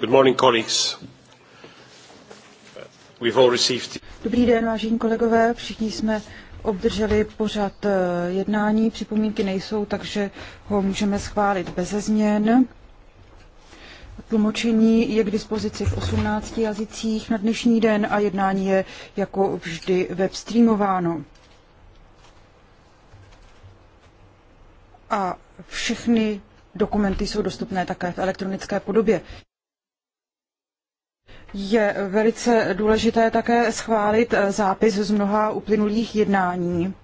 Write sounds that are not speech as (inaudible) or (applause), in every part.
Good morning, colleagues. We've all received... Dobrý den, vážení kolegové. Všichni jsme obdrželi pořad eh, jednání. Připomínky nejsou, takže ho můžeme schválit bez změn. Tlumočení je k dispozici v 18 jazycích na dnešní den a jednání je jako vždy webstreamováno. A všechny dokumenty jsou dostupné také v elektronické podobě. Je velice důležité také schválit eh, zápis z mnoha uplynulých jednání.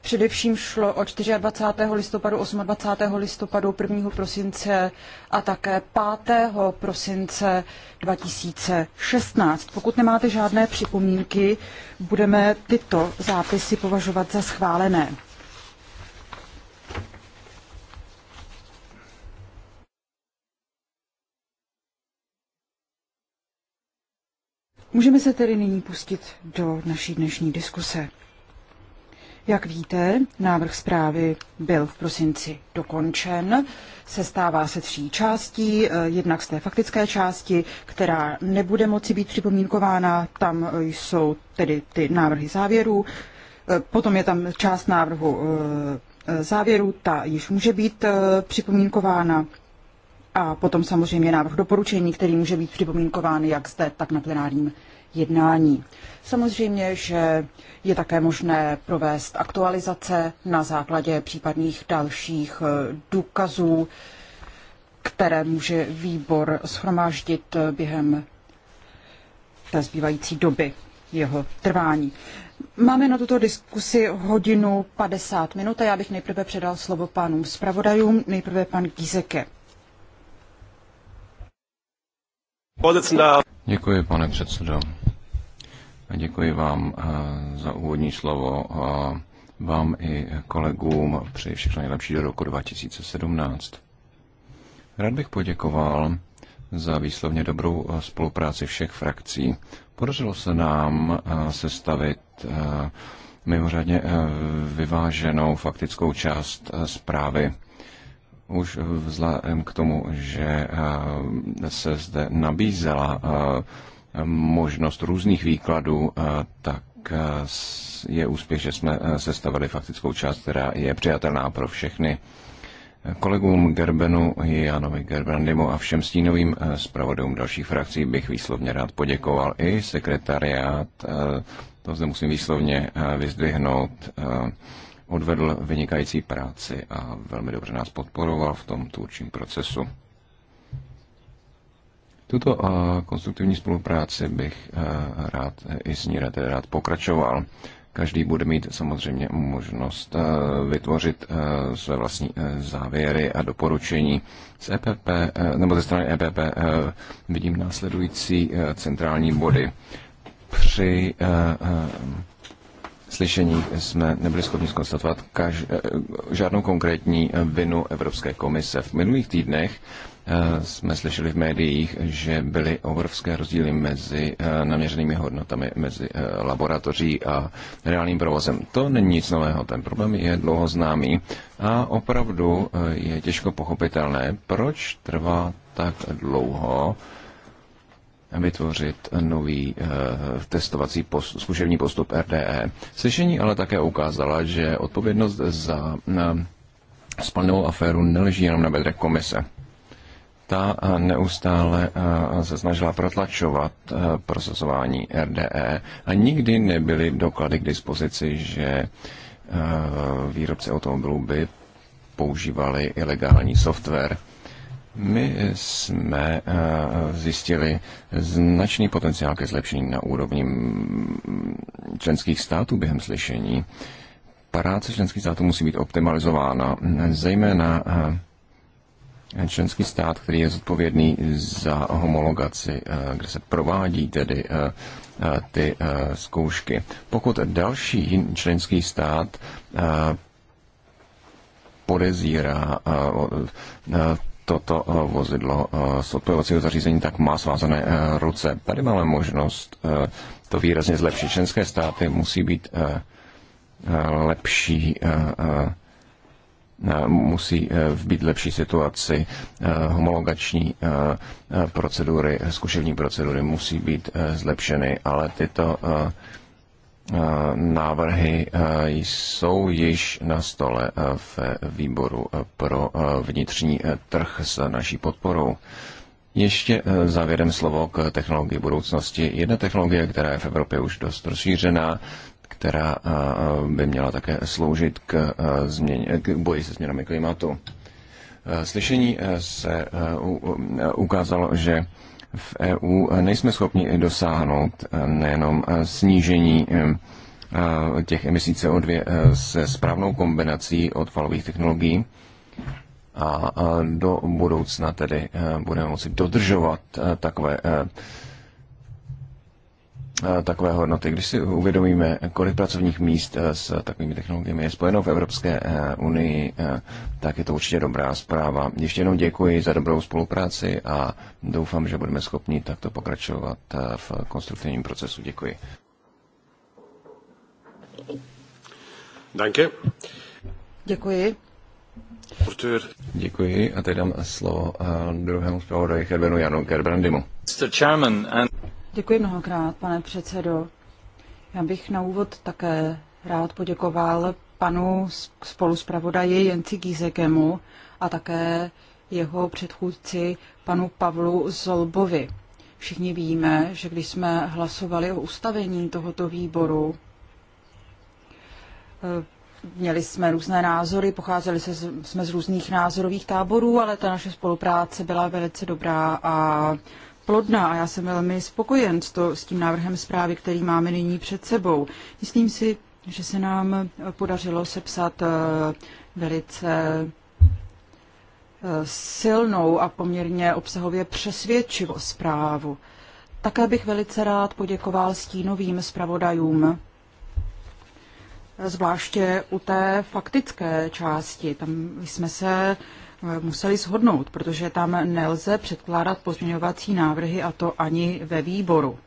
Především šlo o 24. listopadu, 28. listopadu, 1. prosince a také 5. prosince 2016. Pokud nemáte žádné připomínky, budeme tyto zápisy považovat za schválené. Můžeme se tedy nyní pustit do naší dnešní diskuse. Jak víte, návrh zprávy byl v prosinci dokončen. Sestává se tří částí, eh, jednak z té faktické části, která nebude moci být připomínkována, tam eh, jsou tedy ty návrhy závěrů. Eh, potom je tam část návrhu závěru, ta již může být připomínkována a potom samozřejmě návrh doporučení, který může být připomínkován jak zde, tak na plenárním jednání. Samozřejmě, že je také možné provést aktualizace na základě případných dalších eh, důkazů, které může výbor schromáždit eh, během té zbývající doby jeho trvání. Máme na tuto diskusi hodinu 50 minut a já bych nejprve předal slovo pánům zpravodajům, nejprve pan Gizeke. Děkuji, pane předsedo. Děkuji vám eh, za úvodní slovo vám i kolegům přeji všechno nejlepší do roku 2017. Rád bych poděkoval za výslovně dobrou eh, spolupráci všech frakcí. Podařilo se nám eh, sestavit mimořádně vyváženou faktickou část zprávy už vzhledem k tomu, že eh, se zde nabízela eh, možnost různých výkladů, eh, tak je úspěch, že jsme sestavili faktickou část, která je přijatelná pro všechny. Kolegům Gerbenu, Janovi Gerbrandimu a všem stínovým zpravodům dalších frakcí bych výslovně rád poděkoval i sekretariát, to zde musím výslovně vyzdvihnout, odvedl vynikající práci a velmi dobře nás podporoval v tom tvůrčím procesu. Tuto uh, konstruktivní spolupráci bych rád i s ní rád, rád pokračoval. Každý bude mít samozřejmě možnost vytvořit své vlastní závěry a doporučení. Z EPP, nebo ze strany EPP vidím následující centrální body. Při Slyšení jsme nebyli schopni skonstatovat kaž, eh, žádnou konkrétní eh, vinu Evropské komise. V minulých týdnech eh, jsme slyšeli v médiích, že byly obrovské rozdíly mezi naměřenými hodnotami mezi laboratoří a reálným provozem. To není nic nového, ten problém je dlouho známý a opravdu je těžko pochopitelné, proč trvá tak dlouho, vytvořit nový eh, testovací post, služební postup RDE. Slyšení ale také ukázala, že odpovědnost za eh, spalnou aféru neleží jenom na bedrech komise. Ta eh, neustále se snažila protlačovat procesování RDE a nikdy nebyly doklady k dispozici, že výrobci automobilů by používali ilegální software. My jsme eh, zjistili značný potenciál ke zlepšení na úrovni mm, členských států během slyšení. Paráce členských států musí být optimalizována, zejména eh, členský stát, který je zodpovědný za homologaci, eh, kde se provádí tedy ty zkoušky. Pokud další členský stát podezírá toto eh, vozidlo eh, z odpojovacího zařízení, tak má svázané eh, ruce. Tady máme možnost to výrazně zlepšit. Členské státy musí být lepší musí být lepší situaci. Homologační procedury, zkušební procedury musí být zlepšeny, ale tyto návrhy eh, jsou již na stole eh, v výboru eh, pro vnitřní trh s naší podporou. Ještě závěrem slovo k technologii budoucnosti. Jedna technologie, která je v Evropě už dost rozšířená, která by měla také sloužit k, změně, k boji se změnami klimatu. Slyšení se ukázalo, že v EU nejsme schopni dosáhnout eh, nejenom eh, snížení eh, těch emisí CO2 se správnou kombinací odpalových technologií a do budoucna tedy budeme moci dodržovat takové Eh, takové hodnoty. Když si uvědomíme, kolik pracovních míst eh, s takovými technologiemi je spojeno v Evropské eh, unii, tak je to určitě dobrá zpráva. Ještě jednou děkuji za dobrou spolupráci a doufám, že budeme schopni takto pokračovat v konstruktivním procesu. Děkuji. Danke. Děkuji. Děkuji a teď dám slovo druhému zpravodaji Herbenu Janu Gerbrandimu. Mr. Chairman and... Děkuji mnohokrát, pane předsedo. Já bych na úvod také rád poděkoval panu spoluspravodaji Jenci Gízekemu a také jeho předchůdci panu Pavlu Zolbovi. Všichni víme, že když jsme hlasovali o ustavení tohoto výboru, eh, měli jsme různé názory, pocházeli se, jsme z různých názorových táborů, ale ta naše spolupráce byla velice dobrá a plodná a já jsem velmi spokojen s, to, s tím návrhem zprávy, který máme nyní před sebou. Myslím si, že se nám podařilo sepsat eh, velice eh, silnou a poměrně obsahově přesvědčivou zprávu. Také bych velice rád poděkoval stínovým zpravodajům, eh, zvláště u té faktické části. Tam jsme se museli shodnout, protože tam nelze předkládat pozměňovací návrhy a to ani ve výboru.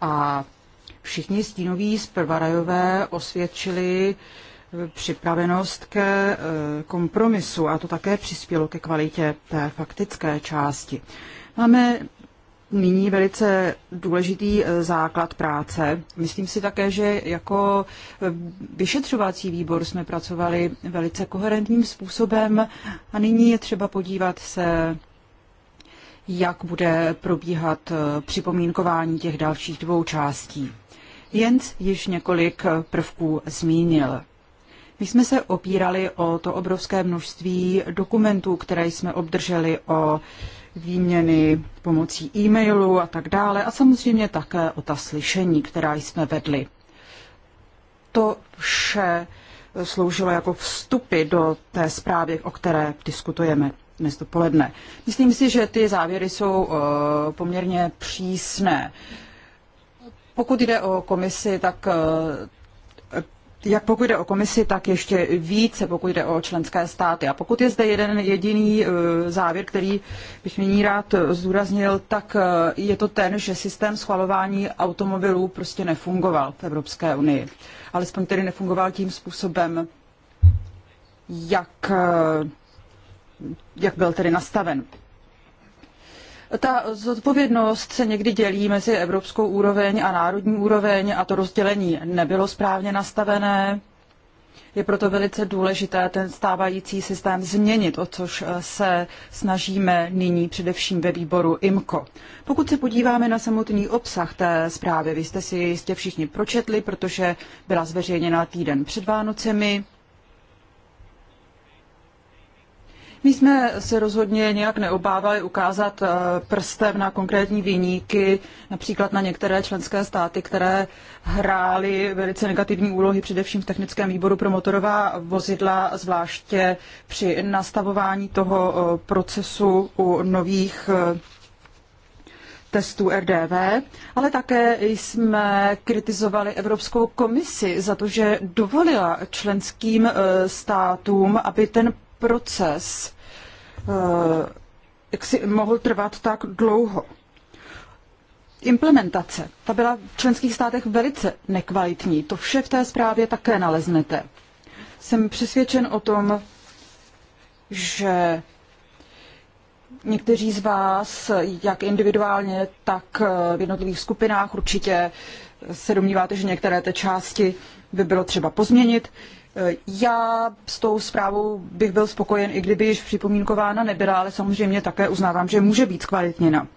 A všichni stínoví prvarajové osvědčili eh, připravenost ke eh, kompromisu a to také přispělo ke kvalitě té faktické části. Máme nyní velice důležitý eh, základ práce. Myslím si také, že jako eh, vyšetřovací výbor jsme pracovali velice koherentním způsobem a nyní je třeba podívat se, jak bude probíhat eh, připomínkování těch dalších dvou částí. Jens již několik prvků zmínil. My jsme se opírali o to obrovské množství dokumentů, které jsme obdrželi o výměny pomocí e-mailu a tak dále a samozřejmě také o ta slyšení, která jsme vedli. To vše sloužilo jako vstupy do té zprávy, o které diskutujeme dnes dopoledne. Myslím si, že ty závěry jsou eh, poměrně přísné. Pokud jde o komisi, tak eh, jak pokud jde o komisi, tak ještě více, pokud jde o členské státy. A pokud je zde jeden jediný e, závěr, který bych nyní rád zdůraznil, tak e, je to ten, že systém schvalování automobilů prostě nefungoval v Evropské unii. Alespoň tedy nefungoval tím způsobem, jak, e, jak byl tedy nastaven. Ta zodpovědnost se někdy dělí mezi evropskou úroveň a národní úroveň a to rozdělení nebylo správně nastavené. Je proto velice důležité ten stávající systém změnit, o což eh, se snažíme nyní především ve výboru IMCO. Pokud se podíváme na samotný obsah té zprávy, vy jste si ji jistě všichni pročetli, protože byla zveřejněna týden před Vánocemi. My jsme se rozhodně nějak neobávali ukázat eh, prstem na konkrétní výníky, například na některé členské státy, které hrály velice negativní úlohy, především v technickém výboru pro motorová vozidla, zvláště při nastavování toho eh, procesu u nových eh, testů RDV, ale také jsme kritizovali Evropskou komisi za to, že dovolila členským státům, aby ten proces eh, jak si mohl trvat tak dlouho. Implementace, ta byla v členských státech velice nekvalitní. To vše v té zprávě také naleznete. Jsem přesvědčen o tom, že někteří z vás, jak individuálně, tak eh, v jednotlivých skupinách určitě se domníváte, že některé té části by bylo třeba pozměnit. Já s tou zprávou bych byl spokojen, i kdyby již připomínkována nebyla, ale samozřejmě také uznávám, že může být zkvalitněna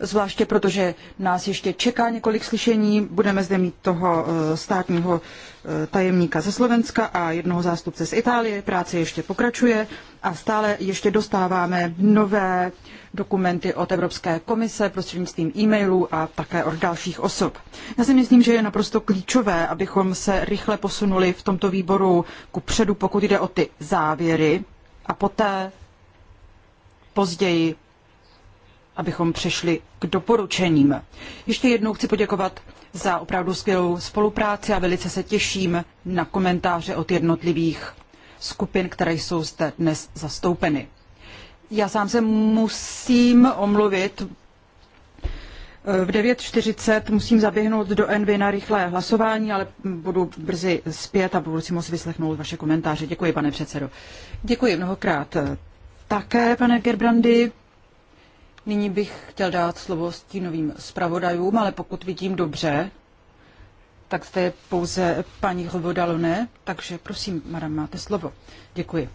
zvláště protože nás ještě čeká několik slyšení. Budeme zde mít toho eh, státního eh, tajemníka ze Slovenska a jednoho zástupce z Itálie. Práce ještě pokračuje a stále ještě dostáváme nové dokumenty od Evropské komise prostřednictvím e-mailů a také od dalších osob. Já si myslím, že je naprosto klíčové, abychom se rychle posunuli v tomto výboru ku předu, pokud jde o ty závěry a poté později abychom přešli k doporučením. Ještě jednou chci poděkovat za opravdu skvělou spolupráci a velice se těším na komentáře od jednotlivých skupin, které jsou zde dnes zastoupeny. Já sám se musím omluvit. V 9.40 musím zaběhnout do NV na rychlé hlasování, ale budu brzy zpět a budu si moci vyslechnout vaše komentáře. Děkuji, pane předsedo. Děkuji mnohokrát také, pane Gerbrandy. Nyní bych chtěl dát slovo stínovým zpravodajům, ale pokud vidím dobře, tak zde je pouze paní Hovodalone, takže prosím, madam, máte slovo. Děkuji.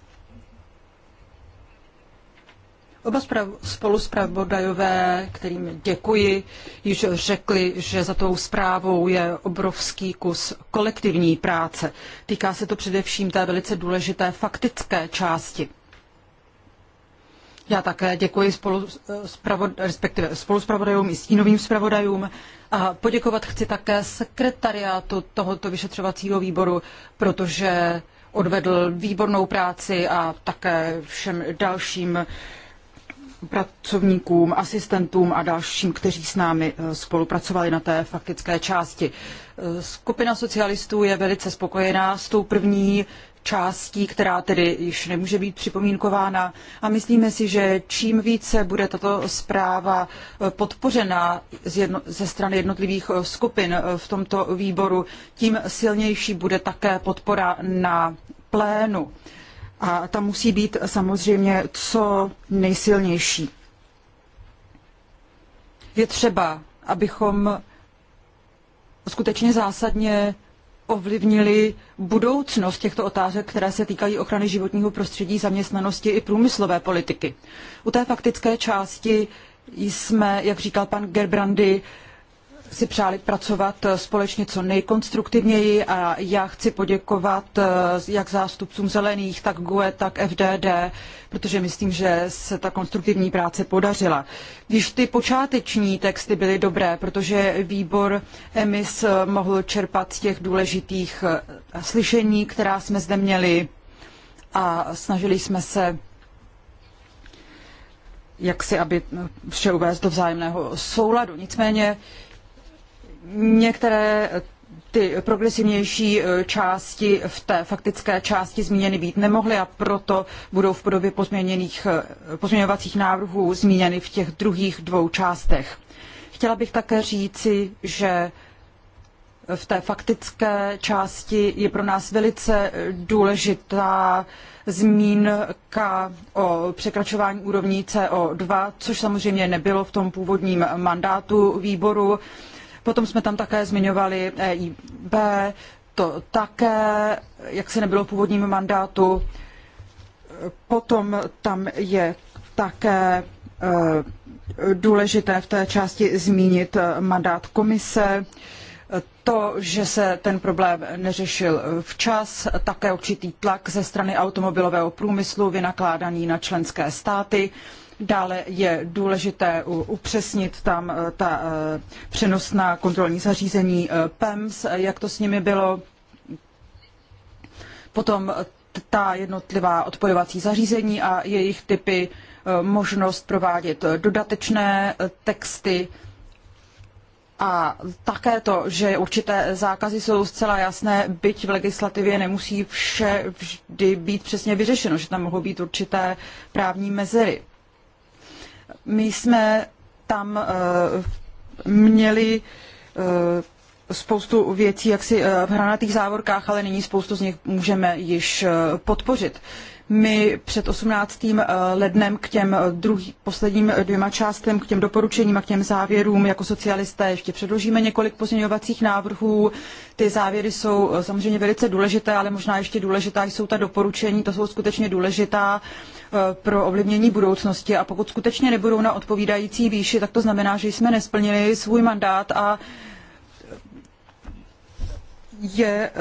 Oba spoluspravodajové, kterým děkuji, již řekli, že za tou zprávou je obrovský kus kolektivní práce. Týká se to především té velice důležité faktické části. Já také děkuji spolu, eh, spravod, respektive spoluspravodajům i stínovým zpravodajům. A poděkovat chci také sekretariátu tohoto vyšetřovacího výboru, protože odvedl výbornou práci a také všem dalším pracovníkům, asistentům a dalším, kteří s námi eh, spolupracovali na té faktické části. Eh, skupina socialistů je velice spokojená s tou první částí, která tedy již nemůže být připomínkována. A myslíme si, že čím více bude tato zpráva eh, podpořena ze strany jednotlivých eh, skupin eh, v tomto výboru, tím silnější bude také podpora na plénu. A ta musí být samozřejmě co nejsilnější. Je třeba, abychom skutečně zásadně ovlivnili budoucnost těchto otázek, které se týkají ochrany životního prostředí, zaměstnanosti i průmyslové politiky. U té faktické části jsme, jak říkal pan Gerbrandy, si přáli pracovat eh, společně co nejkonstruktivněji a já chci poděkovat eh, jak zástupcům zelených, tak GUE, tak FDD, protože myslím, že se ta konstruktivní práce podařila. Již ty počáteční texty byly dobré, protože výbor EMIS eh, mohl čerpat z těch důležitých slyšení, která jsme zde měli a snažili jsme se jak si, aby vše uvést do vzájemného souladu. Nicméně některé eh, ty progresivnější eh, části v té faktické části zmíněny být nemohly a proto budou v podobě pozměněných, eh, pozměňovacích návrhů zmíněny v těch druhých dvou částech. Chtěla bych také říci, že v té faktické části je pro nás velice důležitá zmínka o překračování úrovní CO2, což samozřejmě nebylo v tom původním mandátu výboru. Potom jsme tam také zmiňovali EIB, to také, jak se nebylo v původním mandátu. Potom tam je také eh, důležité v té části zmínit eh, mandát komise, to, že se ten problém neřešil včas, také určitý tlak ze strany automobilového průmyslu vynakládaný na členské státy. Dále je důležité upřesnit tam eh, ta eh, přenosná kontrolní zařízení eh, PEMS, jak to s nimi bylo. Potom ta jednotlivá odpojovací zařízení a jejich typy, možnost provádět dodatečné texty a také to, že určité zákazy jsou zcela jasné, byť v legislativě nemusí vše vždy být přesně vyřešeno, že tam mohou být určité právní mezery. My jsme tam eh, měli eh, spoustu věcí jaksi eh, v hranatých závorkách, ale nyní spoustu z nich můžeme již podpořit. My před 18. Eh, lednem k těm eh, druhý, posledním eh, dvěma částem, k těm doporučením a k těm závěrům jako socialisté ještě předložíme několik pozměňovacích návrhů. Ty závěry jsou samozřejmě velice důležité, ale možná ještě důležitá jsou ta doporučení, to jsou skutečně důležitá pro ovlivnění budoucnosti a pokud skutečně nebudou na odpovídající výši, tak to znamená, že jsme nesplnili svůj mandát a je,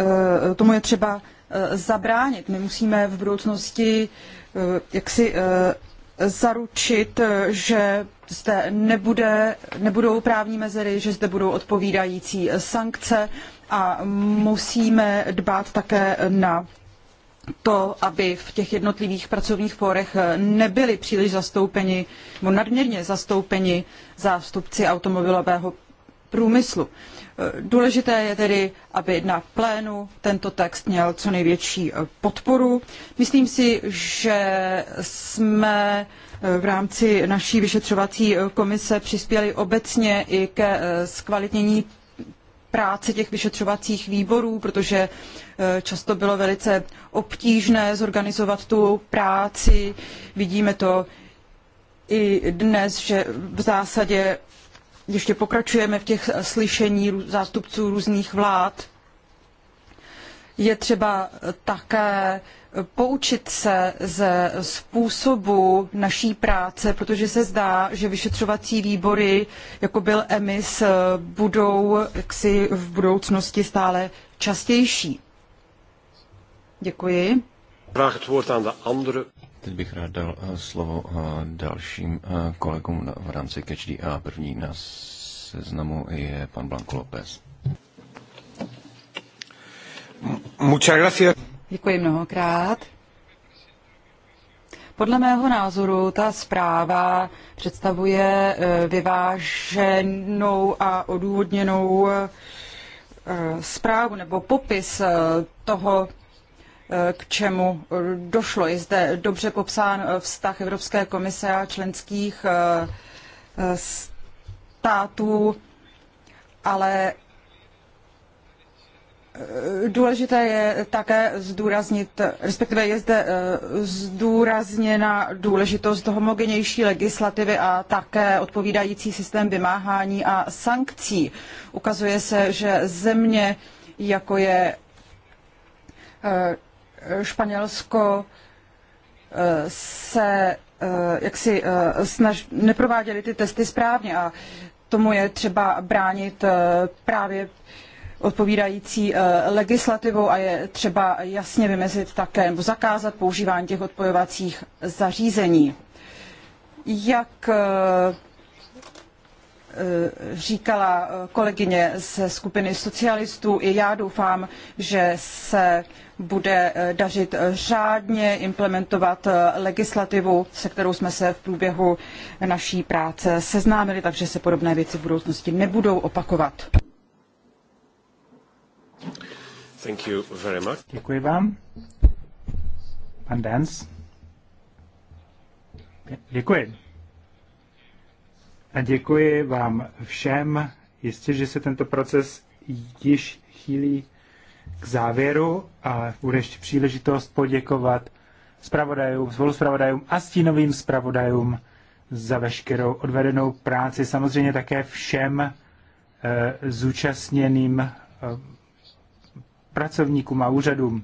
tomu je třeba Eh, zabránit. My musíme v budoucnosti eh, jaksi eh, zaručit, že zde nebude, nebudou právní mezery, že zde budou odpovídající sankce a musíme dbát také na to, aby v těch jednotlivých pracovních fórech nebyli příliš zastoupeni, nebo nadměrně zastoupeni zástupci automobilového průmyslu. E, důležité je tedy, aby na plénu tento text měl co největší e, podporu. Myslím si, že jsme e, v rámci naší vyšetřovací komise přispěli obecně i ke zkvalitnění práce těch vyšetřovacích výborů, protože často bylo velice obtížné zorganizovat tu práci. Vidíme to i dnes, že v zásadě ještě pokračujeme v těch slyšení zástupců různých vlád, je třeba také poučit se ze způsobu naší práce, protože se zdá, že vyšetřovací výbory, jako byl EMIS, budou jaksi v budoucnosti stále častější. Děkuji. Vraag het woord aan de andere teď bych rád dal eh, slovo eh, dalším eh, kolegům v rámci Kečdy A. První na seznamu je pan Blanco López. Muchas gracias. Děkuji mnohokrát. Podle mého názoru ta zpráva představuje vyváženou a odůvodněnou zprávu nebo popis toho, k čemu došlo. Je zde dobře popsán vztah Evropské komise a členských eh, států, ale eh, důležité je také zdůraznit, respektive je zde eh, zdůrazněna důležitost homogenější legislativy a také odpovídající systém vymáhání a sankcí. Ukazuje se, že země, jako je Španělsko eh, se eh, jak si eh, snaž, neprováděli ty testy správně a tomu je třeba bránit právě odpovídající legislativou a je třeba jasně vymezit také nebo zakázat používání těch odpojovacích zařízení. Jak Eh, říkala eh, kolegyně ze skupiny socialistů. I já doufám, že se bude eh, dařit řádně implementovat legislativu, se kterou jsme se v průběhu naší práce seznámili, takže se podobné věci v budoucnosti nebudou opakovat. Thank you very much. Děkuji vám. Pan Dance. Děkuji. A děkuji vám všem. Jistě, že se tento proces již chýlí k závěru a bude ještě příležitost poděkovat spravodajům, spoluzpravodajům a stínovým spravodajům za veškerou odvedenou práci. Samozřejmě také všem e, zúčastněným e, pracovníkům a úřadům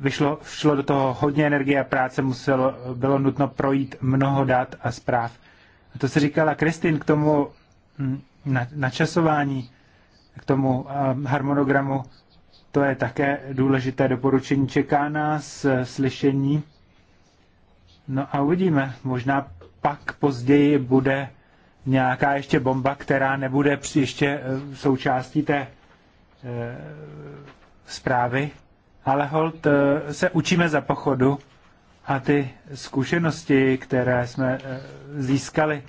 vyšlo, šlo do toho hodně energie a práce, muselo, bylo nutno projít mnoho dat a zpráv. A to se říkala Kristin k tomu mm, načasování, k tomu um, harmonogramu, to je také důležité doporučení. Čeká nás eh, slyšení. No a uvidíme, možná pak později bude nějaká ještě bomba, která nebude ještě eh, součástí té eh, zprávy ale hold eh, se učíme za pochodu a ty zkušenosti, které jsme eh, získali,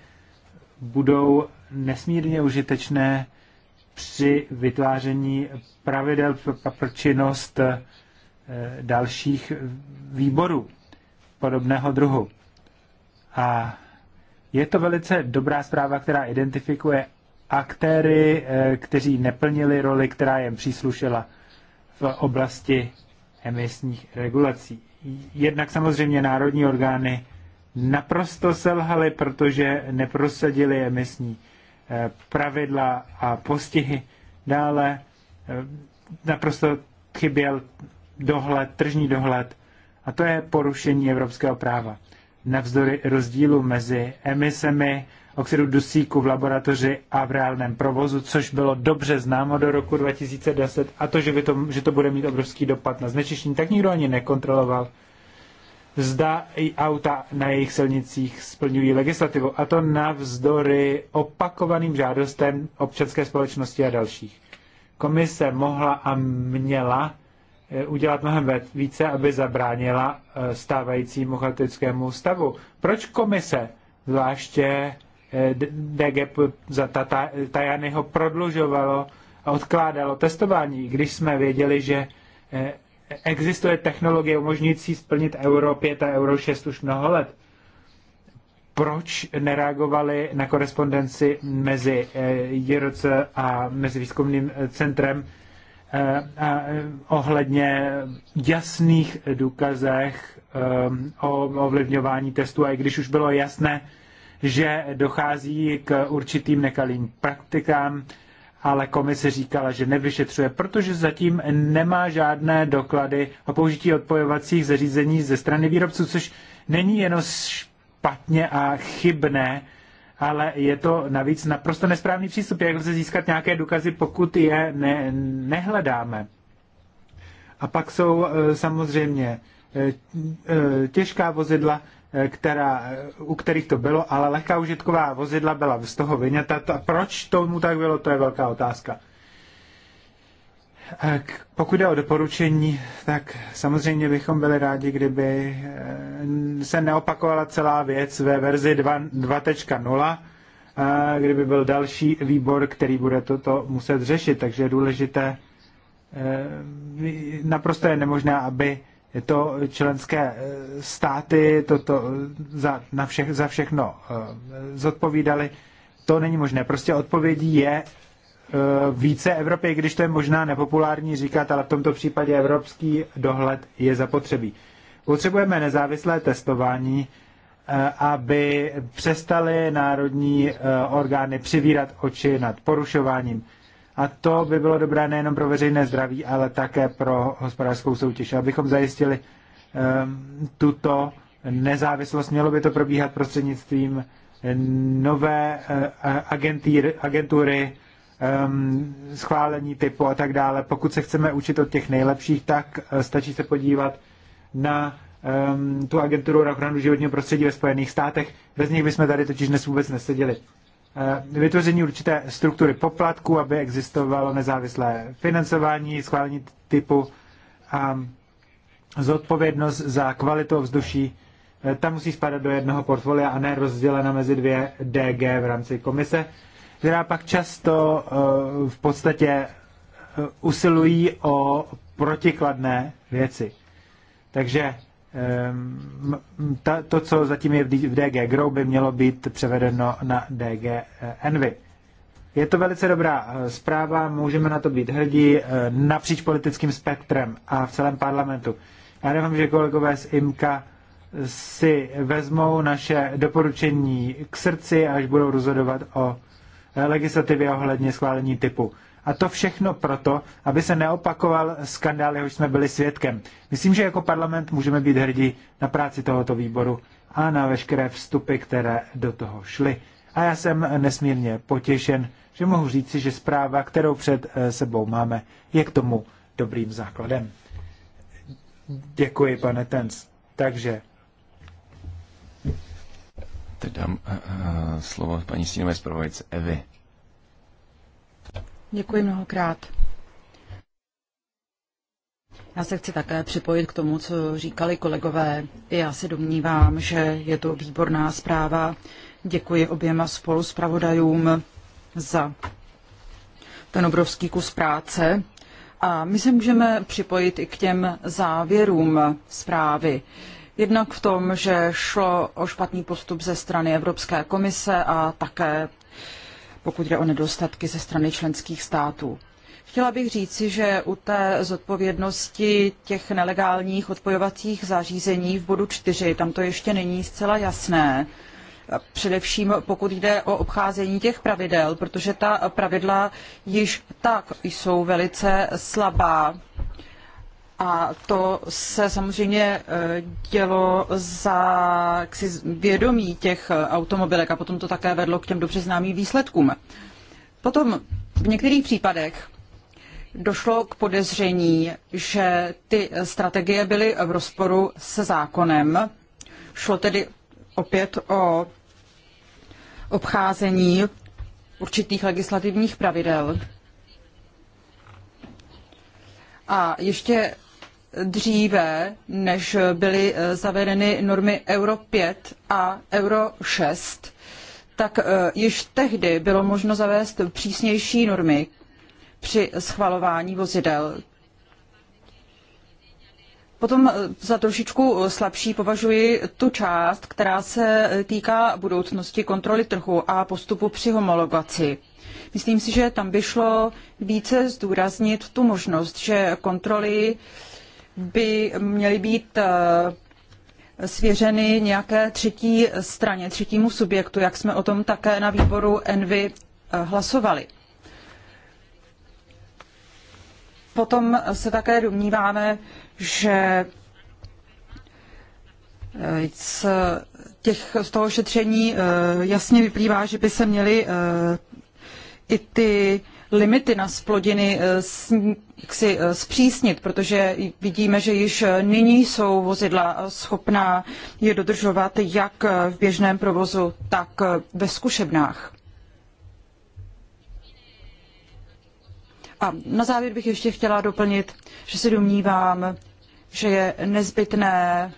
budou nesmírně užitečné při vytváření pravidel pro činnost eh, dalších výborů podobného druhu. A je to velice dobrá zpráva, která identifikuje aktéry, kteří neplnili roli, která jim příslušela v oblasti emisních regulací. Jednak samozřejmě národní orgány naprosto selhaly, protože neprosadili emisní eh, pravidla a postihy. Dále eh, naprosto chyběl dohled, tržní dohled a to je porušení evropského práva. Navzdory rozdílu mezi emisemi oxidu dusíku v laboratoři a v reálném provozu, což bylo dobře známo do roku 2010 a to, že, by to, že to bude mít obrovský dopad na znečištění, tak nikdo ani nekontroloval. Zda i auta na jejich silnicích splňují legislativu a to navzdory opakovaným žádostem občanské společnosti a dalších. Komise mohla a měla eh, udělat mnohem více, aby zabránila eh, stávajícímu chaotickému stavu. Proč komise, zvláště DG Tajanyho prodlužovalo a odkládalo testování, když jsme věděli, že e, existuje technologie umožňující splnit Euro 5 a Euro 6 už mnoho let. Proč nereagovali na korespondenci mezi e, JRC a mezi výzkumným centrem e, a ohledně jasných důkazech o ovlivňování testů, a i když už bylo jasné, že dochází k určitým nekalým praktikám, ale komise říkala, že nevyšetřuje, protože zatím nemá žádné doklady o použití odpojovacích zařízení ze strany výrobců, což není jenom špatně a chybné, ale je to navíc naprosto nesprávný přístup. Jak lze získat nějaké důkazy, pokud je ne, nehledáme? A pak jsou e, samozřejmě e, e, těžká vozidla, Eh, která, eh, u kterých to bylo, ale lehká užitková vozidla byla z toho vyňata. A proč tomu tak bylo, to je velká otázka. Eh, pokud jde o doporučení, tak samozřejmě bychom byli rádi, kdyby se neopakovala celá věc ve verzi 2.0, kdyby byl další výbor, který bude toto muset řešit. Takže je důležité, naprosto je nemožné, aby to členské eh, státy toto eh, za, na vše, za všechno eh, zodpovídali. To není možné. Prostě odpovědí je více Evropy, když to je možná nepopulární říkat, ale v tomto případě evropský dohled je zapotřebí. Potřebujeme nezávislé testování, aby přestaly národní orgány přivírat oči nad porušováním a to by bylo dobré nejenom pro veřejné zdraví, ale také pro hospodářskou soutěž. Abychom zajistili um, tuto nezávislost, mělo by to probíhat prostřednictvím nové uh, eh, agentýr, agentury, um, schválení typu a tak dále. Pokud se chceme učit od těch nejlepších, tak eh, stačí se podívat na um, tu agenturu na ochranu životního prostředí ve Spojených státech. Bez nich bychom tady totiž dnes vůbec neseděli. Eh, vytvoření určité struktury poplatků, aby existovalo nezávislé financování, schválení typu a zodpovědnost za kvalitu ovzduší. Eh, ta musí spadat do jednoho portfolia a ne rozdělena mezi dvě DG v rámci komise, která pak často eh, v podstatě usilují o protikladné věci. Takže Ehm, ta, to, co zatím je v DG Grow, by mělo být převedeno na DG eh, Envy. Je to velice dobrá eh, zpráva, můžeme na to být hrdí eh, napříč politickým spektrem a v celém parlamentu. Já nevím, že kolegové z IMKA si vezmou naše doporučení k srdci, až budou rozhodovat o legislativě ohledně schválení typu. A to všechno proto, aby se neopakoval skandál, jehož jsme byli svědkem. Myslím, že jako parlament můžeme být hrdí na práci tohoto výboru a na veškeré vstupy, které do toho šly. A já jsem nesmírně potěšen, že mohu říci, že zpráva, kterou před eh, sebou máme, je k tomu dobrým základem. Děkuji, pane Tens. Takže Teď dám uh, slovo paní stínové zpravodajce Evy. Děkuji mnohokrát. Já se chci také připojit k tomu, co říkali kolegové. Já se domnívám, že je to výborná zpráva. Děkuji oběma spolu zpravodajům za ten obrovský kus práce. A my se můžeme připojit i k těm závěrům zprávy. Jednak v tom, že šlo o špatný postup ze strany Evropské komise a také pokud jde o nedostatky ze strany členských států. Chtěla bych říci, že u té zodpovědnosti těch nelegálních odpojovacích zařízení v bodu 4, tam to ještě není zcela jasné, především pokud jde o obcházení těch pravidel, protože ta pravidla již tak jsou velice slabá a to se samozřejmě e, dělo za jaksi, vědomí těch e, automobilek a potom to také vedlo k těm dobře známým výsledkům. Potom v některých případech došlo k podezření, že ty strategie byly v rozporu se zákonem. Šlo tedy opět o obcházení určitých legislativních pravidel. A ještě dříve, než byly eh, zavedeny normy Euro 5 a Euro 6, tak eh, již tehdy bylo možno zavést přísnější normy při schvalování vozidel. Potom eh, za trošičku slabší považuji tu část, která se týká budoucnosti kontroly trhu a postupu při homologaci. Myslím si, že tam by šlo více zdůraznit tu možnost, že kontroly uh, by měly být eh, svěřeny nějaké třetí straně, třetímu subjektu, jak jsme o tom také na výboru Envy eh, hlasovali. Potom se také domníváme, že eh, z, těch, z toho šetření jasně vyplývá, že by se měly i ty limity na splodiny eh, eh, zpřísnit, protože vidíme, že již eh, nyní jsou vozidla schopná je dodržovat jak v běžném provozu, tak ve zkušebnách. A na závěr bych ještě chtěla doplnit, že se domnívám, že je nezbytné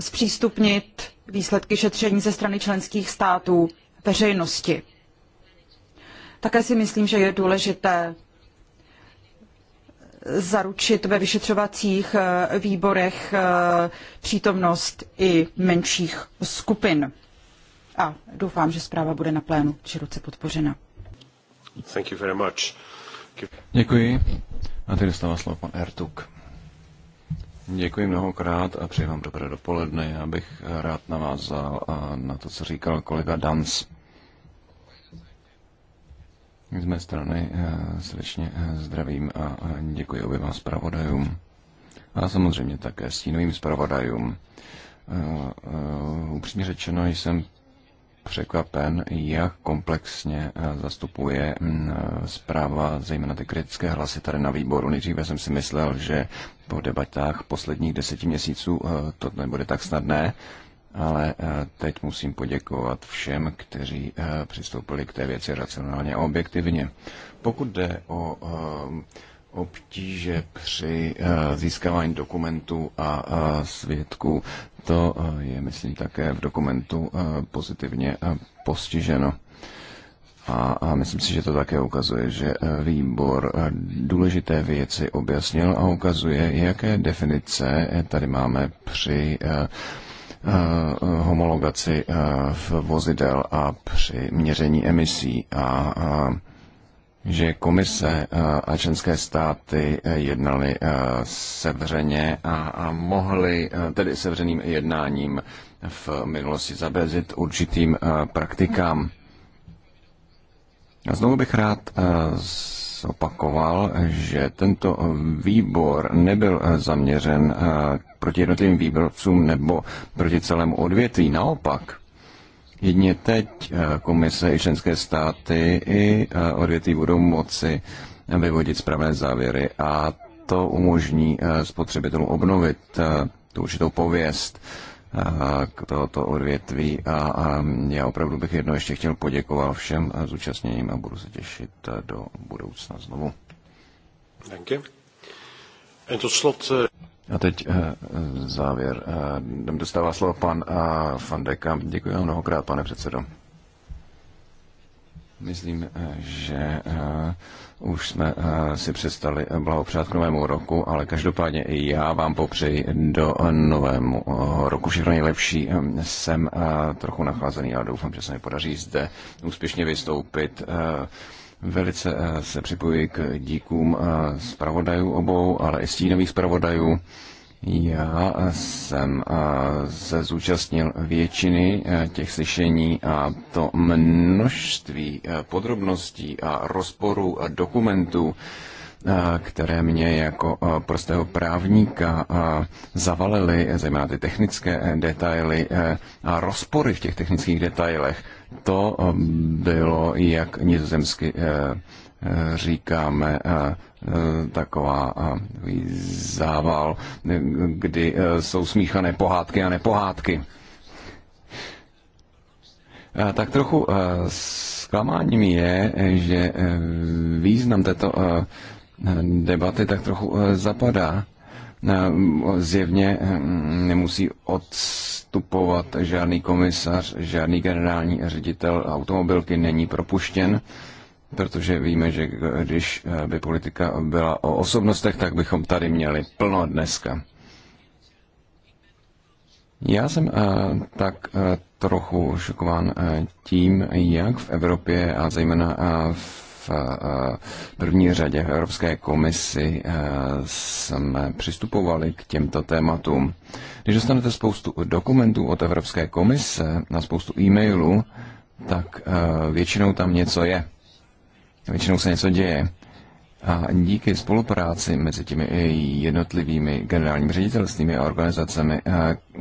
zpřístupnit výsledky šetření ze strany členských států veřejnosti. Také si myslím, že je důležité zaručit ve vyšetřovacích eh, výborech eh, přítomnost i menších skupin. A doufám, že zpráva bude na plénu široce podpořena. Thank you very much. Děkuji. A teď dostává slovo pan Ertuk. Děkuji mnohokrát a přeji vám dobré dopoledne. Já bych rád navázal eh, na to, co říkal kolega Dans. Z mé strany eh, srdečně eh, zdravím a děkuji oběma zpravodajům a samozřejmě také stínovým zpravodajům. Eh, upřímně řečeno jsem překvapen, jak komplexně zastupuje mm, zpráva zejména ty kritické hlasy tady na výboru. Nejdříve jsem si myslel, že po debatách posledních deseti měsíců to nebude tak snadné, ale eh, teď musím poděkovat všem, kteří eh, přistoupili k té věci racionálně a objektivně. Pokud jde o eh, obtíže při získávání dokumentů a svědků, to je, myslím, také v dokumentu pozitivně postiženo. A, a myslím si, že to také ukazuje, že výbor důležité věci objasnil a ukazuje, jaké definice tady máme při uh, Eh, homologaci eh, v vozidel a při měření emisí a že komise eh, a členské státy jednaly sevřeně a mohly tedy sevřeným jednáním v minulosti zabezit určitým praktikám. A znovu bych rád opakoval, že tento výbor nebyl zaměřen eh, proti jednotlivým výborcům nebo proti celému odvětví. Naopak, jedně teď eh, komise i členské státy i eh, odvětví budou moci vyvodit správné závěry a to umožní spotřebitelům obnovit tu určitou pověst k tohoto odvětví a, a já opravdu bych jedno ještě chtěl poděkovat všem zúčastněním a budu se těšit do budoucna znovu. Děkuji. Eh, a teď eh, závěr. Eh, dostává slovo pan Fandeka. Děkuji vám mnohokrát, pane předsedo. Myslím, že už jsme eh, si přestali blahopřát k novému roku, ale každopádně i já vám popřeji do novému eh, roku všechno nejlepší. Ehm, jsem eh, trochu nachlazený, ale doufám, že se mi podaří zde úspěšně vystoupit. Velice se připojuji k díkům zpravodajů obou, ale i stínových zpravodajů. Já jsem se zúčastnil většiny těch slyšení a to množství podrobností a rozporů a dokumentů, které mě jako prostého právníka zavalily, zejména ty technické e, detaily e, a rozpory v těch technických detailech, to bylo jak nizozemsky e, říkáme eh, eh, taková eh, zával, kdy jsou smíchané pohádky a nepohádky. Tak trochu zklamáním je, že význam této debaty tak trochu zapadá. Zjevně hm, nemusí odstupovat žádný komisař, žádný generální ředitel automobilky není propuštěn protože víme, že když eh, by politika byla o osobnostech, tak bychom tady měli plno dneska. Já jsem uh, tak uh, trochu šokován uh, tím, jak v Evropě a zejména uh, v uh, první řadě v Evropské komisi uh, jsme přistupovali k těmto tématům. Když dostanete spoustu dokumentů od Evropské komise na spoustu e-mailů, tak uh, většinou tam něco je. Většinou se něco děje. A díky spolupráci mezi těmi jednotlivými generálními ředitelstvími a organizacemi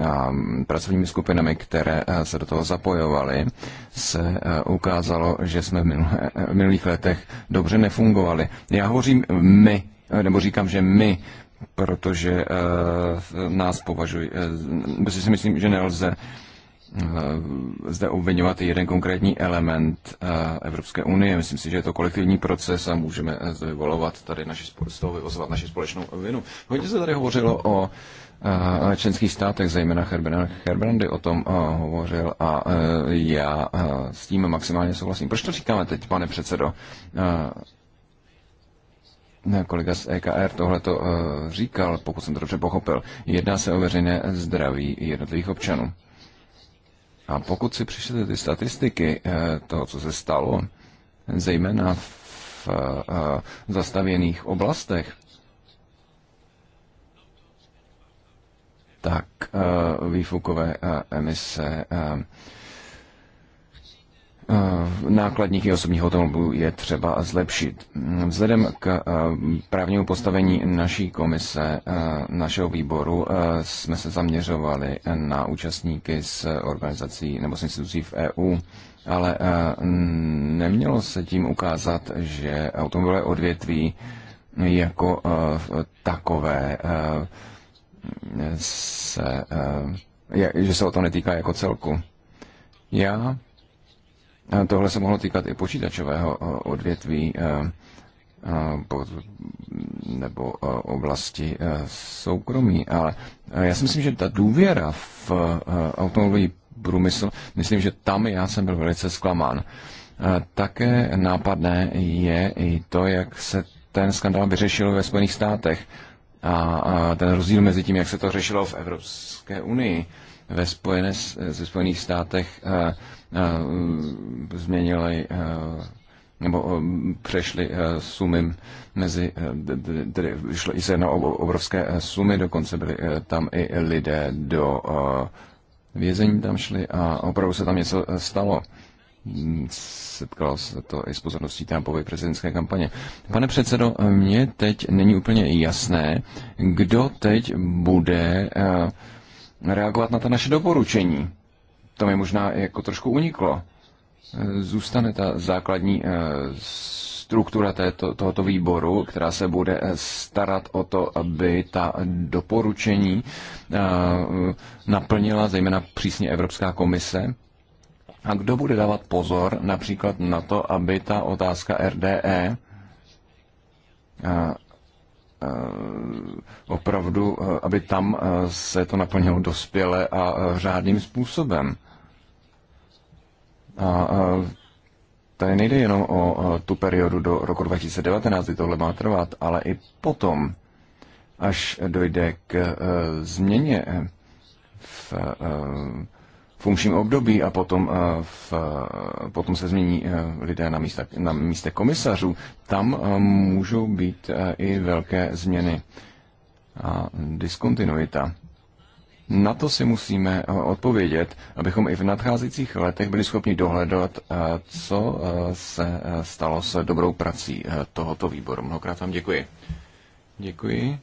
a pracovními skupinami, které se do toho zapojovaly, se ukázalo, že jsme v, minulé, v minulých letech dobře nefungovali. Já hovořím my, nebo říkám, že my, protože nás považují, protože si myslím, že nelze Eh, zde obvinovat jeden konkrétní element eh, Evropské unie. Myslím si, že je to kolektivní proces a můžeme eh, zde vyvolovat tady naši, z toho vyvozovat naši společnou vinu. Hodně se tady hovořilo o členských státech, zejména Herbrandy o tom hovořil a já s tím maximálně souhlasím. Proč to říkáme teď, pane předsedo? kolega z EKR tohle to říkal, pokud jsem to dobře pochopil. Jedná se o veřejné zdraví jednotlivých občanů. A pokud si přišli ty statistiky eh, toho, co se stalo, zejména v eh, zastavěných oblastech, tak eh, výfukové emise Eh, nákladních i osobních automobilů je třeba zlepšit. Vzhledem k eh, právnímu postavení naší komise, eh, našeho výboru, jsme se zaměřovali na účastníky z organizací nebo z institucí v EU, ale nemělo se tím ukázat, že automobilové odvětví jako takové se, že se o to netýká jako celku. Já Tohle se mohlo týkat i počítačového eh, odvětví eh, eh, nebo oblasti soukromí, ale já si myslím, že ta důvěra v automobilový průmysl, myslím, že tam já jsem byl velice zklamán. Také nápadné je i to, jak se ten skandál vyřešil ve Spojených státech a ten rozdíl mezi tím, jak se to řešilo v Evropské unii. Ve Spojené, ve Spojených státech Eh, změnili eh, nebo uh, sumy mezi, tedy šlo i se na obrovské sumy, dokonce uh, tam i lidé do vězení tam šli a opravdu se tam něco stalo. Setkalo se to i s pozorností Trumpovy prezidentské kampaně. Pane předsedo, mně teď není úplně jasné, kdo teď bude reagovat na ta naše doporučení to mi možná jako trošku uniklo. Zůstane ta základní eh, struktura této, tohoto výboru, která se bude eh, starat o to, aby ta doporučení eh, naplnila zejména přísně Evropská komise. A kdo bude dávat pozor například na to, aby ta otázka RDE opravdu, aby tam se to naplnilo dospěle a řádným způsobem. A tady nejde jenom o tu periodu do roku 2019, kdy tohle má trvat, ale i potom, až dojde k e, změně v e, funkčním období a potom, e, v, potom se změní lidé na, místa, na místě komisařů, tam můžou být i velké změny a diskontinuita. Na to si musíme eh, odpovědět, abychom i v nadcházejících letech byli schopni dohledat, eh, co eh, se stalo s dobrou prací tohoto výboru. Mnohokrát vám děkuji. Děkuji.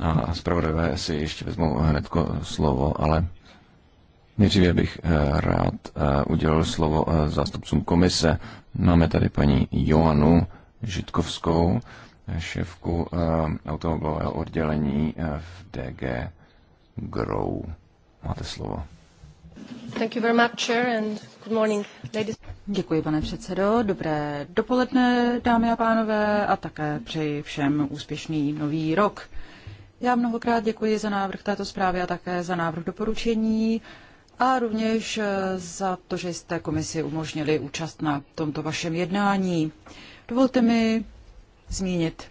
A zpravodajové si ještě vezmu hned slovo, ale nejdříve bych rád udělal slovo zástupcům komise. Máme tady paní Joanu Žitkovskou, šéfku automobilového oddělení v DG Grow. Máte slovo. Thank you very much, Chair, and good morning, ladies. Děkuji, pane předsedo. Dobré dopoledne, dámy a pánové, a také přeji všem úspěšný nový rok. Já mnohokrát děkuji za návrh této zprávy a také za návrh doporučení a rovněž eh, za to, že jste komisi umožnili účast na tomto vašem jednání. Dovolte mi zmínit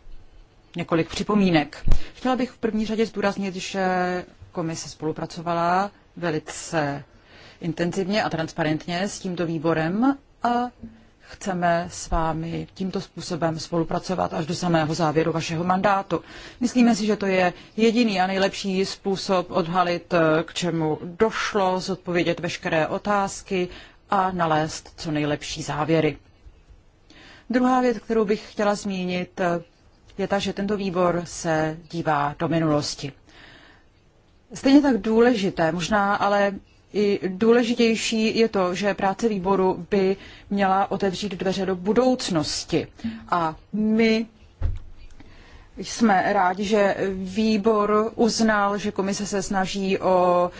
několik připomínek. Chtěla bych v první řadě zdůraznit, že komise spolupracovala velice intenzivně a transparentně s tímto výborem a chceme s vámi tímto způsobem spolupracovat až do samého závěru vašeho mandátu. Myslíme si, že to je jediný a nejlepší způsob odhalit, eh, k čemu došlo, zodpovědět veškeré otázky a nalézt co nejlepší závěry. Druhá věc, kterou bych chtěla zmínit, eh, je ta, že tento výbor se dívá do minulosti. Stejně tak důležité, možná ale i důležitější je to, že práce výboru by měla otevřít dveře do budoucnosti. A my jsme rádi, že výbor uznal, že komise se snaží o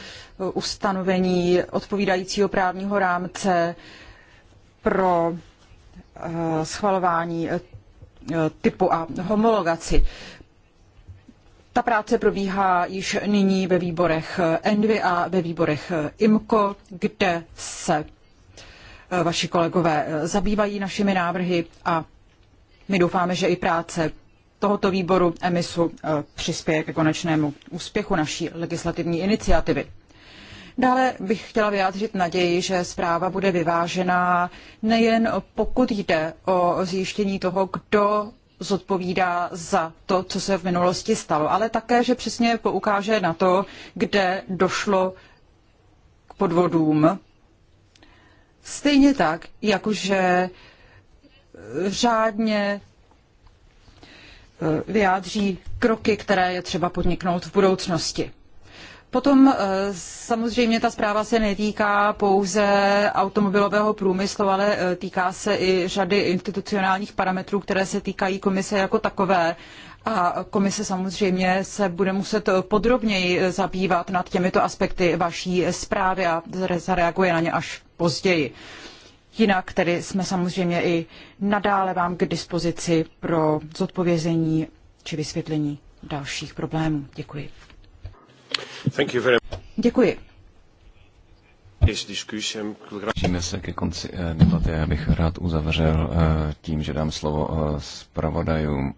ustanovení odpovídajícího právního rámce pro eh, schvalování eh, typu a homologaci. Ta práce probíhá již nyní ve výborech ENVI a ve výborech IMCO, kde se eh, vaši kolegové eh, zabývají našimi návrhy a my doufáme, že i práce tohoto výboru EMISu eh, přispěje ke konečnému úspěchu naší legislativní iniciativy. Dále bych chtěla vyjádřit naději, že zpráva bude vyvážená nejen pokud jde o zjištění toho, kdo zodpovídá za to, co se v minulosti stalo, ale také, že přesně poukáže na to, kde došlo k podvodům. Stejně tak, jakože řádně eh, vyjádří kroky, které je třeba podniknout v budoucnosti. Potom eh, samozřejmě ta zpráva se netýká pouze automobilového průmyslu, ale eh, týká se i řady institucionálních parametrů, které se týkají komise jako takové. A komise samozřejmě se bude muset podrobněji eh, zabývat nad těmito aspekty vaší zprávy a zareaguje na ně až později. Jinak tedy jsme samozřejmě i nadále vám k dispozici pro zodpovězení či vysvětlení dalších problémů. Děkuji. Děkuji. Blížíme se ke konci eh, debaty. Já bych rád uzavřel eh, tím, že dám slovo eh, zpravodajům.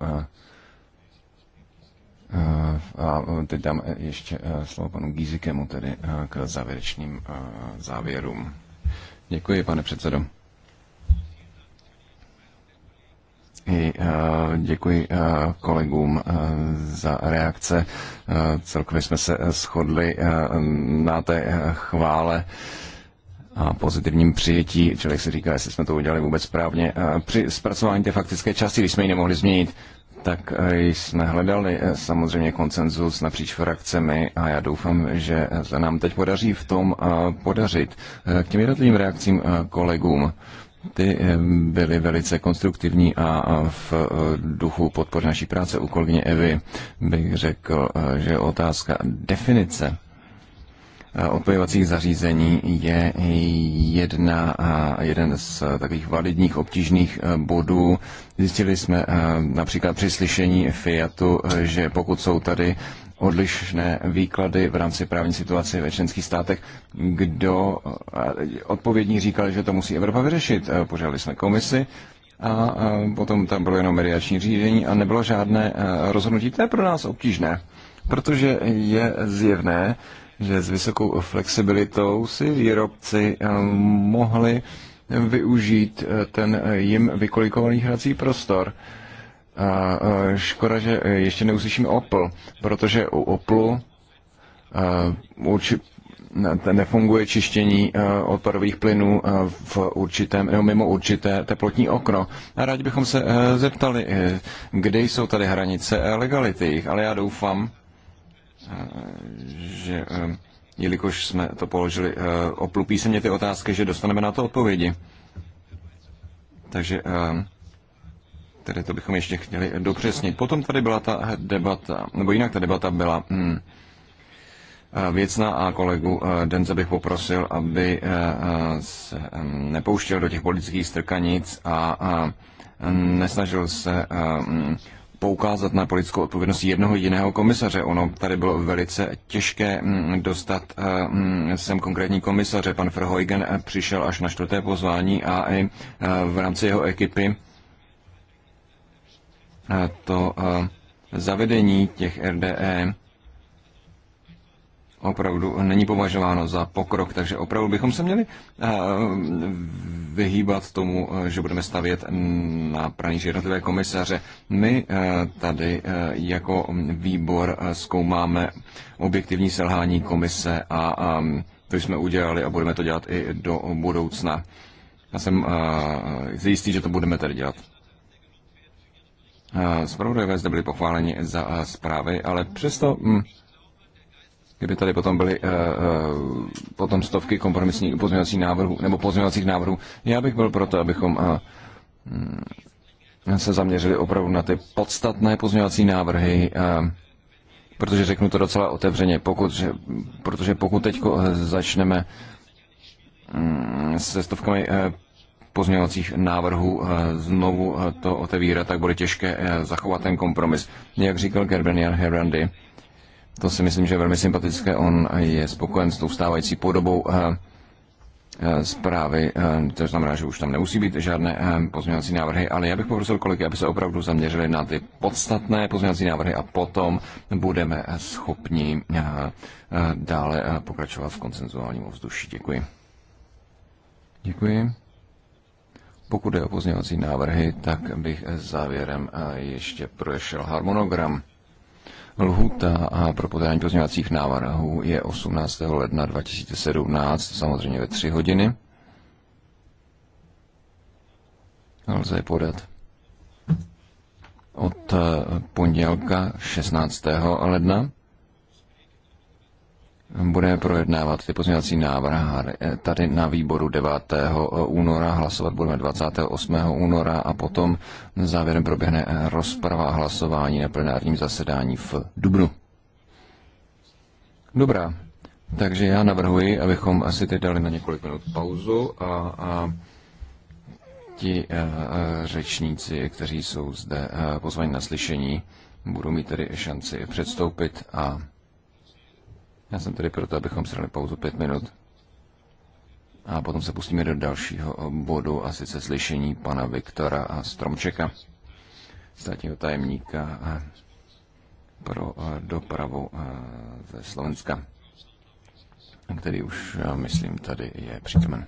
A teď dám ještě slovo panu Gízikemu tedy k závěrečným závěrům. Děkuji, pane předsedo. i eh, děkuji eh, kolegům eh, za reakce. Celkově jsme se shodli na té chvále a pozitivním přijetí. Člověk si říká, jestli jsme to udělali vůbec správně. Při zpracování té faktické části, když jsme ji nemohli změnit, tak jsme hledali samozřejmě konsenzus napříč frakcemi a já doufám, že se nám teď podaří v tom podařit k těm jednotlivým reakcím kolegům ty byly velice konstruktivní a v e, duchu podpory naší práce u kolegyně Evy bych řekl, e, že otázka definice e, odpojovacích zařízení je jedna, jeden z takových validních obtížných bodů. Zjistili jsme například při slyšení Fiatu, že pokud jsou tady odlišné výklady v rámci právní situace ve členských státech. Kdo odpovědní říkal, že to musí Evropa vyřešit? E, požádali jsme komisi a potom tam bylo jenom mediační řízení a nebylo žádné e, rozhodnutí. To je pro nás obtížné, protože je zjevné, že s vysokou flexibilitou si výrobci e, mohli využít ten jim vykolikovaný hrací prostor a škoda, že e, ještě neuslyšíme Opel, protože u Oplu určitě nefunguje čištění e, odpadových plynů e, v určitém, nebo mimo určité teplotní okno. A rádi bychom se zeptali, kde jsou tady hranice legality ale já doufám, že jelikož jsme to položili, oplupí se mě ty otázky, že dostaneme na to odpovědi. Takže Tedy to bychom ještě chtěli dopřesnit. Potom tady byla ta debata, nebo jinak ta debata byla hmm, eh, věcná a kolegu eh, Denze bych poprosil, aby eh, se nepouštěl do těch politických strkanic a nesnažil se poukázat na politickou odpovědnost jednoho jiného komisaře. Ono tady bylo velice těžké hm, dostat hm, sem konkrétní komisaře. Pan Verheugen přišel až na čtvrté pozvání a i v rámci jeho ekipy to zavedení těch RDE opravdu není považováno za pokrok, takže opravdu bychom se měli vyhýbat tomu, že budeme stavět na praní jednotlivé komisaře. My tady jako výbor zkoumáme objektivní selhání komise a to jsme udělali a budeme to dělat i do budoucna. Já jsem jistý, že to budeme tady dělat. Zpravodajové zde byli pochváleni za zprávy, ale přesto, hm, kdyby tady potom byly e, e, potom stovky kompromisních pozměňovacích návrhů, nebo pozměňovacích návrhů, já bych byl proto, abychom e, hm, se zaměřili opravdu na ty podstatné pozměňovací návrhy, protože řeknu to docela otevřeně, pokud, že, protože pokud teď začneme hm, se stovkami pozměňovacích návrhů eh, znovu eh, to otevírat, tak bude těžké eh, zachovat ten kompromis. Jak říkal Gerbenian Herandy, to si myslím, že je velmi sympatické. On je spokojen s tou stávající podobou zprávy, to znamená, že už tam nemusí být žádné pozměňovací návrhy, ale já bych poprosil kolegy, aby se opravdu zaměřili na ty podstatné pozměňovací návrhy a potom budeme schopni dále pokračovat v koncenzuálním ovzduší. Děkuji. Děkuji. Pokud je o pozměňovací návrhy, tak bych závěrem eh, ještě prošel harmonogram. Lhuta eh, pro podání pozměňovacích návrhů je 18. ledna 2017, samozřejmě ve 3 hodiny. Lze je podat od eh, pondělka 16. ledna bude projednávat ty pozměňovací návrhy tady na výboru 9. února, hlasovat budeme 28. února a potom závěrem proběhne rozprava a hlasování na plenárním zasedání v Dubnu. Dobrá, takže já navrhuji, abychom asi teď dali na několik minut pauzu a, a ti a, eh, a řečníci, kteří jsou zde eh, pozvaní na slyšení, budou mít tedy šanci předstoupit a já jsem tady proto, abychom si dali pauzu pět minut. A potom se pustíme do dalšího bodu, a sice slyšení pana Viktora a Stromčeka, státního tajemníka eh, pro eh, dopravu eh, ze Slovenska, který už, myslím, tady je přítomen.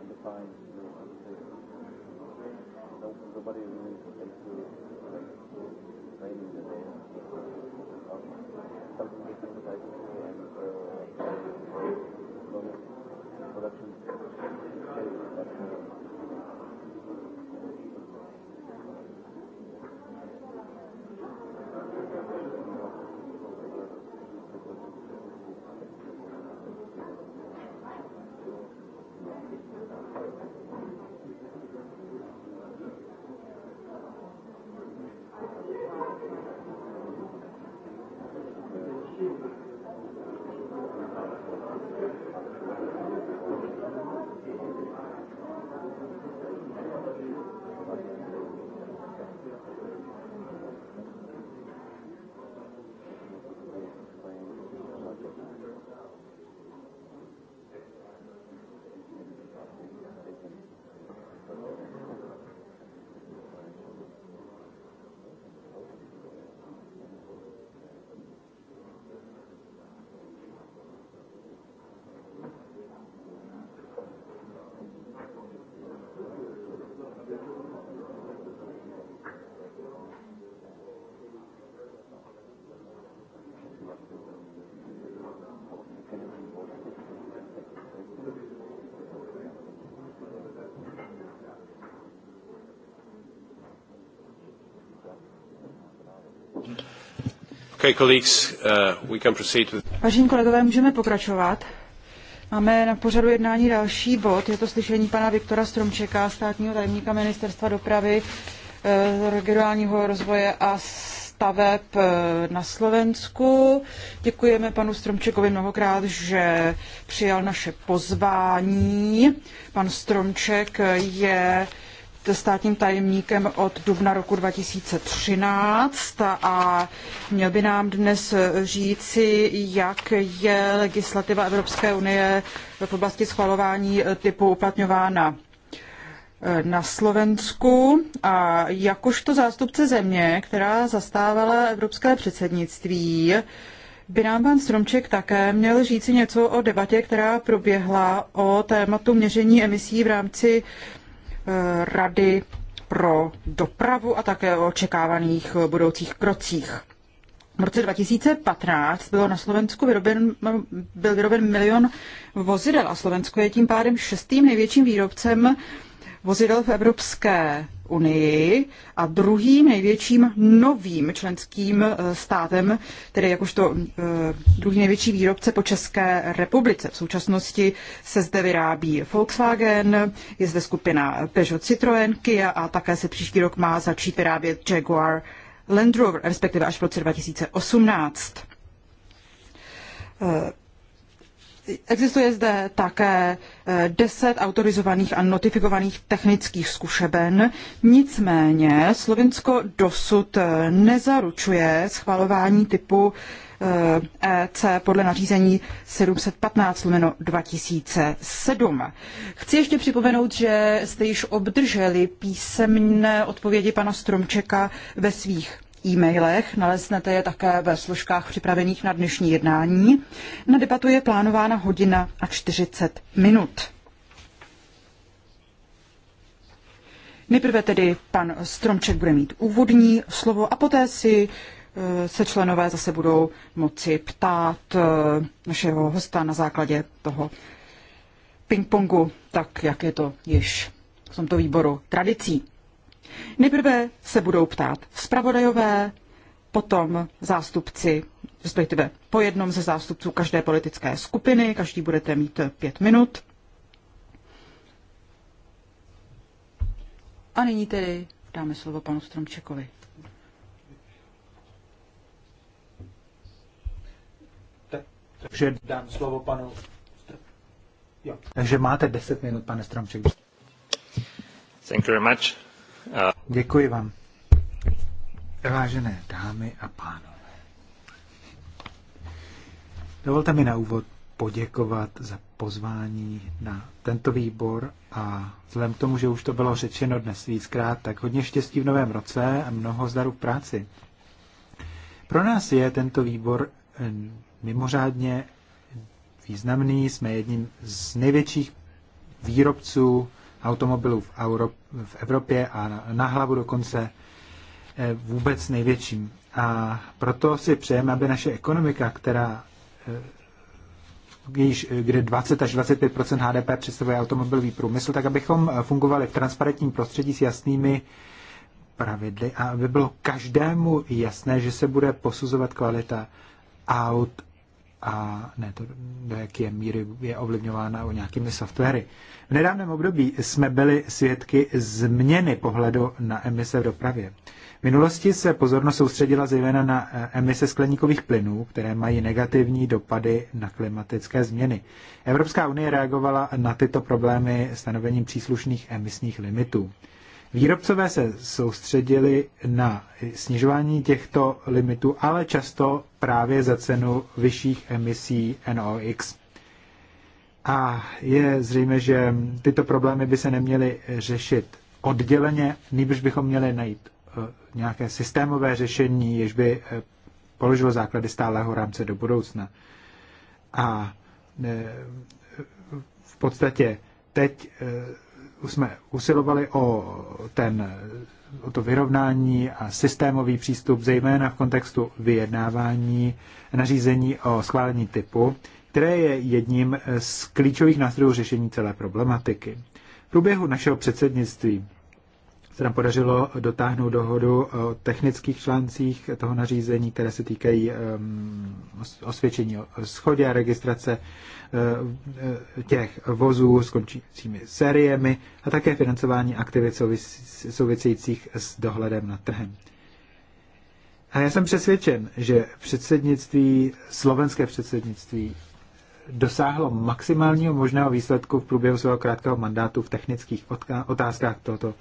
and define the, the, the, the body of the to training the way of self-making the Uh, Vážení kolegové, můžeme pokračovat. Máme na pořadu jednání další bod, je to slyšení pana Viktora Stromčeka, státního tajemníka Ministerstva dopravy, eh, regionálního rozvoje a staveb eh, na Slovensku. Děkujeme panu Stromčekovi mnohokrát, že přijal naše pozvání. Pan Stromček je státním tajemníkem od dubna roku 2013 a měl by nám dnes říci, jak je legislativa Evropské unie v oblasti schvalování typu uplatňována na Slovensku a jakožto zástupce země, která zastávala evropské předsednictví, by nám pan Stromček také měl říci něco o debatě, která proběhla o tématu měření emisí v rámci Rady pro dopravu a také o očekávaných budoucích krocích. V roce 2015 bylo na Slovensku vyroben, byl vyroben milion vozidel a Slovensko je tím pádem šestým největším výrobcem vozidel v Evropské unii a druhým největším novým členským eh, státem, tedy jakožto eh, druhý největší výrobce po České republice. V současnosti se zde vyrábí Volkswagen, je zde skupina Peugeot Citroën, Kia a také se příští rok má začít vyrábět Jaguar Land Rover, respektive až v roce 2018. Existuje zde také eh, deset autorizovaných a notifikovaných technických zkušeben, nicméně Slovinsko dosud eh, nezaručuje schvalování typu EC eh, e podle nařízení 715 lomeno 2007. Chci ještě připomenout, že jste již obdrželi písemné odpovědi pana Stromčeka ve svých e-mailech, naleznete je také ve složkách připravených na dnešní jednání. Na debatu je plánována hodina a 40 minut. Nejprve tedy pan Stromček bude mít úvodní slovo a poté si eh, se členové zase budou moci ptát eh, našeho hosta na základě toho pingpongu, tak jak je to již v tomto výboru tradicí. Nejprve se budou ptát zpravodajové, potom zástupci, respektive po jednom ze zástupců každé politické skupiny, každý budete mít pět minut. A nyní tedy dáme slovo panu Stromčekovi. Takže dám slovo panu. Jo. Takže máte 10 minut, pane Stromček. Thank you very much. Děkuji vám. Vážené dámy a pánové, dovolte mi na úvod poděkovat za pozvání na tento výbor a vzhledem k tomu, že už to bylo řečeno dnes víckrát, tak hodně štěstí v novém roce a mnoho zdaru v práci. Pro nás je tento výbor eh, mimořádně významný, jsme jedním z největších výrobců automobilů v, Euro, v Evropě a na, na hlavu dokonce eh, vůbec největším. A proto si přejeme, aby naše ekonomika, která eh, jejíž, kde 20 až 25 HDP představuje automobilový průmysl, tak abychom eh, fungovali v transparentním prostředí s jasnými pravidly a aby bylo každému jasné, že se bude posuzovat kvalita aut a ne to, do jaké míry je ovlivňována o nějakými softwary. V nedávném období jsme byli svědky změny pohledu na emise v dopravě. V minulosti se pozornost soustředila zejména na eh, emise skleníkových plynů, které mají negativní dopady na klimatické změny. Evropská unie reagovala na tyto problémy stanovením příslušných emisních limitů. Výrobcové se soustředili na snižování těchto limitů, ale často právě za cenu vyšších emisí NOx. A je zřejmé, že tyto problémy by se neměly řešit odděleně, nejbrž bychom měli najít eh, nějaké systémové řešení, jež by eh, položilo základy stálého rámce do budoucna. A eh, v podstatě teď jsme usilovali o, ten, o to vyrovnání a systémový přístup, zejména v kontextu vyjednávání nařízení o schválení typu, které je jedním z klíčových nástrojů řešení celé problematiky. V průběhu našeho předsednictví se nám podařilo dotáhnout dohodu o technických článcích toho nařízení, které se týkají um, osvědčení o schodě a registrace uh, těch vozů s končícími sériemi a také financování aktivit souvisejících s dohledem nad trhem. A já jsem přesvědčen, že předsednictví, slovenské předsednictví dosáhlo maximálního možného výsledku v průběhu svého krátkého mandátu v technických otázkách tohoto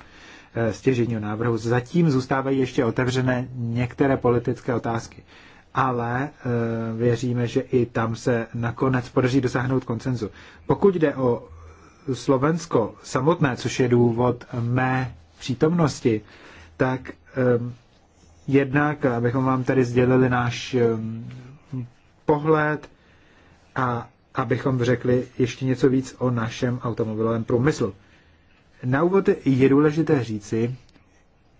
Eh, stěžejního návrhu. Zatím zůstávají ještě otevřené některé politické otázky, ale eh, věříme, že i tam se nakonec podaří dosáhnout koncenzu. Pokud jde o Slovensko samotné, což je důvod mé přítomnosti, tak eh, jednak, abychom vám tady sdělili náš pohled a abychom řekli ještě něco víc o našem automobilovém průmyslu. Na úvod je důležité říci,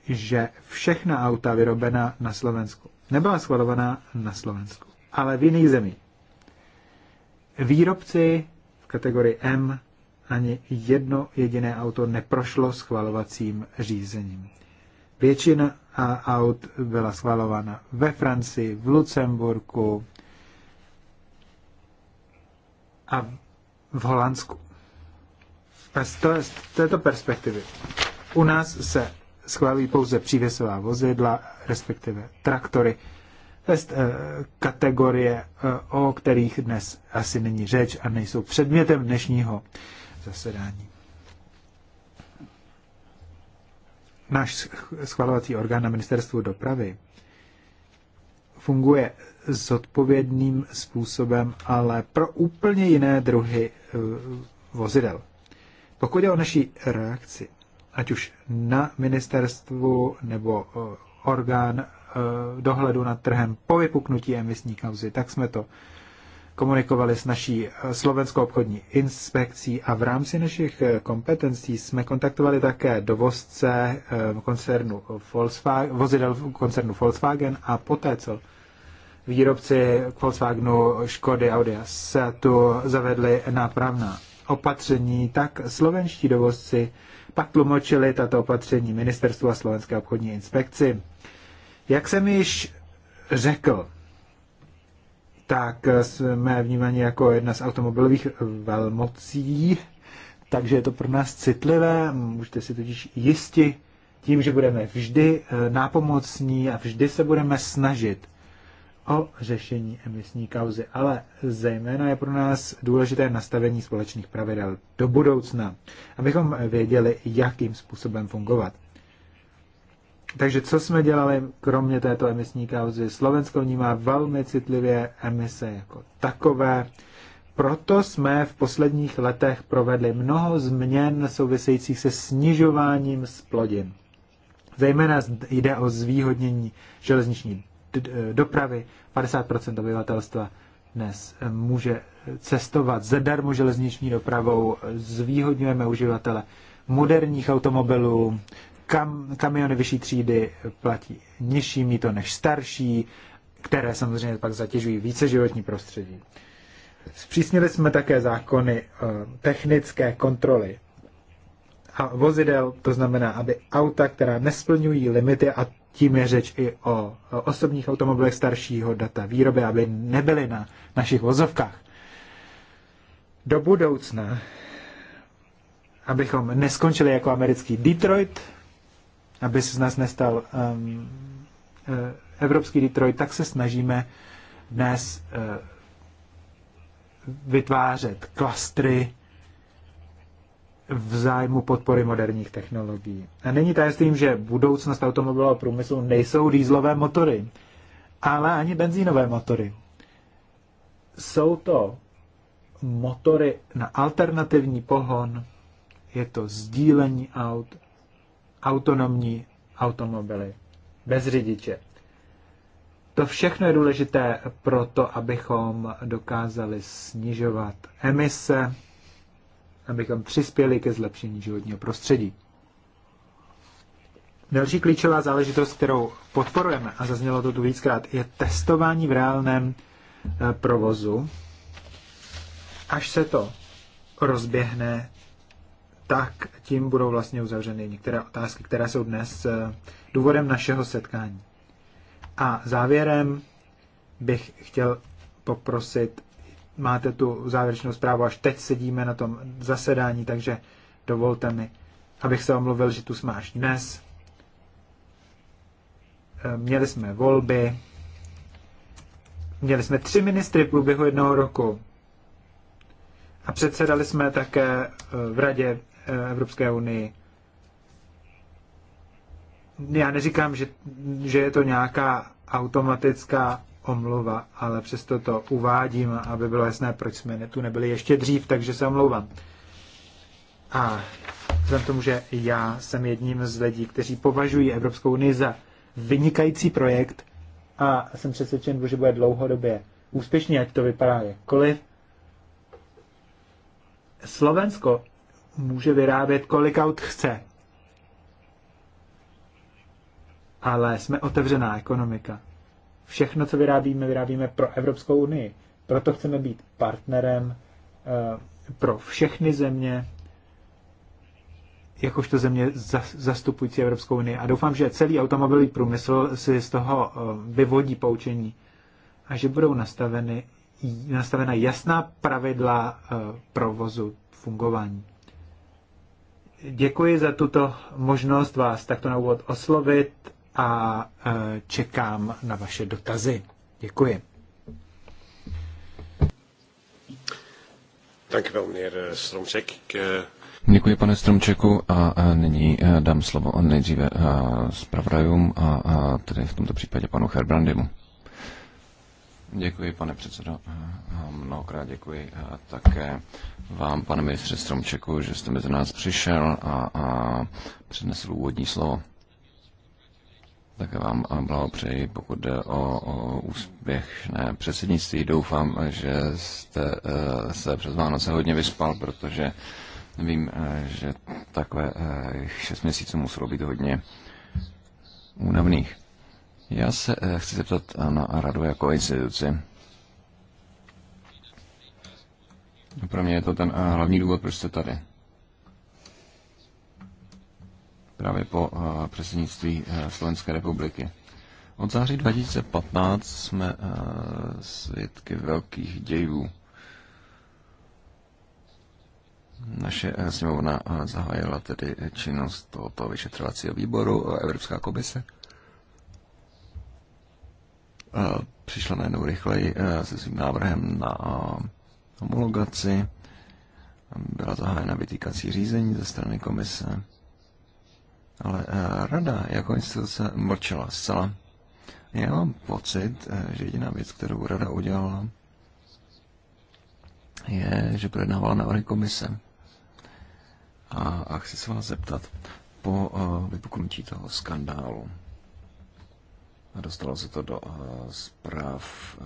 že všechna auta vyrobená na Slovensku nebyla schvalovaná na Slovensku, ale v jiných zemích. Výrobci v kategorii M ani jedno jediné auto neprošlo schvalovacím řízením. Většina aut byla schvalována ve Francii, v Lucemburku a v Holandsku z, to, z této perspektivy u nás se schvalují pouze přívěsová vozidla, respektive traktory, to je eh, kategorie, eh, o kterých dnes asi není řeč a nejsou předmětem dnešního zasedání. Náš schvalovací orgán na ministerstvu dopravy funguje odpovědným způsobem, ale pro úplně jiné druhy eh, vozidel. Pokud je o naší reakci, ať už na ministerstvu nebo eh, orgán eh, dohledu nad trhem po vypuknutí emisní kauzy, tak jsme to komunikovali s naší eh, slovenskou obchodní inspekcí a v rámci našich kompetencí jsme kontaktovali také dovozce koncernu Volkswagen, vozidel koncernu Volkswagen a poté, co výrobci Volkswagenu, Škody, Audi a Seatu zavedli nápravná opatření, tak slovenští dovozci pak tlumočili tato opatření ministerstvu a Slovenské obchodní inspekci. Jak jsem již řekl, tak jsme vnímáni jako jedna z automobilových velmocí, takže je to pro nás citlivé, můžete si totiž jisti tím, že budeme vždy eh, nápomocní a vždy se budeme snažit o řešení emisní kauzy, ale zejména je pro nás důležité nastavení společných pravidel do budoucna, abychom věděli, jakým způsobem fungovat. Takže co jsme dělali kromě této emisní kauzy? Slovensko vnímá velmi citlivě emise jako takové. Proto jsme v posledních letech provedli mnoho změn souvisejících se snižováním splodin. Zejména jde o zvýhodnění železniční dopravy. 50% obyvatelstva dnes eh, může cestovat zadarmo železniční dopravou, zvýhodňujeme uživatele moderních automobilů, kam, kamiony vyšší třídy platí nižší to než starší, které samozřejmě pak zatěžují více životní prostředí. Zpřísnili jsme také zákony eh, technické kontroly a vozidel, to znamená, aby auta, která nesplňují limity, a tím je řeč i o osobních automobilech staršího data výroby, aby nebyly na našich vozovkách. Do budoucna, abychom neskončili jako americký Detroit, aby se z nás nestal um, eh, evropský Detroit, tak se snažíme dnes uh, vytvářet klastry v zájmu podpory moderních technologií. A není tajemstvím, že budoucnost automobilového průmyslu nejsou dýzlové motory, ale ani benzínové motory. Jsou to motory na alternativní pohon, je to sdílení aut, autonomní automobily bez řidiče. To všechno je důležité pro to, abychom dokázali snižovat emise abychom přispěli ke zlepšení životního prostředí. Další klíčová záležitost, kterou podporujeme, a zaznělo to tu víckrát, je testování v reálném eh, provozu. Až se to rozběhne, tak tím budou vlastně uzavřeny některé otázky, které jsou dnes eh, důvodem našeho setkání. A závěrem bych chtěl poprosit máte tu závěrečnou zprávu, až teď sedíme na tom zasedání, takže dovolte mi, abych se omluvil, že tu jsme až dnes. Eh, měli jsme volby, měli jsme tři ministry v průběhu jednoho roku a předsedali jsme také eh, v Radě eh, Evropské unii. Já neříkám, že, že je to nějaká automatická omluva, ale přesto to uvádím, aby bylo jasné, proč jsme tu nebyli ještě dřív, takže se omlouvám. A vzhledem tomu, že já jsem jedním z lidí, kteří považují Evropskou unii za vynikající projekt a jsem přesvědčen, že bude dlouhodobě úspěšný, ať to vypadá jakkoliv. Slovensko může vyrábět kolik aut chce, ale jsme otevřená ekonomika všechno, co vyrábíme, vyrábíme pro Evropskou unii. Proto chceme být partnerem eh, pro všechny země, jakožto země zastupující Evropskou unii. A doufám, že celý automobilový průmysl si z toho eh, vyvodí poučení a že budou nastaveny, nastavena jasná pravidla eh, provozu, fungování. Děkuji za tuto možnost vás takto na úvod oslovit a e, čekám na vaše dotazy. Děkuji. Eh, Stromček. Eh, děkuji, pane Stromčeku, a e, nyní e, dám slovo nejdříve zpravodajům a, a tedy v tomto případě panu Herbrandimu. Děkuji, pane předsedo. Mnohokrát děkuji a také vám, pane ministře Stromčeku, že jste mezi nás přišel a, a přednesl úvodní slovo. Také vám blahopřeji, pokud jde o, o úspěšné předsednictví. Doufám, že jste eh, se přes Vánoce hodně vyspal, protože vím, eh, že takové eh, šest měsíců muselo být hodně únavných. Já se chci zeptat na radu jako instituci. Pro mě je to ten hlavní důvod, proč jste tady právě po eh, předsednictví eh, Slovenské republiky. Od září 2015 jsme eh, svědky velkých dějů. Naše sněmovna zahájila tedy činnost tohoto vyšetřovacího výboru Evropská komise. Přišla najednou rychleji se svým návrhem na homologaci. Byla zahájena vytýkací řízení ze strany komise ale eh, rada jako instituce mlčela zcela. Já mám pocit, eh, že jediná věc, kterou rada udělala, je, že projednávala návrhy komise. A, a chci se vás zeptat, po uh, vypuknutí toho skandálu, a dostalo se to do uh, zpráv,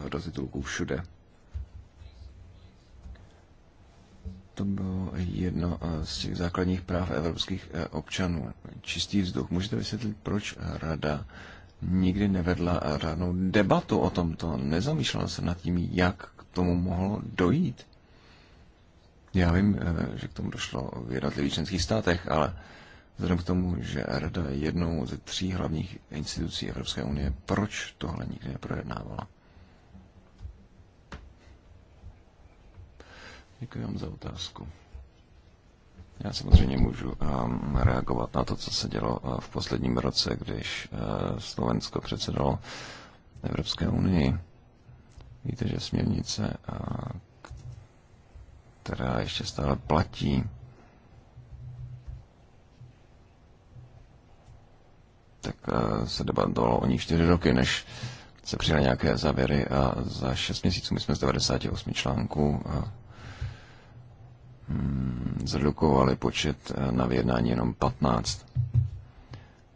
do titulků všude, to bylo jedno eh, z těch základních práv evropských eh, občanů. Čistý vzduch. Můžete vysvětlit, proč rada nikdy nevedla eh, řádnou debatu o tomto? Nezamýšlela se nad tím, jak k tomu mohlo dojít? Já vím, že k tomu došlo v jednotlivých členských státech, ale vzhledem k tomu, že Rada je jednou ze tří hlavních institucí Evropské unie, proč tohle nikdy neprojednávala? Děkuji vám za otázku. Já samozřejmě můžu um, reagovat na to, co se dělo eh, v posledním roce, když uh, Slovensko předsedalo Evropské unii. Víte, že směrnice, uh, která ještě stále platí, tak uh, se debatovalo o ní čtyři roky, než se přijaly nějaké závěry a za šest měsíců my jsme z 98 článků. Uh, Hmm, zredukovali počet eh, na vyjednání jenom 15.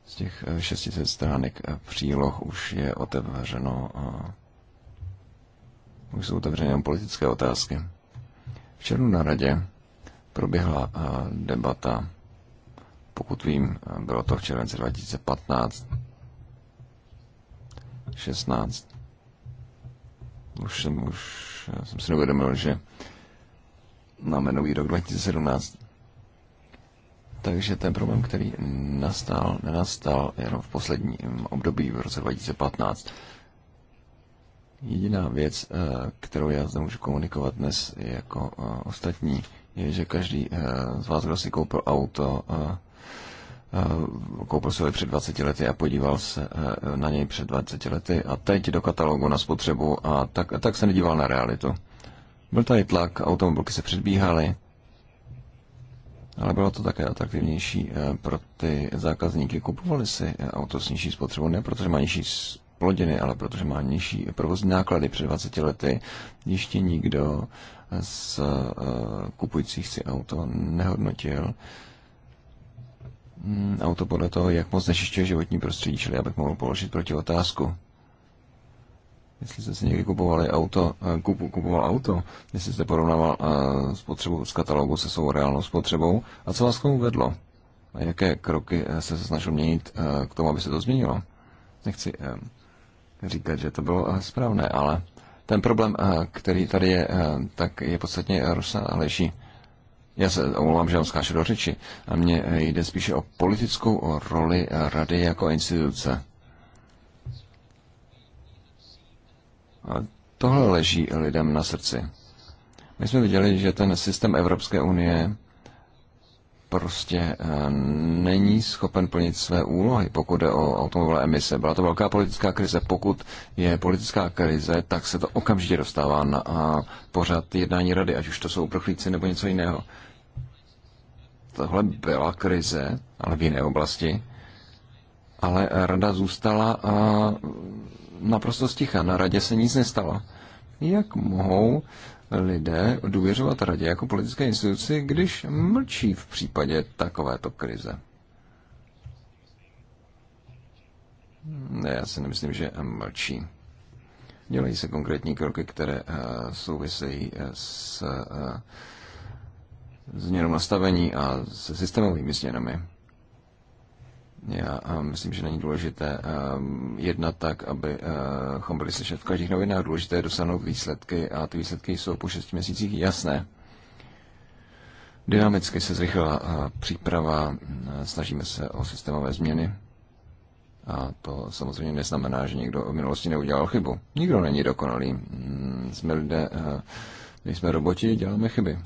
Z těch 600 eh, stránek eh, příloh už je otevřeno, už jsou otevřeny jenom politické otázky. V černu na radě proběhla debata, pokud vím, bylo to v červenci 2015, 16. Už jsem, už jsem si neuvědomil, že máme nový rok 2017. Takže ten problém, který nastal, nenastal jenom v posledním období v roce 2015. Jediná věc, eh, kterou já zde můžu komunikovat dnes jako eh, ostatní, je, že každý eh, z vás, kdo si koupil auto, koupil si ho před 20 lety a podíval se na něj před 20 lety a teď do katalogu na spotřebu a tak, tak se nedíval na realitu. Byl tady tlak, automobilky se předbíhaly, ale bylo to také atraktivnější eh, pro ty zákazníky. Kupovali si eh, auto s nižší spotřebou, ne protože má nižší plodiny, ale protože má nižší provozní náklady před 20 lety. Ještě nikdo z eh, kupujících si auto nehodnotil hmm, auto podle toho, jak moc znečišťuje životní prostředí, čili abych mohl položit proti otázku jestli jste si někdy kupovali auto, eh, kupu, kupoval auto, jestli jste porovnával eh, spotřebu z katalogu se svou reálnou spotřebou a co vás k tomu vedlo? A jaké kroky eh, se snažil měnit k tomu, aby se to změnilo? Nechci říkat, že to bylo správné, ale ten problém, který tady je, tak je podstatně rozsáhlejší. Já se omlouvám, že vám skáču do řeči. A mně jde spíše o politickou roli rady jako instituce Tohle leží lidem na srdci. My jsme viděli, že ten systém Evropské unie prostě eh, není schopen plnit své úlohy, pokud jde o automobilové emise. Byla to velká politická krize. Pokud je politická krize, tak se to okamžitě dostává na eh, pořad jednání rady, ať už to jsou uprchlíci nebo něco jiného. Tohle byla krize, ale v jiné oblasti. Ale rada zůstala eh, naprosto sticha. Na radě se nic nestalo. Jak mohou lidé důvěřovat radě jako politické instituci, když mlčí v případě takovéto krize? Ne, já si nemyslím, že mlčí. Dělají se konkrétní kroky, které eh, souvisejí eh, s eh, změnou nastavení a se systémovými změnami. Já myslím, že není důležité jednat tak, abychom byli slyšet v každých novinách. Důležité je dosáhnout výsledky a ty výsledky jsou po šesti měsících jasné. Dynamicky se zrychlila příprava, snažíme se o systémové změny. A to samozřejmě neznamená, že někdo v minulosti neudělal chybu. Nikdo není dokonalý. Mm, jsme lidé, nejsme roboti, děláme chyby.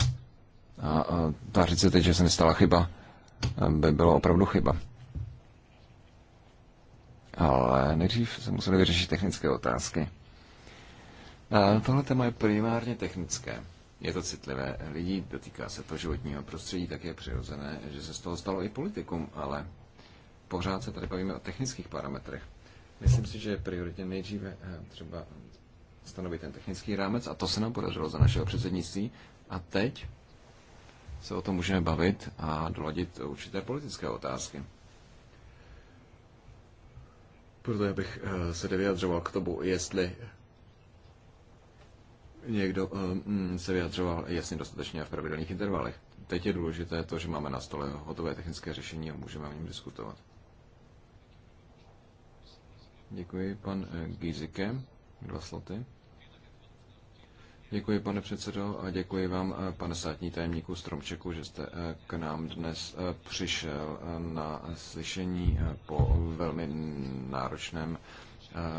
A, ta tvářit se teď, že se nestala chyba, by bylo opravdu chyba ale nejdřív se museli vyřešit technické otázky. A tohle téma je primárně technické. Je to citlivé lidí, dotýká se to životního prostředí, tak je přirozené, že se z toho stalo i politikum, ale pořád se tady bavíme o technických parametrech. Myslím si, že je prioritně nejdříve eh, třeba stanovit ten technický rámec a to se nám podařilo za našeho předsednictví. A teď se o tom můžeme bavit a doladit určité politické otázky. Proto bych eh, se nevyjadřoval k tomu, jestli někdo eh, mm, se vyjadřoval jasně dostatečně a v pravidelných intervalech. Teď je důležité to, že máme na stole hotové technické řešení a můžeme o něm diskutovat. Děkuji, pan eh, Gizike. Dva sloty. Děkuji, pane předsedo, a děkuji vám, eh, pane státní tajemníku Stromčeku, že jste eh, k nám dnes eh, přišel na slyšení po velmi náročném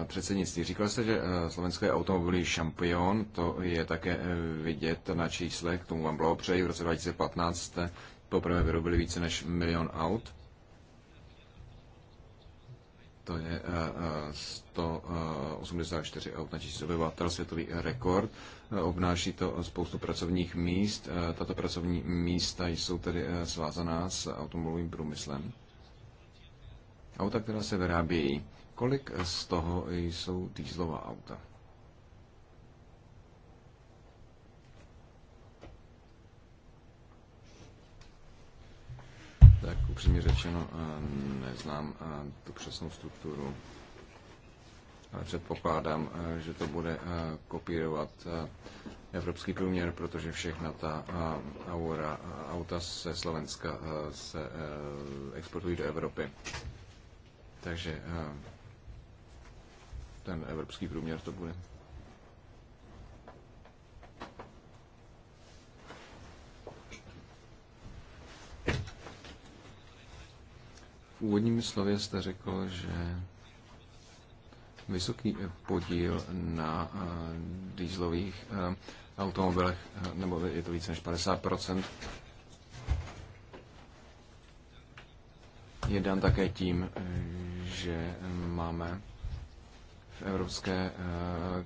předsednictví. Říkal jste, že slovenské automobilí šampion, to je také vidět na číslech, k tomu vám bylo přeji V roce 2015 jste poprvé vyrobili více než milion aut. To je 184 aut na tisíc obyvatel, světový rekord obnáší to spoustu pracovních míst. Eh, tato pracovní místa jsou tedy eh, svázaná s automobilovým průmyslem. Auta, která se vyrábějí, kolik z toho jsou dýzlová auta? Tak upřímně řečeno, eh, neznám tu přesnou strukturu ale předpokládám, eh, že to bude eh, kopírovat eh, evropský průměr, protože všechna ta aura, auta ze Slovenska se exportují do Evropy. Takže ten evropský průměr to bude. V úvodním slově jste řekl, že vysoký podíl na eh, dýzlových eh, automobilech, eh, nebo je to více než 50 je dan také tím, že máme v evropské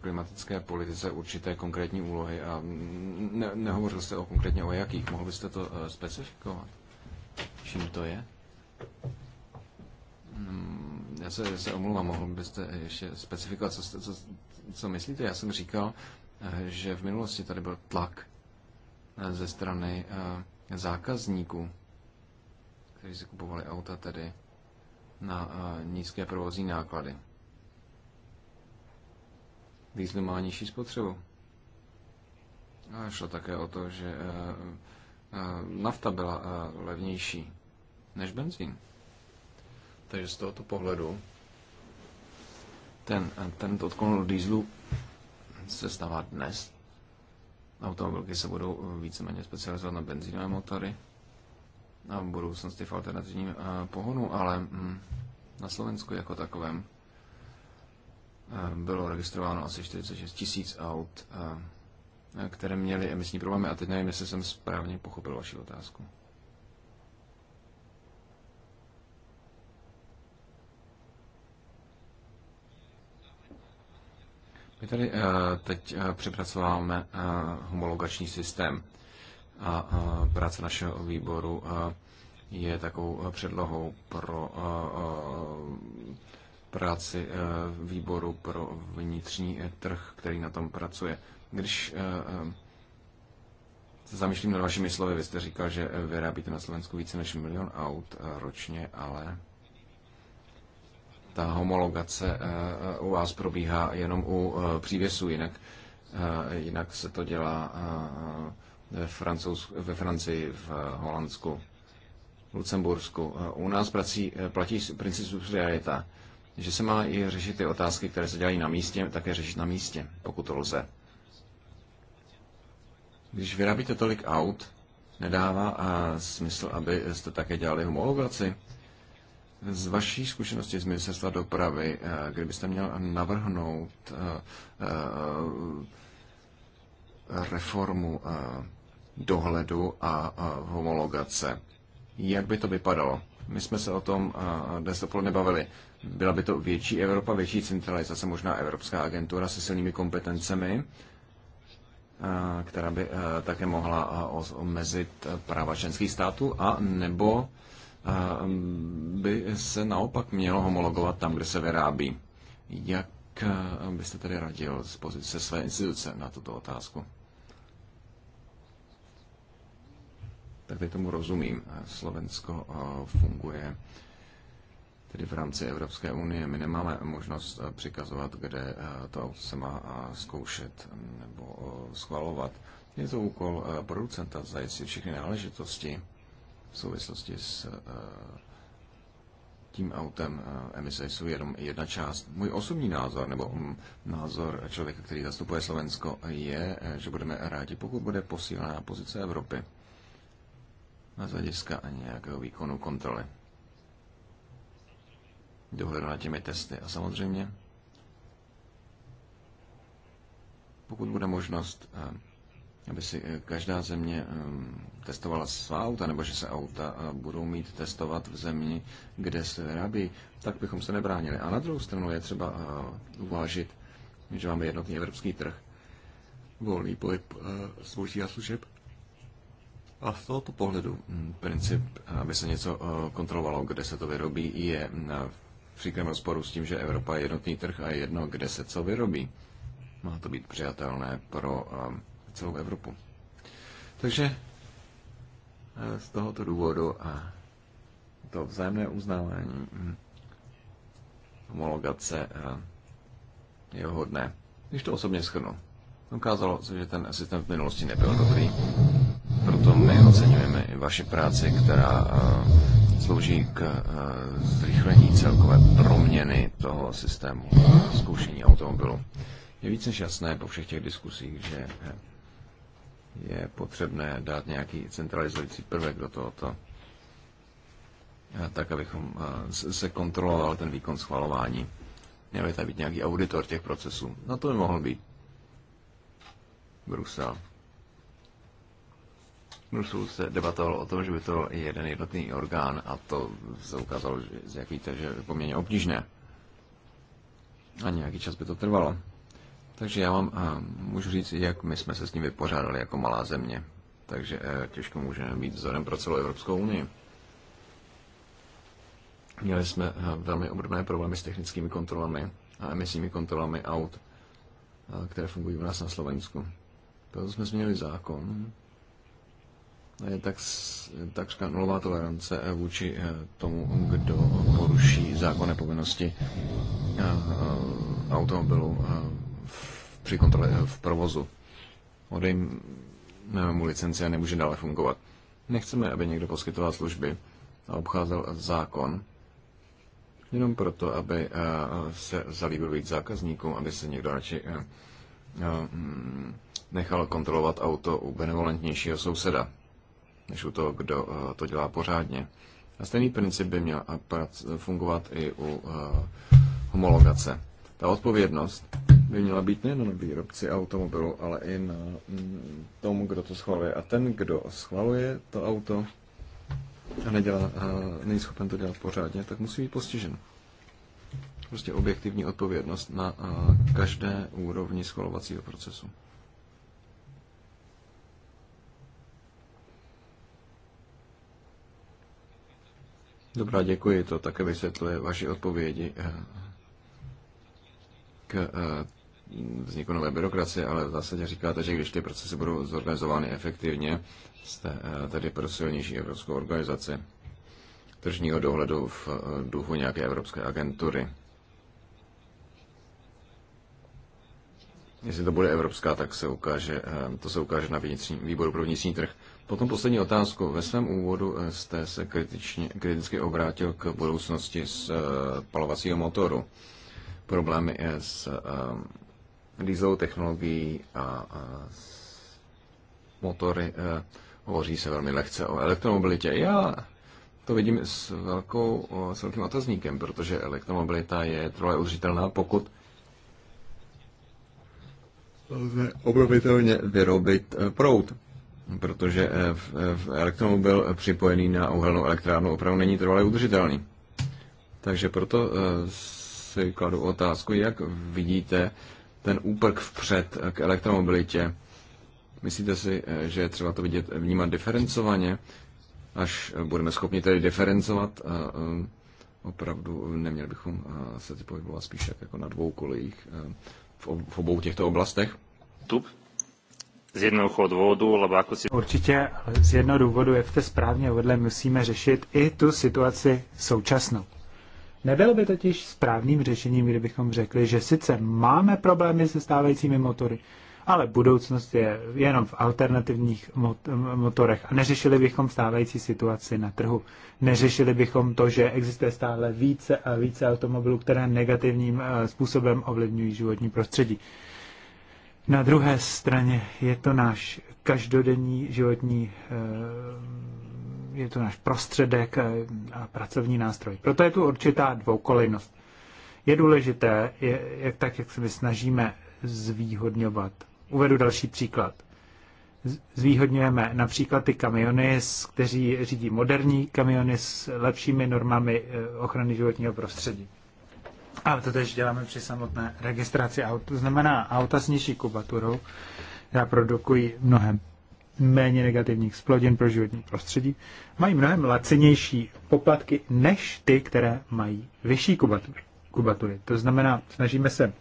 klimatické politice určité konkrétní úlohy a ne, nehovořil jste o konkrétně o jakých. Mohl byste to specifikovat? Čím to je? já se, se omlouvám, mohl byste ještě specifikovat, co, co, co myslíte? Já jsem říkal, eh, že v minulosti tady byl tlak eh, ze strany eh, zákazníků, kteří si kupovali auta tedy na nízké provozní náklady. Diesel má nižší spotřebu. A šlo také o to, že nafta byla levnější než benzín. Takže z tohoto pohledu ten, ten odklon dýzlu se stává dnes. Automobilky se budou víceméně specializovat na benzínové motory a v budoucnosti v alternativním eh, pohonu, ale mm, na Slovensku jako takovém eh, bylo registrováno asi 46 tisíc aut, eh, které měly emisní problémy. A teď nevím, jestli jsem správně pochopil vaši otázku. My tady eh, teď eh, přepracováváme eh, homologační systém a práce našeho výboru je takovou předlohou pro práci výboru pro vnitřní trh, který na tom pracuje. Když se zamýšlím nad vašimi slovy, vy jste říkal, že vyrábíte na Slovensku více než milion aut ročně, ale ta homologace eh, eh, u vás probíhá jenom u eh, přívěsu, jinak, jinak se to dělá ve, Francouz, ve Francii, v Holandsku, v Lucembursku. U nás prací, platí princip subsidiarita, že se má i řešit ty otázky, které se dělají na místě, také řešit na místě, pokud to lze. Když vyrábíte tolik aut, nedává a smysl, aby také dělali homologaci z vaší zkušenosti z ministerstva dopravy, eh, kdybyste měl navrhnout eh, eh, reformu dohledu a homologace, jak by to vypadalo? My jsme se o tom dnes dopoledne bavili. Byla by to větší Evropa, větší centralizace, možná Evropská agentura se silnými kompetencemi, která by také mohla omezit práva členských států, a nebo Mm, by se naopak mělo homologovat tam, kde se vyrábí. Jak eh, byste tedy radil z pozice své instituce na tuto otázku? Tak teď tomu rozumím. Eh, Slovensko eh, funguje tedy v rámci Evropské unie. My nemáme možnost přikazovat, kde to se má zkoušet nebo schvalovat. Je to úkol producenta zajistit všechny náležitosti v souvislosti s eh, tím autem eh, emise jsou jenom jedna část. Můj osobní názor, nebo hm, názor člověka, který zastupuje Slovensko, je, eh, že budeme rádi, pokud bude posílená pozice Evropy na hlediska nějakého výkonu kontroly. Dohledu na těmi testy. A samozřejmě, pokud bude možnost aby si eh, každá země ehm, testovala svá auta, nebo že se auta eh, budou mít testovat v zemi, kde se vyrábí, tak bychom se nebránili. A na druhou stranu je třeba eh, uvážit, že máme jednotný evropský trh, volný pohyb zboží a služeb. A z tohoto pohledu hm, princip, aby se něco kontrolovalo, kde se to vyrobí, je hm, v příkrém rozporu s tím, že Evropa je jednotný trh a je jedno, kde se co vyrobí. Má to být přijatelné pro um, celou Evropu. Takže eh, z tohoto důvodu a to vzájemné uznávání hm, homologace eh, je hodné. Když to osobně schrnu, ukázalo se, že ten systém v minulosti nebyl dobrý, proto my oceňujeme i vaši práci, která eh, slouží k zrychlení celkové proměny toho systému zkoušení automobilu. Je více než jasné po všech těch diskusích, že je potřebné dát nějaký centralizující prvek do tohoto, tak abychom se kontroloval ten výkon schvalování. Měl by tady být nějaký auditor těch procesů. No to by mohl být. Brusel. Brusel se debatoval o tom, že by to byl jeden jednotný orgán a to se ukázalo, že, jak víte, že je poměrně obtížné. A nějaký čas by to trvalo. Takže já vám eh, můžu říct, jak my jsme se s ním vypořádali jako malá země. Takže eh, těžko můžeme být vzorem pro celou Evropskou unii. Měli jsme eh, velmi obdobné problémy s technickými kontrolami a emisními kontrolami aut, které fungují u nás na Slovensku. Proto jsme změnili zákon. Je tak, takřka nulová tolerance vůči tomu, kdo poruší zákonné povinnosti automobilu při kontrole eh, v provozu. Odejm eh, mu licenci a nemůže dále fungovat. Nechceme, aby někdo poskytoval služby a obcházel zákon, jenom proto, aby eh, se zalíbil víc zákazníkům, aby se někdo radši nechal kontrolovat auto u benevolentnějšího souseda, než u toho, kdo to dělá pořádně. A stejný princip by měl fungovat i u homologace. Ta odpovědnost by měla být nejen na výrobci automobilu, ale i na mm, tom, kdo to schvaluje. A ten, kdo schvaluje to auto a, nedělá, a není schopen to dělat pořádně, tak musí být postižen. Prostě objektivní odpovědnost na každé úrovni schvalovacího procesu. Dobrá, děkuji. To také vysvětluje vaši odpovědi eh, k eh, vzniku nové byrokracie, ale v zásadě říkáte, že když ty procesy budou zorganizovány efektivně, jste eh, tedy pro silnější evropskou organizaci tržního dohledu v eh, duchu nějaké evropské agentury. Jestli to bude evropská, tak se ukáže, eh, to se ukáže na vnitřní, výboru pro vnitřní trh. Potom poslední otázku. Ve svém úvodu jste se kritičně, kriticky obrátil k budoucnosti z palovacího motoru. Problémy s dieselovou technologií a, a motory E, hovoří se velmi lehce o elektromobilitě. Já to vidím s, velkou, s velkým otazníkem, protože elektromobilita je trochu udržitelná, pokud lze obrovitelně vyrobit eh, proud. Protože eh, v elektromobil připojený na uhelnou elektrárnu opravdu není trvale udržitelný. Takže proto si kladu otázku, jak vidíte ten úprk vpřed k elektromobilitě. Myslíte si, eh, že je třeba to vidět, eh, vnímat diferencovaně, až eh, budeme schopni tedy diferencovat? Opravdu neměli bychom se ty pohybovat spíš jako na dvou kolejích v obou těchto oblastech? Tu? z jednoho důvodu, lebo jako si... Určitě, z jednoho důvodu, jak jste správně uvedli, musíme řešit i tu situaci současnou. Nebylo by totiž správným řešením, kdybychom řekli, že sice máme problémy se stávajícími motory, ale budoucnost je jenom v alternativních motorech a neřešili bychom stávající situaci na trhu. Neřešili bychom to, že existuje stále více a více automobilů, které negativním eh, způsobem ovlivňují životní prostředí. Na druhé straně je to náš každodenní životní eh, je to náš prostředek a pracovní nástroj. Proto je tu určitá dvoukolejnost. Je důležité, je, jak tak, jak se my snažíme zvýhodňovat. Uvedu další příklad. Zvýhodňujeme například ty kamiony, kteří řídí moderní kamiony s lepšími normami eh, ochrany životního prostředí. A to tež děláme při samotné registraci aut. To znamená auta s nižší kubaturou, která produkují mnohem méně negativních splodin pro životní prostředí, mají mnohem lacenější poplatky než ty, které mají vyšší kubatury. kubatury. To znamená, snažíme se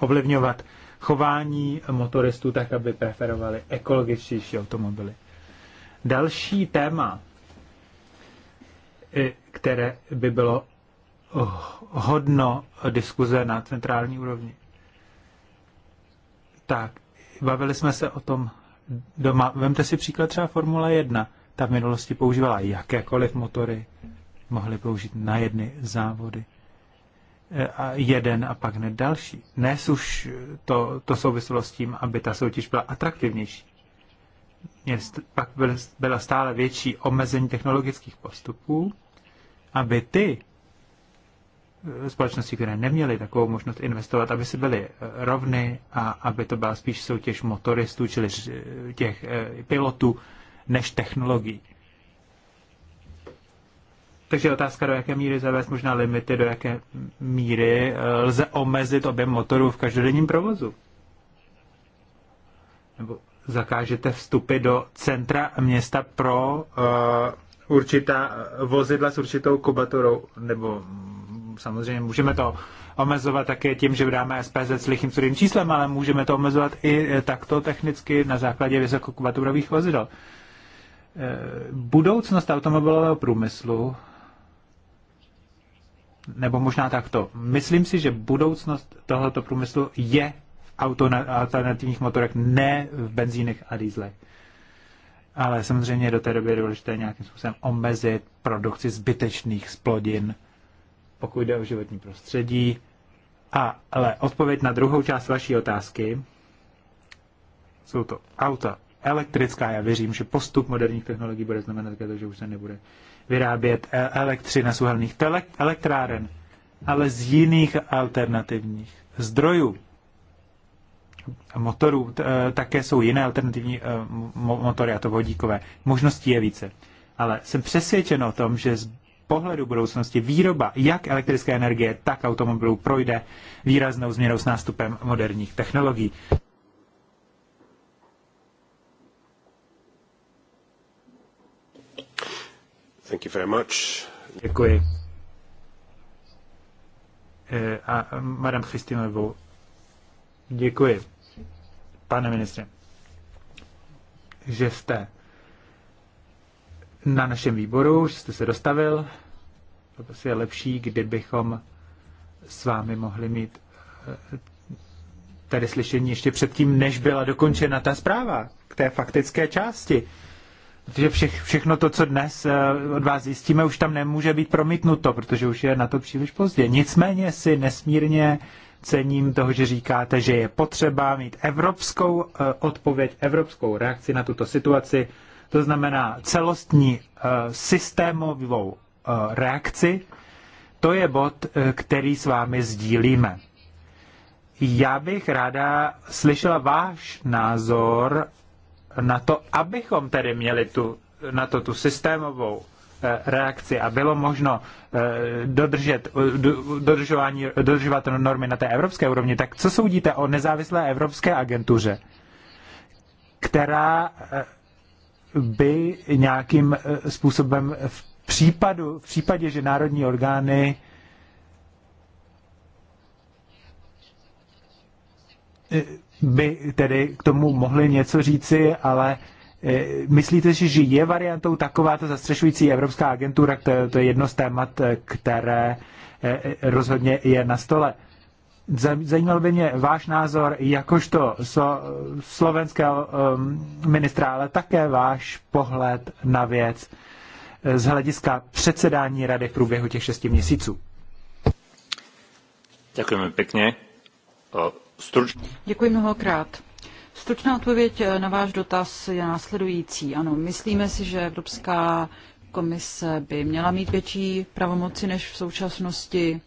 ovlivňovat chování motoristů tak, aby preferovali ekologičtější automobily. Další téma, které by bylo oh, hodno diskuze na centrální úrovni. Tak, bavili jsme se o tom doma. Vemte si příklad třeba Formule 1. Ta v minulosti používala jakékoliv motory. Mohli použít na jedny závody. E, a jeden a pak hned další. Dnes už to, to souviselo s tím, aby ta soutěž byla atraktivnější. Pak byla stále větší omezení technologických postupů, aby ty, Eh, společnosti, které neměly takovou možnost investovat, aby se byly eh, rovny a aby to byla spíš soutěž motoristů, čili eh, těch pilotů, než technologií. Takže otázka, do jaké míry zavést možná limity, do jaké míry lze omezit objem motorů v každodenním provozu. Nebo zakážete vstupy do centra města pro uh, určitá vozidla s určitou kubaturou nebo samozřejmě můžeme to omezovat také tím, že dáme SPZ s lichým sudým číslem, ale můžeme to omezovat i eh, takto technicky na základě vysokokubaturových vozidel. Eh, budoucnost automobilového průmyslu nebo možná takto. Myslím si, že budoucnost tohoto průmyslu je v auto, alternativních motorech, ne v benzínech a dýzlech. Ale samozřejmě do té doby je důležité nějakým způsobem omezit produkci zbytečných splodin, pokud jde o životní prostředí. A, ale odpověď na druhou část vaší otázky. Jsou to auta elektrická. Já věřím, že postup moderních technologií bude znamenat to, že už se nebude vyrábět e- elektřina z uhelných elektráren, ale z jiných alternativních zdrojů motorů. E- také jsou jiné alternativní e- motory, a to vodíkové. Možností je více. Ale jsem přesvědčen o tom, že pohledu budoucnosti výroba jak elektrické energie, tak automobilů projde výraznou změnou s nástupem moderních technologií. Thank you very much. Děkuji. E, a madam Christinovou. Děkuji, pane ministře, že jste na našem výboru, že jste se dostavil. to Asi prostě je lepší, kdybychom s vámi mohli mít eh, tady slyšení ještě předtím, než byla dokončena ta zpráva k té faktické části. Protože vše, všechno to, co dnes eh, od vás zjistíme, už tam nemůže být promítnuto, protože už je na to příliš pozdě. Nicméně si nesmírně cením toho, že říkáte, že je potřeba mít evropskou eh, odpověď, evropskou reakci na tuto situaci to znamená celostní eh, systémovou eh, reakci, to je bod, eh, který s vámi sdílíme. Já bych ráda slyšela váš názor na to, abychom tedy měli tu, na to tu systémovou reakci a bylo možno dodržet, dodržování, dodržovat normy na té evropské úrovni, tak co soudíte o nezávislé evropské agentuře, která by nějakým eh, způsobem v, případu, v případě, že národní orgány eh, by tedy k tomu mohli něco říci, ale eh, myslíte si, že je variantou ta zastřešující Evropská agentura, to je jedno z témat, které rozhodně je na stole. Zajímal by mě váš názor jakožto so, slovenského um, ministra, ale také váš pohled na věc eh, z hlediska předsedání rady v průběhu těch šesti měsíců. Děkujeme pěkně. Struč... Děkuji mnohokrát. Stručná odpověď eh, na váš dotaz je následující. Ano, myslíme si, že Evropská komise by měla mít větší pravomoci než v současnosti.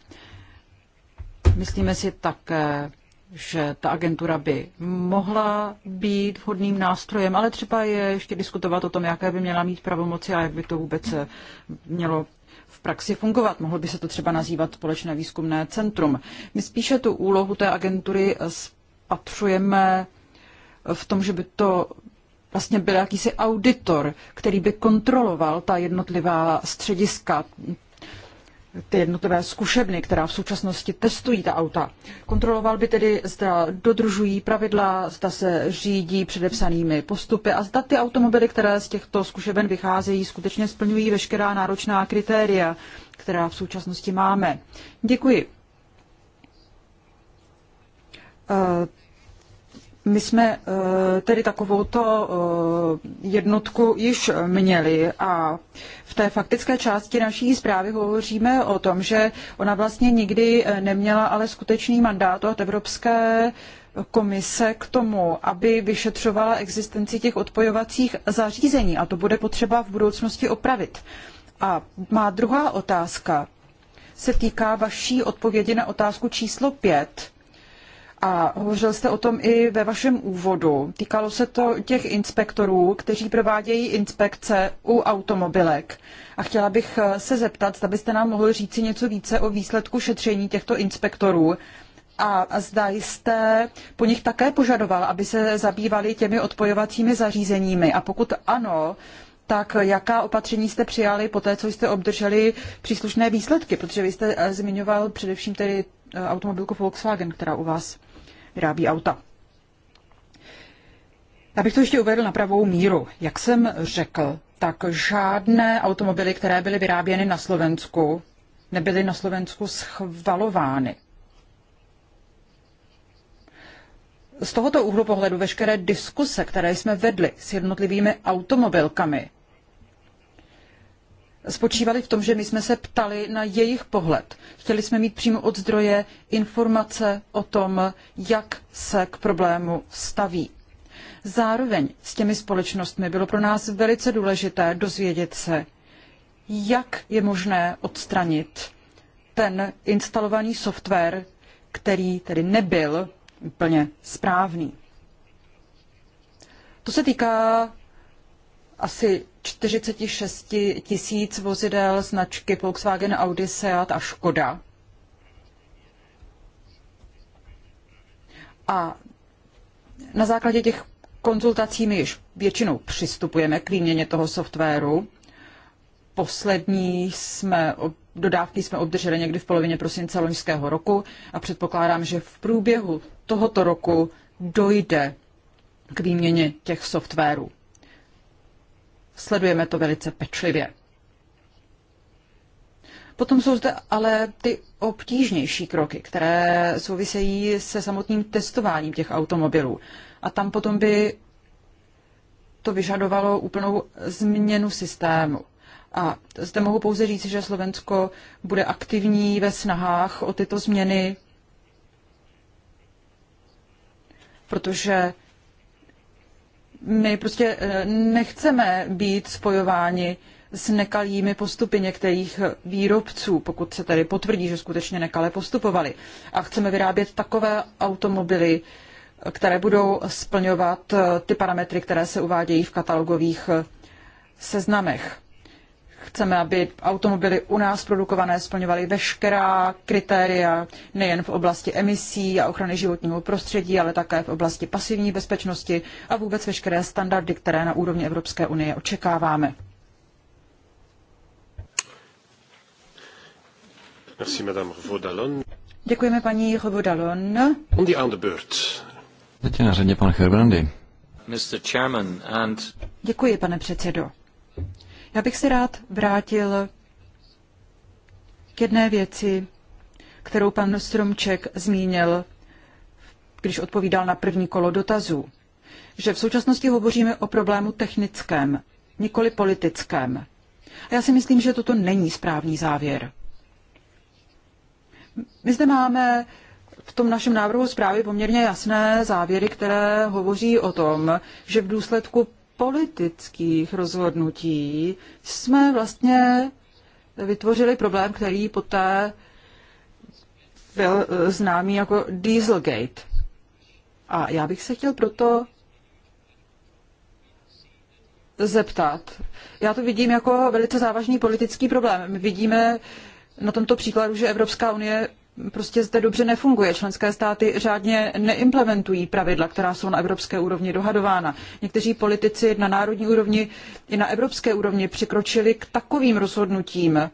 Myslíme si také, že ta agentura by mohla být vhodným nástrojem, ale třeba je ještě diskutovat o tom, jaké by měla mít pravomoci a jak by to vůbec eh, mělo v praxi fungovat. Mohlo by se to třeba nazývat společné výzkumné centrum. My spíše tu úlohu té agentury eh, spatřujeme eh, v tom, že by to vlastně byl jakýsi auditor, který by kontroloval ta jednotlivá střediska, ty jednotlivé zkušebny, která v současnosti testují ta auta. Kontroloval by tedy, zda dodržují pravidla, zda se řídí předepsanými postupy a zda ty automobily, které z těchto zkušeben vycházejí, skutečně splňují veškerá náročná kritéria, která v současnosti máme. Děkuji. Uh, my jsme eh, tedy takovouto eh, jednotku již měli a v té faktické části naší zprávy hovoříme o tom, že ona vlastně nikdy eh, neměla ale skutečný mandát od Evropské komise k tomu, aby vyšetřovala existenci těch odpojovacích zařízení a to bude potřeba v budoucnosti opravit. A má druhá otázka se týká vaší odpovědi na otázku číslo 5 a hovořil jste o tom i ve vašem úvodu. Týkalo se to těch inspektorů, kteří provádějí inspekce u automobilek. A chtěla bych eh, se zeptat, zda byste nám mohl říci něco více o výsledku šetření těchto inspektorů a zda jste po nich také požadoval, aby se zabývali těmi odpojovacími zařízeními. A pokud ano, tak jaká opatření jste přijali po té, co jste obdrželi příslušné výsledky? Protože vy jste eh, zmiňoval především tedy eh, automobilku Volkswagen, která u vás vyrábí auta. Abych to ještě uvedl na pravou míru. Jak jsem řekl, tak žádné automobily, které byly vyráběny na Slovensku, nebyly na Slovensku schvalovány. Z tohoto úhlu pohledu veškeré diskuse, které jsme vedli s jednotlivými automobilkami, spočívaly v tom, že my jsme se ptali na jejich pohled. Chtěli jsme mít přímo od zdroje informace o tom, jak se k problému staví. Zároveň s těmi společnostmi bylo pro nás velice důležité dozvědět se, jak je možné odstranit ten instalovaný software, který tedy nebyl úplně správný. To se týká asi 46 tisíc vozidel značky Volkswagen, Audi, Seat a Škoda. A na základě těch konzultací my již většinou přistupujeme k výměně toho softwaru. Poslední jsme, dodávky jsme obdrželi někdy v polovině prosince loňského roku a předpokládám, že v průběhu tohoto roku dojde k výměně těch softwarů sledujeme to velice pečlivě. Potom jsou zde ale ty obtížnější kroky, které souvisejí se samotným testováním těch automobilů. A tam potom by to vyžadovalo úplnou změnu systému. A zde mohu pouze říct, že Slovensko bude aktivní ve snahách o tyto změny, protože my prostě eh, nechceme být spojováni s nekalými postupy některých eh, výrobců, pokud se tedy potvrdí, že skutečně nekale postupovali. A chceme vyrábět takové automobily, které budou splňovat eh, ty parametry, které se uvádějí v katalogových seznamech. Chceme, aby automobily u nás produkované splňovaly veškerá kritéria, nejen v oblasti emisí a ochrany životního prostředí, ale také v oblasti pasivní bezpečnosti a vůbec veškeré standardy, které na úrovni Evropské unie očekáváme. Merci, madame Vaudalon. Děkujeme paní Rovodalon. bird. Teď je na řadě pan Herbrandy. Mr. Chairman and... Děkuji, pane předsedo. Já bych se rád vrátil k jedné věci, kterou pan Stromček zmínil, když odpovídal na první kolo dotazů, že v současnosti hovoříme o problému technickém, nikoli politickém. A já si myslím, že toto není správný závěr. My zde máme v tom našem návrhu zprávy poměrně jasné závěry, které hovoří o tom, že v důsledku politických rozhodnutí jsme vlastně vytvořili problém, který poté byl eh, známý jako Dieselgate. A já bych se chtěl proto zeptat. Já to vidím jako velice závažný politický problém. My vidíme na tomto příkladu, že Evropská unie prostě zde dobře nefunguje. Členské státy řádně neimplementují pravidla, která jsou na evropské úrovni dohadována. Někteří politici na národní úrovni i na evropské úrovni přikročili k takovým rozhodnutím,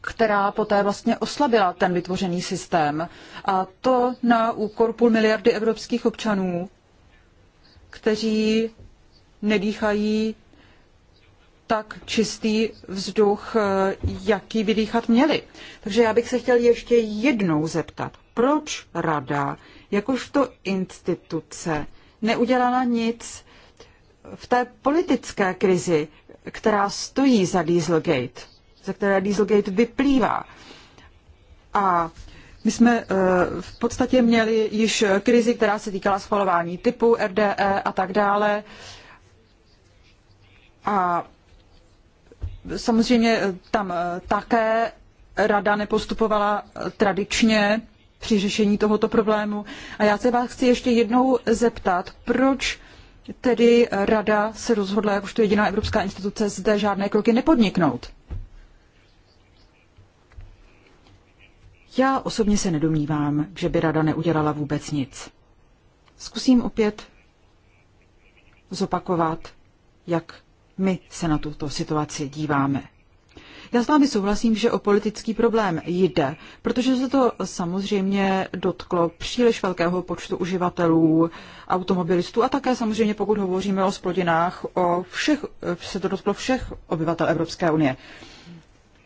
která poté vlastně oslabila ten vytvořený systém. A to na úkor půl miliardy evropských občanů, kteří nedýchají tak čistý vzduch, eh, jaký vydýchat měli. Takže já bych se chtěl ještě jednou zeptat, proč rada, jakožto instituce, neudělala nic v té politické krizi, která stojí za Dieselgate, ze které Dieselgate vyplývá. A my jsme eh, v podstatě měli již krizi, která se týkala schvalování typu RDE a tak dále. A Samozřejmě eh, tam eh, také rada nepostupovala eh, tradičně při řešení tohoto problému. A já se vás chci ještě jednou zeptat, proč tedy rada se rozhodla, jakožto jediná evropská instituce, zde žádné kroky nepodniknout? Já osobně se nedomnívám, že by rada neudělala vůbec nic. Zkusím opět zopakovat, jak my se na tuto situaci díváme. Já s vámi souhlasím, že o politický problém jde, protože se to samozřejmě dotklo příliš velkého počtu uživatelů, automobilistů a také samozřejmě, pokud hovoříme o splodinách, o všech, se to dotklo všech obyvatel Evropské unie.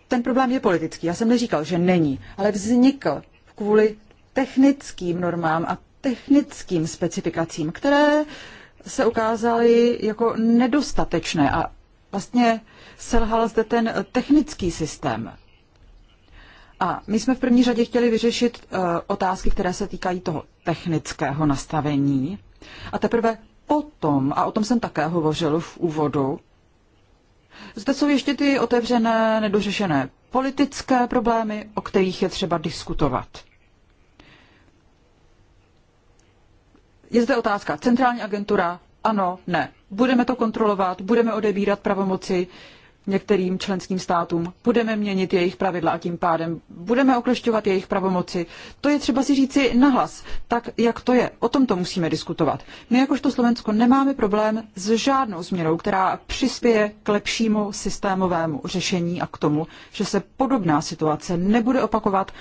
Ten problém je politický. Já jsem neříkal, že není, ale vznikl kvůli technickým normám a technickým specifikacím, které se ukázaly jako nedostatečné a vlastně selhal zde ten technický systém. A my jsme v první řadě chtěli vyřešit eh, otázky, které se týkají toho technického nastavení. A teprve potom, a o tom jsem také hovořil v úvodu, zde jsou ještě ty otevřené, nedořešené politické problémy, o kterých je třeba diskutovat. Je zde otázka. Centrální agentura? Ano, ne. Budeme to kontrolovat, budeme odebírat pravomoci některým členským státům, budeme měnit jejich pravidla a tím pádem budeme oklešťovat jejich pravomoci. To je třeba si říci nahlas, tak jak to je. O tom to musíme diskutovat. My jakožto Slovensko nemáme problém s žádnou změnou, která přispěje k lepšímu systémovému řešení a k tomu, že se podobná situace nebude opakovat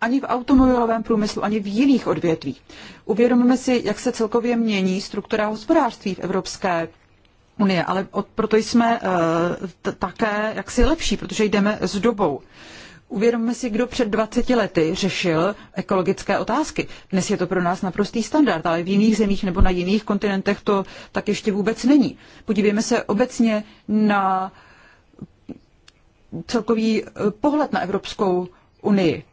ani v automobilovém průmyslu, ani v jiných odvětvích. Uvědomíme si, jak se celkově mění struktura hospodářství v Evropské unie, ale od, proto jsme uh, také jaksi lepší, protože jdeme s dobou. Uvědomme si, kdo před 20 lety řešil ekologické otázky. Dnes je to pro nás naprostý standard, ale v jiných zemích nebo na jiných kontinentech to tak ještě vůbec není. Podívejme se obecně na celkový eh, pohled na Evropskou unii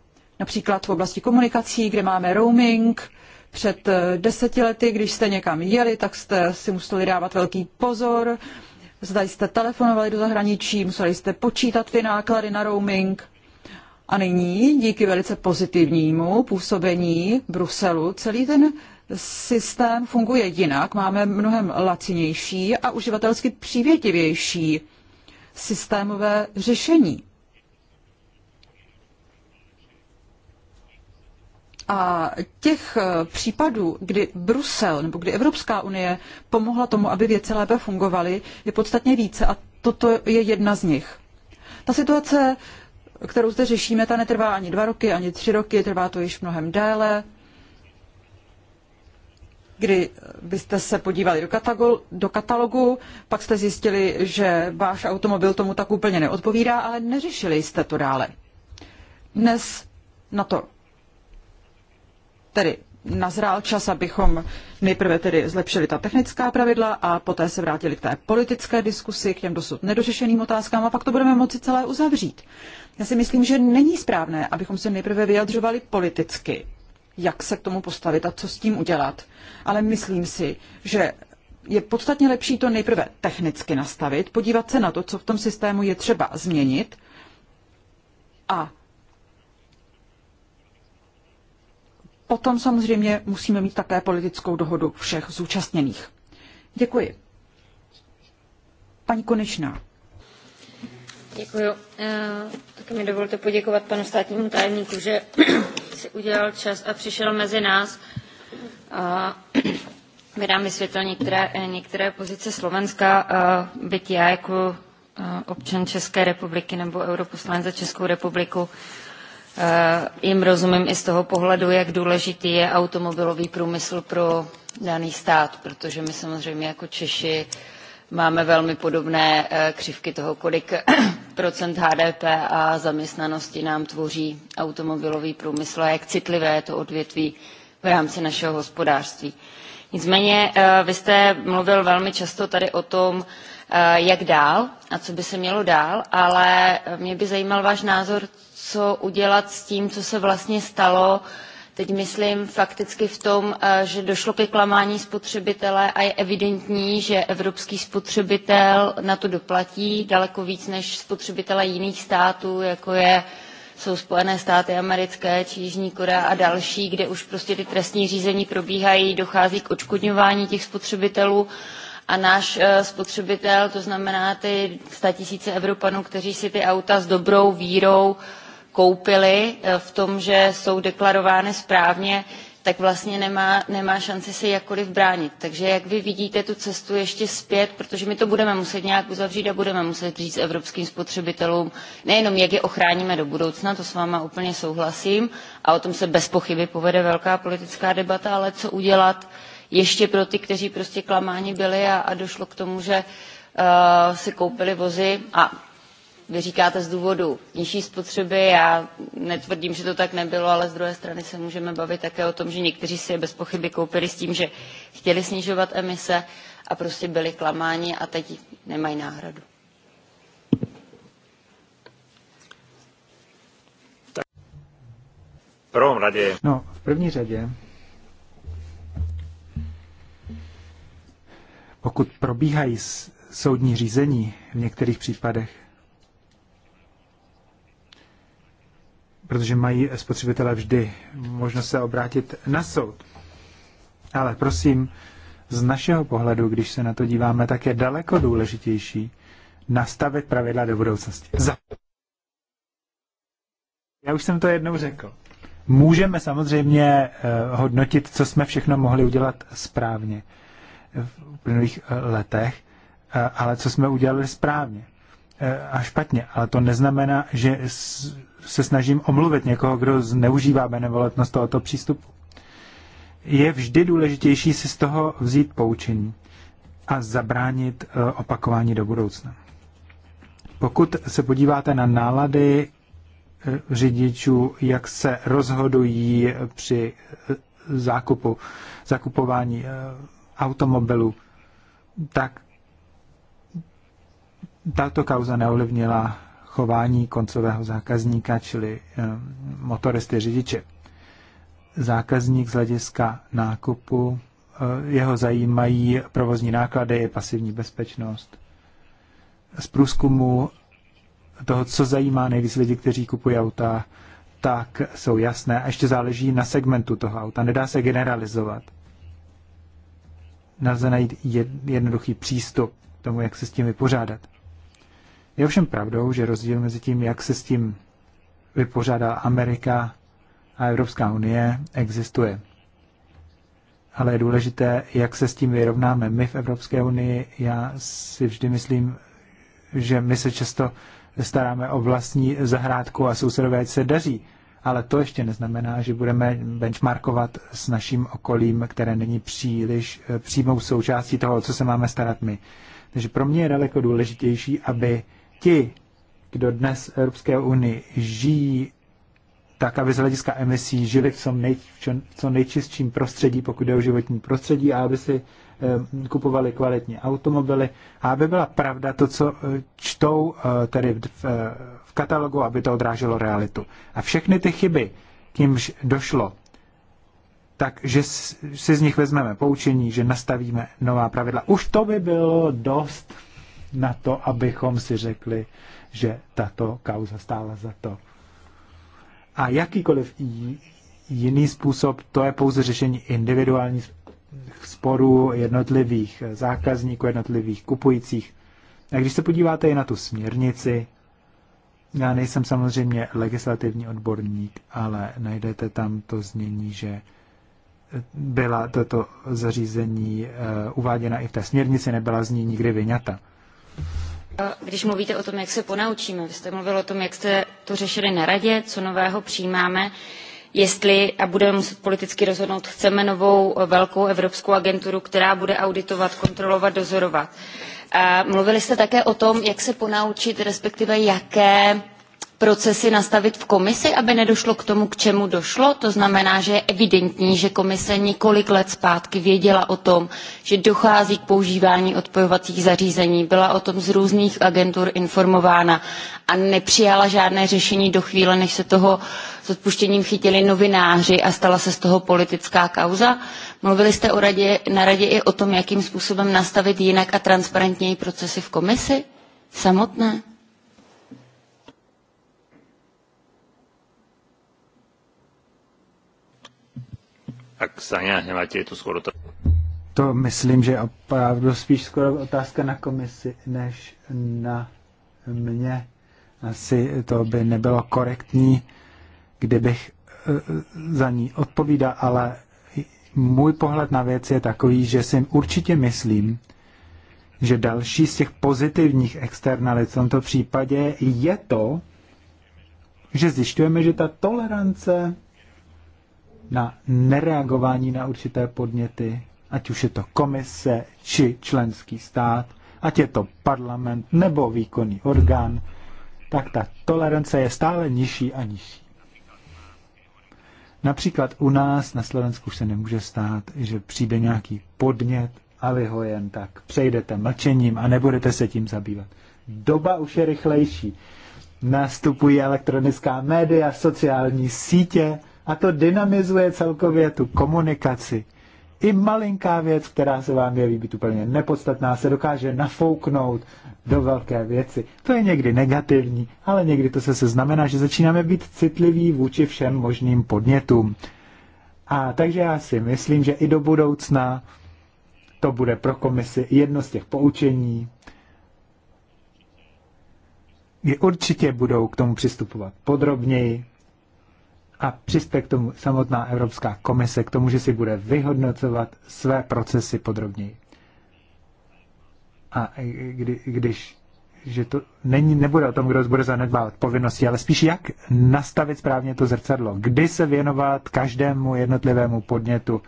například v oblasti komunikací, kde máme roaming. Před eh, deseti lety, když jste někam jeli, tak jste si museli dávat velký pozor. Zda jste telefonovali do zahraničí, museli jste počítat ty náklady na roaming. A nyní, díky velice pozitivnímu působení Bruselu, celý ten systém funguje jinak. Máme mnohem lacinější a uživatelsky přívětivější systémové řešení. A těch eh, případů, kdy Brusel nebo kdy Evropská unie pomohla tomu, aby věci lépe fungovaly, je podstatně více a toto je jedna z nich. Ta situace, kterou zde řešíme, ta netrvá ani dva roky, ani tři roky, trvá to již mnohem déle. Kdy byste se podívali do, katagol, do katalogu, pak jste zjistili, že váš automobil tomu tak úplně neodpovídá, ale neřešili jste to dále. Dnes na to tedy nazrál čas, abychom nejprve tedy zlepšili ta technická pravidla a poté se vrátili k té politické diskusi, k těm dosud nedořešeným otázkám a pak to budeme moci celé uzavřít. Já si myslím, že není správné, abychom se nejprve vyjadřovali politicky, jak se k tomu postavit a co s tím udělat. Ale myslím si, že je podstatně lepší to nejprve technicky nastavit, podívat se na to, co v tom systému je třeba změnit a tom samozřejmě musíme mít také politickou dohodu všech zúčastněných. Děkuji. Paní Konečná. Děkuji. Eh, taky mi dovolte poděkovat panu státnímu tajemníku, že (clears throat) si udělal čas a přišel mezi nás. A by (clears throat) nám některé, eh, některé pozice Slovenska, eh, byť já jako občan České republiky nebo europoslanec za Českou republiku Eh, jim rozumím i z toho pohledu, jak důležitý je automobilový průmysl pro daný stát, protože my samozřejmě jako Češi máme velmi podobné eh, křivky toho, kolik (clears throat) procent HDP a zaměstnanosti nám tvoří automobilový průmysl a jak citlivé je to odvětví v rámci našeho hospodářství. Nicméně eh, vy jste mluvil velmi často tady o tom, jak dál a co by se mělo dál, ale mě by zajímal váš názor, co udělat s tím, co se vlastně stalo. Teď myslím fakticky v tom, eh, že došlo ke klamání spotřebitele a je evidentní, že evropský spotřebitel na to doplatí daleko víc než spotřebitele jiných států, jako je jsou Spojené státy americké či Jižní Korea a další, kde už prostě ty trestní řízení probíhají, dochází k odškodňování těch spotřebitelů a náš eh, spotřebitel, to znamená ty statisíce Evropanů, kteří si ty auta s dobrou vírou koupili eh, v tom, že jsou deklarovány správně, tak vlastně nemá, nemá šanci se jakkoliv bránit. Takže jak vy vidíte tu cestu ještě zpět, protože my to budeme muset nějak uzavřít a budeme muset říct evropským spotřebitelům, nejenom jak je ochráníme do budoucna, to s váma úplně souhlasím a o tom se bez pochyby povede velká politická debata, ale co udělat ještě pro ty, kteří prostě klamáni byli a, a došlo k tomu, že uh, si koupili vozy a vy říkáte z důvodu nižší spotřeby, já netvrdím, že to tak nebylo, ale z druhé strany se můžeme bavit také o tom, že někteří si je bez pochyby koupili s tím, že chtěli snižovat emise a prostě byli klamáni a teď nemají náhradu. prvom radě. No, v první řadě, pokud probíhají soudní řízení v některých případech, protože mají spotřebitelé vždy možnost se obrátit na soud. Ale prosím, z našeho pohledu, když se na to díváme, tak je daleko důležitější nastavit pravidla do budoucnosti. Za... Já už jsem to jednou řekl. Můžeme samozřejmě eh, hodnotit, co jsme všechno mohli udělat správně v uplynulých eh, letech, eh, ale co jsme udělali správně a špatně. Ale to neznamená, že se snažím omluvit někoho, kdo zneužívá benevolentnost tohoto přístupu. Je vždy důležitější si z toho vzít poučení a zabránit eh, opakování do budoucna. Pokud se podíváte na nálady eh, řidičů, jak se rozhodují eh, při zákupu, zakupování automobilů, tak tato kauza neovlivnila chování koncového zákazníka, čili eh, motoristy řidiče. Zákazník z hlediska nákupu, eh, jeho zajímají provozní náklady, pasivní bezpečnost. Z průzkumu toho, co zajímá nejvíc lidi, kteří kupují auta, tak jsou jasné a ještě záleží na segmentu toho auta. Nedá se generalizovat. Nelze najít jednoduchý přístup k tomu, jak se s tím vypořádat. Je ovšem pravdou, že rozdíl mezi tím, jak se s tím vypořádá Amerika a Evropská unie, existuje. Ale je důležité, jak se s tím vyrovnáme my v Evropské unii. Já si vždy myslím, že my se často staráme o vlastní zahrádku a sousedové se daří. Ale to ještě neznamená, že budeme benchmarkovat s naším okolím, které není příliš eh, přímou součástí toho, co se máme starat my. Takže pro mě je daleko důležitější, aby ti, kdo dnes v Evropské unii žijí, tak aby z hlediska emisí žili v co, nej, v čo, co nejčistším prostředí, pokud jde o životní prostředí, a aby si eh, kupovali kvalitní automobily, a aby byla pravda to, co eh, čtou e, tedy v, v katalogu, aby to odráželo realitu. A všechny ty chyby, k nímž došlo, takže si z nich vezmeme poučení, že nastavíme nová pravidla. Už to by bylo dost na to, abychom si řekli, že tato kauza stála za to. A jakýkoliv jiný způsob, to je pouze řešení individuálních sporů jednotlivých zákazníků, jednotlivých kupujících. A když se podíváte i na tu směrnici, já nejsem samozřejmě legislativní odborník, ale najdete tam to znění, že byla toto zařízení eh, uváděna i v té směrnici, nebyla z ní nikdy vyňata. Když mluvíte o tom, jak se ponaučíme, vy jste mluvil o tom, jak jste to řešili na radě, co nového přijímáme, jestli a budeme muset politicky rozhodnout, chceme novou eh, velkou evropskou agenturu, která bude auditovat, kontrolovat, dozorovat. A mluvili jste také o tom, jak se ponaučit, respektive jaké procesy nastavit v komisi, aby nedošlo k tomu, k čemu došlo? To znamená, že je evidentní, že komise několik let zpátky věděla o tom, že dochází k používání odpojovacích zařízení, byla o tom z různých agentur informována a nepřijala žádné řešení do chvíle, než se toho s odpuštěním chytili novináři a stala se z toho politická kauza. Mluvili jste o radě, na radě i o tom, jakým způsobem nastavit jinak a transparentněji procesy v komisi samotné? tak skoro to. To myslím, že opravdu spíš skoro otázka na komisi, než na mě. Asi to by nebylo korektní, kdybych eh, za ní odpovídal, ale můj pohled na věc je takový, že si určitě myslím, že další z těch pozitivních externalit v tomto případě je to, že zjišťujeme, že ta tolerance na nereagování na určité podněty, ať už je to komise či členský stát, ať je to parlament nebo výkonný orgán, tak ta tolerance je stále nižší a nižší. Například u nás na Slovensku se nemůže stát, že přijde nějaký podnět a vy ho jen tak přejdete mlčením a nebudete se tím zabývat. Doba už je rychlejší. Nastupují elektronická média, sociální sítě, a to dynamizuje celkově tu komunikaci. I malinká věc, která se vám jeví být úplně nepodstatná, se dokáže nafouknout do velké věci. To je někdy negativní, ale někdy to se znamená, že začínáme být citliví vůči všem možným podnětům. A takže já si myslím, že i do budoucna to bude pro komisi jedno z těch poučení, kdy určitě budou k tomu přistupovat podrobněji, a přispěje k tomu samotná Evropská komise, k tomu, že si bude vyhodnocovat své procesy podrobněji. A kdy, když že to není, nebude o tom, kdo bude zanedbávat povinnosti, ale spíš jak nastavit správně to zrcadlo, kdy se věnovat každému jednotlivému podnětu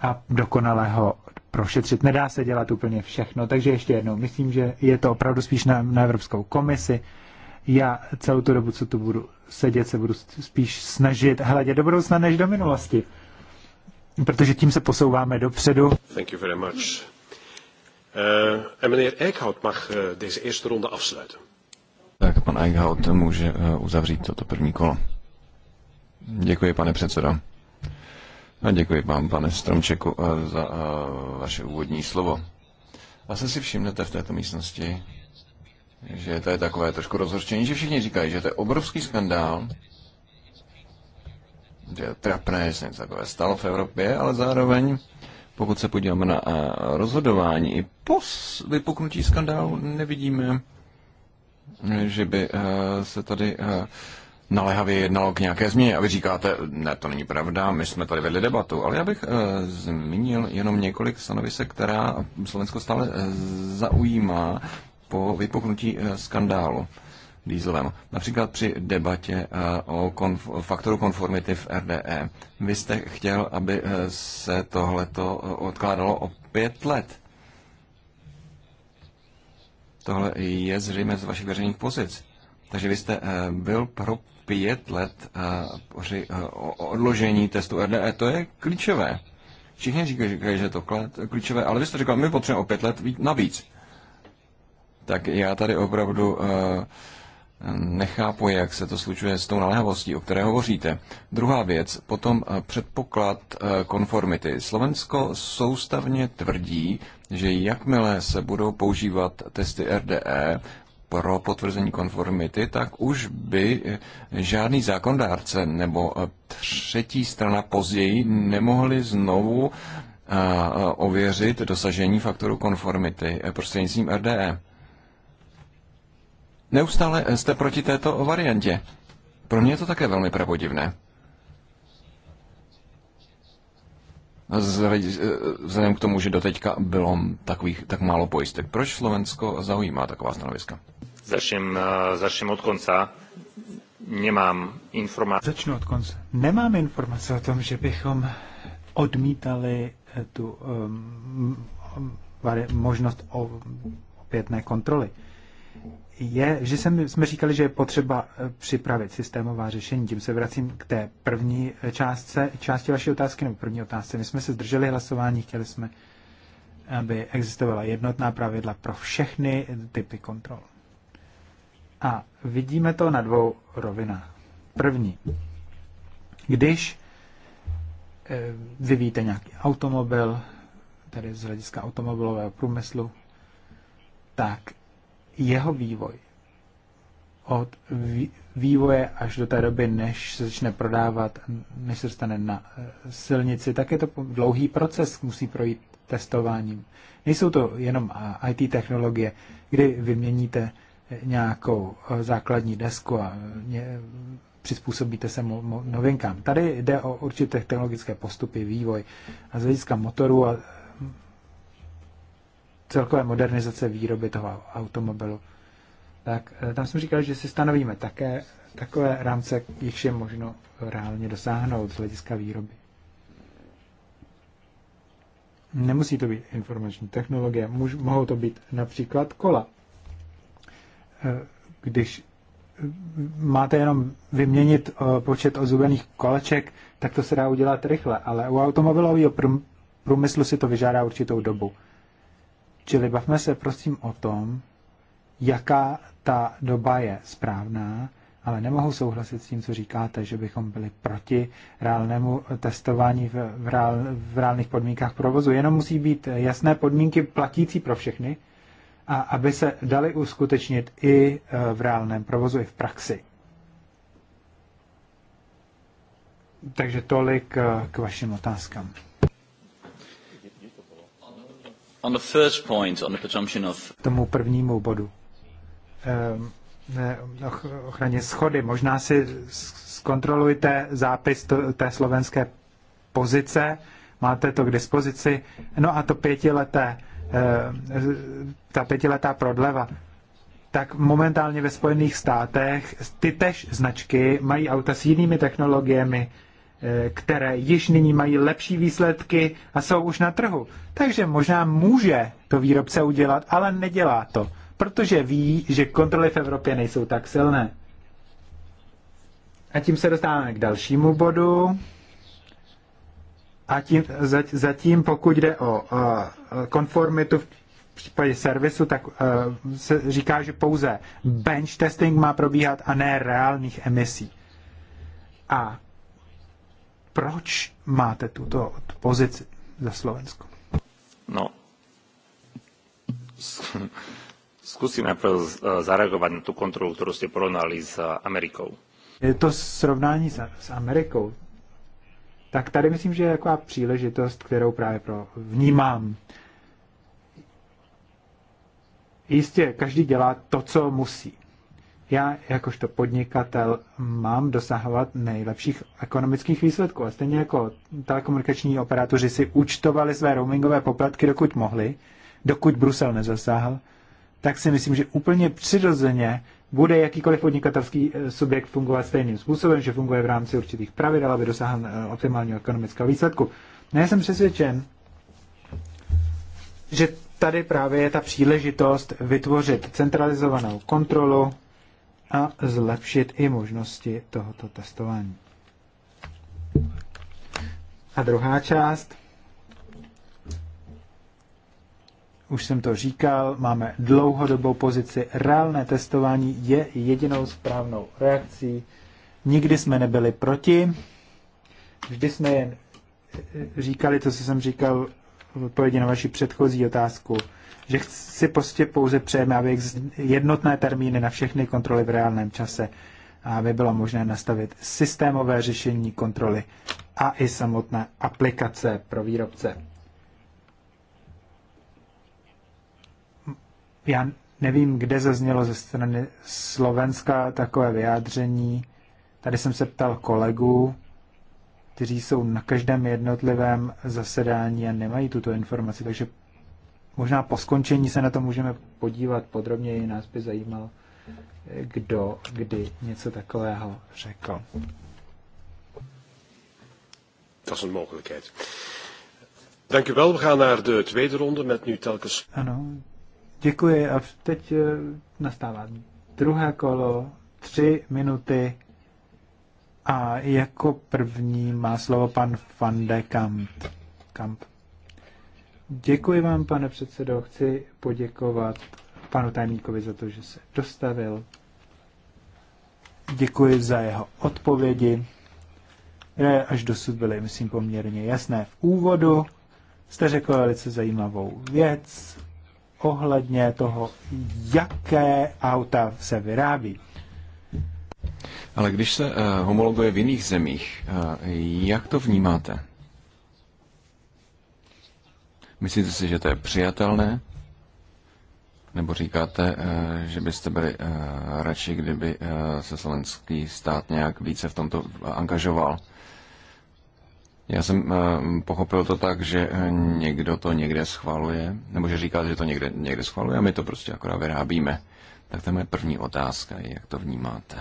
a dokonale ho prošetřit. Nedá se dělat úplně všechno, takže ještě jednou, myslím, že je to opravdu spíš na, na Evropskou komisi, já celou tu dobu, co tu budu sedět, se budu spíš snažit hledět do budoucna než do minulosti. Protože tím se posouváme dopředu. Thank you very much. Uh, eh, en eh, mag uh, deze eerste ronde afsluiten. Tak pan Eichhout může uzavřít toto první kolo. Děkuji, pane předsedo. A děkuji vám, pane Stromčeku, za vaše úvodní slovo. A se si všimnete v této místnosti, že to je takové trošku rozhorčení, že všichni říkají, že to je obrovský skandál, že je trapné, že se něco takové stalo v Evropě, ale zároveň, pokud se podíváme na eh, rozhodování i po vypuknutí skandálu, nevidíme, že by eh, se tady eh, naléhavě jednalo k nějaké změně. A vy říkáte, ne, to není pravda, my jsme tady vedli debatu. Ale já bych zmínil jenom několik stanovisek, která Slovensko stále zaujímá po vypuknutí eh, skandálu dýzlem. Například při debatě eh, o konf- faktoru konformity v RDE. Vy jste chtěl, aby eh, se tohleto odkládalo o pět let. Tohle je zřejmé z vašich veřejných pozic. Takže vy jste byl pro pět let při odložení testu RDE. To je klíčové. Všichni říkají, že to je klíčové, ale vy jste říkal, my potřebujeme o pět let navíc tak já tady opravdu eh, nechápu, jak se to slučuje s tou naléhavostí, o které hovoříte. Druhá věc, potom eh, předpoklad eh, konformity. Slovensko soustavně tvrdí, že jakmile se budou používat testy RDE pro potvrzení konformity, tak už by žádný zákondárce nebo třetí strana později nemohli znovu ověřit dosažení faktoru konformity prostřednictvím RDE. Neustále jste proti této variantě. Pro mě je to také velmi pravodivné. Vzhledem k tomu, že doteďka bylo takových tak málo pojistek. Proč Slovensko zaujímá taková stanoviska? Začnem, eh, začnem od konca. Nemám informace. Začnu od konce. Nemám informace o tom, že bychom odmítali eh, tu um, možnost možnost opětné kontroly je, že jsem, jsme říkali, že je potřeba eh, připravit systémová řešení. Tím se vracím k té první eh, částce, části vaší otázky, nebo první otázce. My jsme se zdrželi hlasování, chtěli jsme, aby existovala jednotná pravidla pro všechny typy kontrol. A vidíme to na dvou rovinách. První, když eh, vyvíjíte nějaký automobil, tedy z hlediska automobilového průmyslu, tak jeho vývoj od vývoje až do té doby, než se začne prodávat, než se stane na eh, silnici, tak je to dlouhý proces, musí projít testováním. Nejsou to jenom eh, IT technologie, kdy vyměníte eh, nějakou základní desku a přizpůsobíte se novinkám. Tady jde o určité technologické postupy, vývoj a z hlediska motoru a celkové modernizace výroby toho automobilu, tak eh, tam jsem říkal, že si stanovíme také takové rámce, jichž je možno reálně dosáhnout z hlediska výroby. Nemusí to být informační technologie, můž, mohou to být například kola. Eh, když eh, máte jenom vyměnit počet ozubených koleček, tak to se dá udělat rychle, ale u automobilového průmyslu si to vyžádá určitou dobu. Čili bavme se prosím o tom, jaká ta doba je správná, ale nemohu souhlasit s tím, co říkáte, že bychom byli proti reálnému testování v, v, reál, v reálných podmínkách provozu. Jenom musí být jasné podmínky platící pro všechny, a aby se daly uskutečnit i e, v reálném provozu, i v praxi. Takže tolik e, k vašim otázkám. K tomu prvnímu bodu. Um, ochraně schody. Možná si zkontrolujte zápis té slovenské pozice, máte to k dispozici. No a to pětileté, ehm, ta pětiletá prodleva, tak momentálně ve Spojených státech ty tež značky mají auta s jinými technologiemi, Eh, které již nyní mají lepší výsledky a jsou už na trhu. Takže možná může to výrobce udělat, ale nedělá to, protože ví, že kontroly v Evropě nejsou tak silné. A tím se dostáváme k dalšímu bodu. A tím, zatím, pokud jde o konformitu v případě servisu, tak eh, se říká, že pouze bench testing má probíhat a ne reálných emisí. A proč máte tuto pozici za Slovensko? No, zkusím najprv zareagovat na tu kontrolu, kterou jste porovnali s Amerikou. Je to srovnání s, s Amerikou. Tak tady myslím, že je taková příležitost, kterou právě pro vnímám. Jistě, každý dělá to, co musí já jakožto podnikatel mám dosahovat nejlepších ekonomických výsledků. A stejně jako telekomunikační operátoři si účtovali své roamingové poplatky, dokud mohli, dokud Brusel nezasáhl, tak si myslím, že úplně přirozeně bude jakýkoliv podnikatelský eh, subjekt fungovat stejným způsobem, že funguje v rámci určitých pravidel, aby dosáhl eh, optimálního ekonomického výsledku. No, já jsem přesvědčen, že tady právě je ta příležitost vytvořit centralizovanou kontrolu, a zlepšit i možnosti tohoto testování. A druhá část, už jsem to říkal, máme dlouhodobou pozici. Reálné testování je jedinou správnou reakcí. Nikdy jsme nebyli proti. Vždy jsme jen říkali to, co jsem říkal v odpovědi na vaši předchozí otázku, že si prostě pouze přejeme, aby jednotné termíny na všechny kontroly v reálném čase a aby bylo možné nastavit systémové řešení kontroly a i samotné aplikace pro výrobce. Já nevím, kde zaznělo ze strany Slovenska takové vyjádření. Tady jsem se ptal kolegů, kteří jsou na každém jednotlivém zasedání a nemají tuto informaci. Takže možná po skončení se na to můžeme podívat podrobněji. Nás by zajímalo, kdo kdy něco takového řekl. To je een mogelijkheid. Dank u wel. We gaan naar de tweede ronde met nu telkens. Ano, děkuji. A teď eh, nastává druhé kolo. Tři minuty a jako první má slovo pan Van de Kamp. Kamp. Děkuji vám, pane předsedo. Chci poděkovat panu tajemníkovi za to, že se dostavil. Děkuji za jeho odpovědi, které až dosud byly, myslím, poměrně jasné. V úvodu jste řekl velice zajímavou věc ohledně toho, jaké auta se vyrábí. Ale když se eh, homologuje v jiných zemích, eh, jak to vnímáte? Myslíte si, že to je přijatelné? Nebo říkáte, eh, že byste byli radši, kdyby se slovenský stát nějak více v tomto angažoval? Já jsem pochopil to tak, že někdo to někde schvaluje, nebo že říkáte, že to někde, někde schvaluje a my to prostě akorát vyrábíme. Tak to je moje první otázka, jak to vnímáte.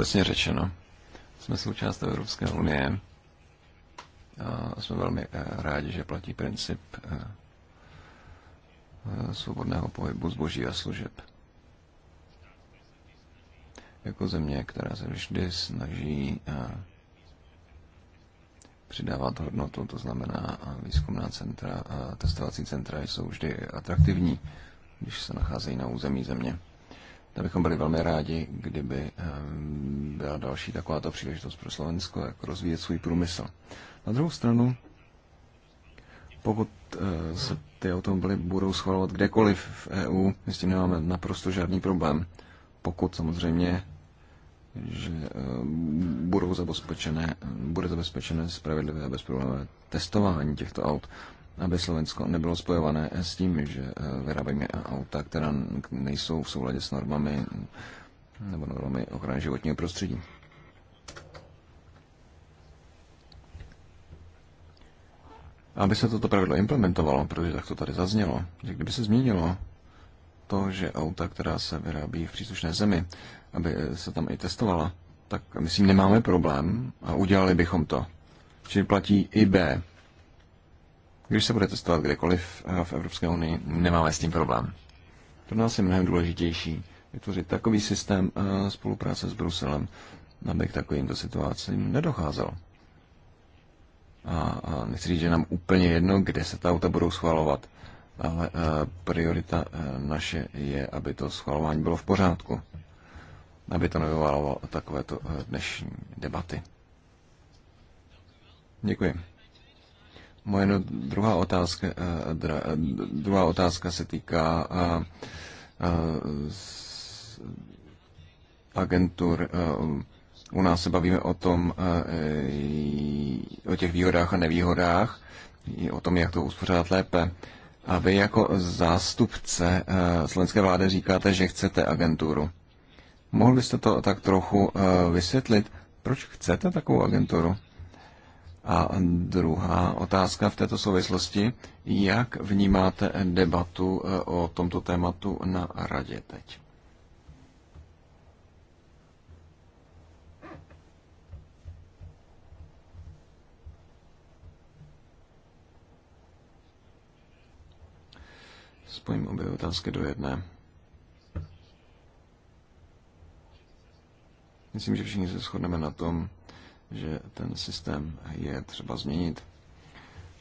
obecně řečeno. Jsme součást Evropské unie a jsme velmi eh, rádi, že platí princip eh, svobodného pohybu zboží a služeb. Jako země, která se vždy snaží eh, přidávat hodnotu, to znamená výzkumná centra a testovací centra jsou vždy atraktivní, když se nacházejí na území země tak bychom byli velmi rádi, kdyby ehm, byla další takováto příležitost pro Slovensko, jak rozvíjet svůj průmysl. Na druhou stranu, pokud eh, se ty automobily budou schvalovat kdekoliv v EU, my s tím nemáme naprosto žádný problém. Pokud samozřejmě že ehm, budou zabezpečené, bude zabezpečené spravedlivé a bezproblémové testování těchto aut aby Slovensko nebylo spojované s tím, že eh, vyrábíme auta, která nejsou v souladě s normami nebo normami ochrany životního prostředí. Aby se toto pravidlo implementovalo, protože tak to tady zaznělo, že kdyby se změnilo to, že auta, která se vyrábí v příslušné zemi, aby eh, se tam i testovala, tak myslím, nemáme problém a udělali bychom to. Čili platí i B. Když se bude testovat kdekoliv eh, v Evropské unii, nemáme s tím problém. Pro nás je mnohem důležitější vytvořit takový systém eh, spolupráce s Bruselem, aby k takovýmto situacím nedocházelo. A, a nechci říct, že nám úplně jedno, kde se ta auta budou schvalovat, ale eh, priorita naše je, aby to schvalování bylo v pořádku, aby to nevyvolalo takovéto dnešní debaty. Děkuji. Moje no- druhá otázka, eh, eh, druhá otázka se týká eh, agentur. U nás se bavíme o tom, o těch výhodách a nevýhodách, o tom, jak to uspořádat lépe. A vy jako zástupce slovenské vlády říkáte, že chcete agenturu. Mohl byste to tak trochu vysvětlit? Proč chcete takovou agenturu? A druhá otázka v této souvislosti, jak vnímáte debatu eh, o tomto tématu na radě teď? Spojím obě otázky do jedné. Myslím, že všichni se shodneme na tom, že ten systém je třeba změnit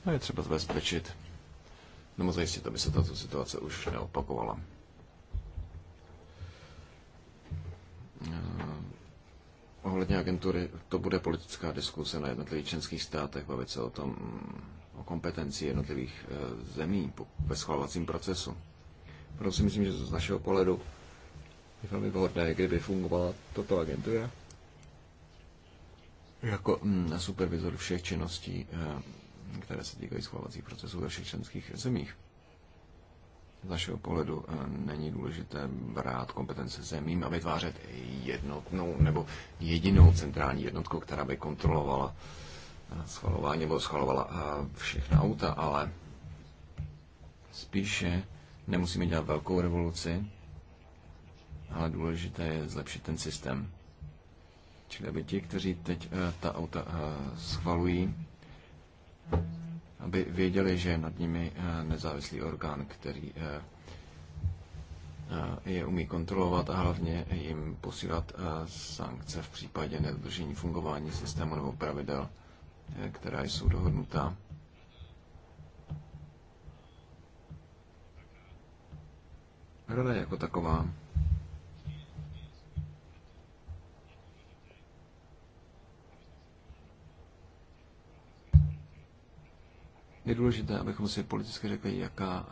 a je třeba zabezpečit nebo zajistit, aby se tato situace už neopakovala. Eh, ohledně agentury to bude politická diskuse na jednotlivých členských státech, bavit se o tom, o kompetenci jednotlivých eh, zemí ve schvalovacím procesu. Proto si myslím, že z našeho pohledu je velmi vhodné, kdyby fungovala toto agentura jako mm, supervizor všech činností, eh, které se týkají schvalovacích procesů ve všech členských zemích. Z našeho pohledu eh, není důležité brát kompetence zemím a vytvářet jednotnou nebo jedinou centrální jednotku, která by kontrolovala eh, schvalování nebo schvalovala všechna auta, ale spíše nemusíme dělat velkou revoluci, ale důležité je zlepšit ten systém. Čili aby ti, kteří teď eh, ta auta eh, schvalují, aby věděli, že je nad nimi eh, nezávislý orgán, který je umí kontrolovat a hlavně jim posílat sankce v případě nedodržení fungování systému nebo pravidel, která jsou dohodnutá. Rada jako taková Je důležité, abychom si politicky řekli, jaká,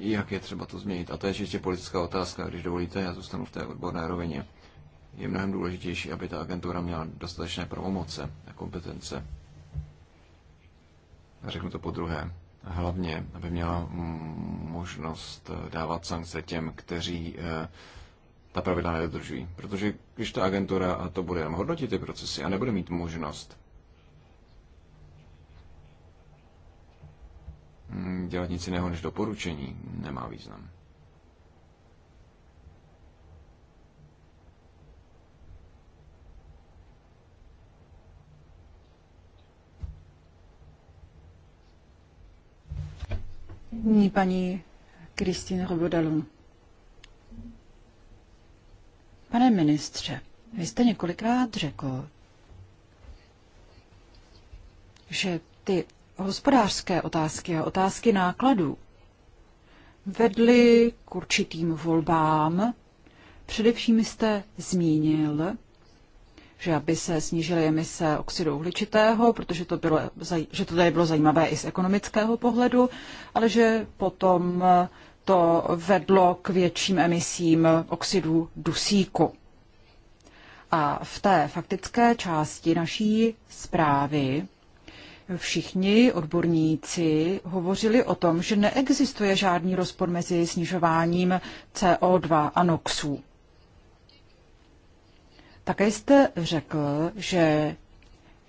jak je třeba to změnit. A to je ještě politická otázka. Když dovolíte, já zůstanu v té odborné rovině. Je mnohem důležitější, aby ta agentura měla dostatečné pravomoce a kompetence. A řeknu to po druhé. Hlavně, aby měla možnost dávat sankce těm, kteří eh, ta pravidla nedodržují. Protože když ta agentura to bude jenom hodnotit ty procesy a nebude mít možnost Hmm, dělat nic jiného než doporučení nemá význam. Ní paní Kristýna Robodalu. Pane ministře, vy jste několikrát řekl, že ty hospodářské otázky a otázky nákladů vedly k určitým volbám. Především jste zmínil, že aby se snížily emise oxidu uhličitého, protože to, bylo, že to tady bylo zajímavé i z ekonomického pohledu, ale že potom to vedlo k větším emisím oxidu dusíku. A v té faktické části naší zprávy všichni odborníci hovořili o tom, že neexistuje žádný rozpor mezi snižováním CO2 a NOXů. Také jste řekl, že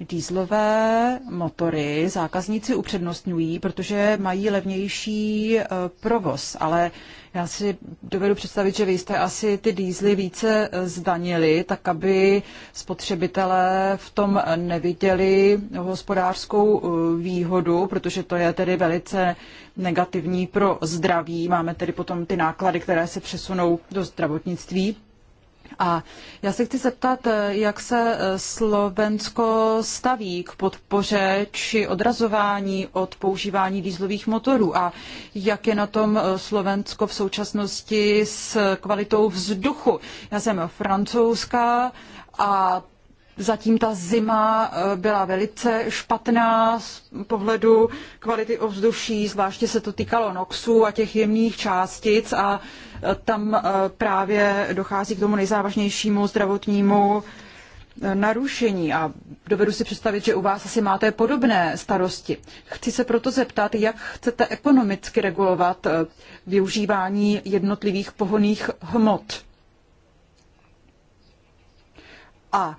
Dýzlové motory zákazníci upřednostňují, protože mají levnější eh, provoz, ale já si dovedu představit, že vy jste asi ty dýzly více eh, zdanili, tak aby spotřebitelé v tom neviděli hospodářskou eh, výhodu, protože to je tedy velice negativní pro zdraví. Máme tedy potom ty náklady, které se přesunou do zdravotnictví. A já se chci zeptat, eh, jak se eh, Slovensko staví k podpoře či odrazování od používání dýzlových motorů a jak je na tom eh, Slovensko v současnosti s kvalitou vzduchu. Já jsem francouzská a Zatím ta zima eh, byla velice špatná z pohledu kvality ovzduší, zvláště se to týkalo NOXu a těch jemných částic a eh, tam eh, právě dochází k tomu nejzávažnějšímu zdravotnímu narušení a dovedu si představit, že u vás asi máte podobné starosti. Chci se proto zeptat, jak chcete ekonomicky regulovat využívání jednotlivých pohoných hmot. A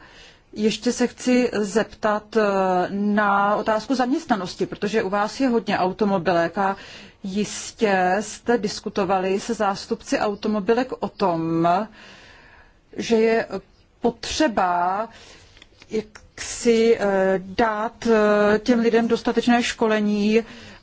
ještě se chci zeptat eh, na otázku zaměstnanosti, protože u vás je hodně automobilek a jistě jste diskutovali se zástupci automobilek o tom, že je potřeba jak si eh, dát eh, těm lidem dostatečné školení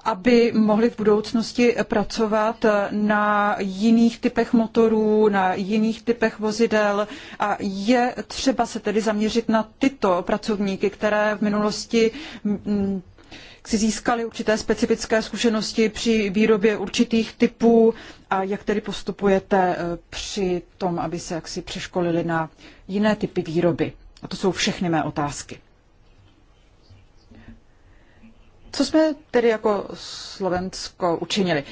aby mohli v budoucnosti pracovat na jiných typech motorů, na jiných typech vozidel a je třeba se tedy zaměřit na tyto pracovníky, které v minulosti mm, si získali určité specifické zkušenosti při výrobě určitých typů a jak tedy postupujete eh, při tom, aby se jaksi přeškolili na jiné typy výroby? A to jsou všechny mé otázky. Co jsme tedy jako Slovensko učinili?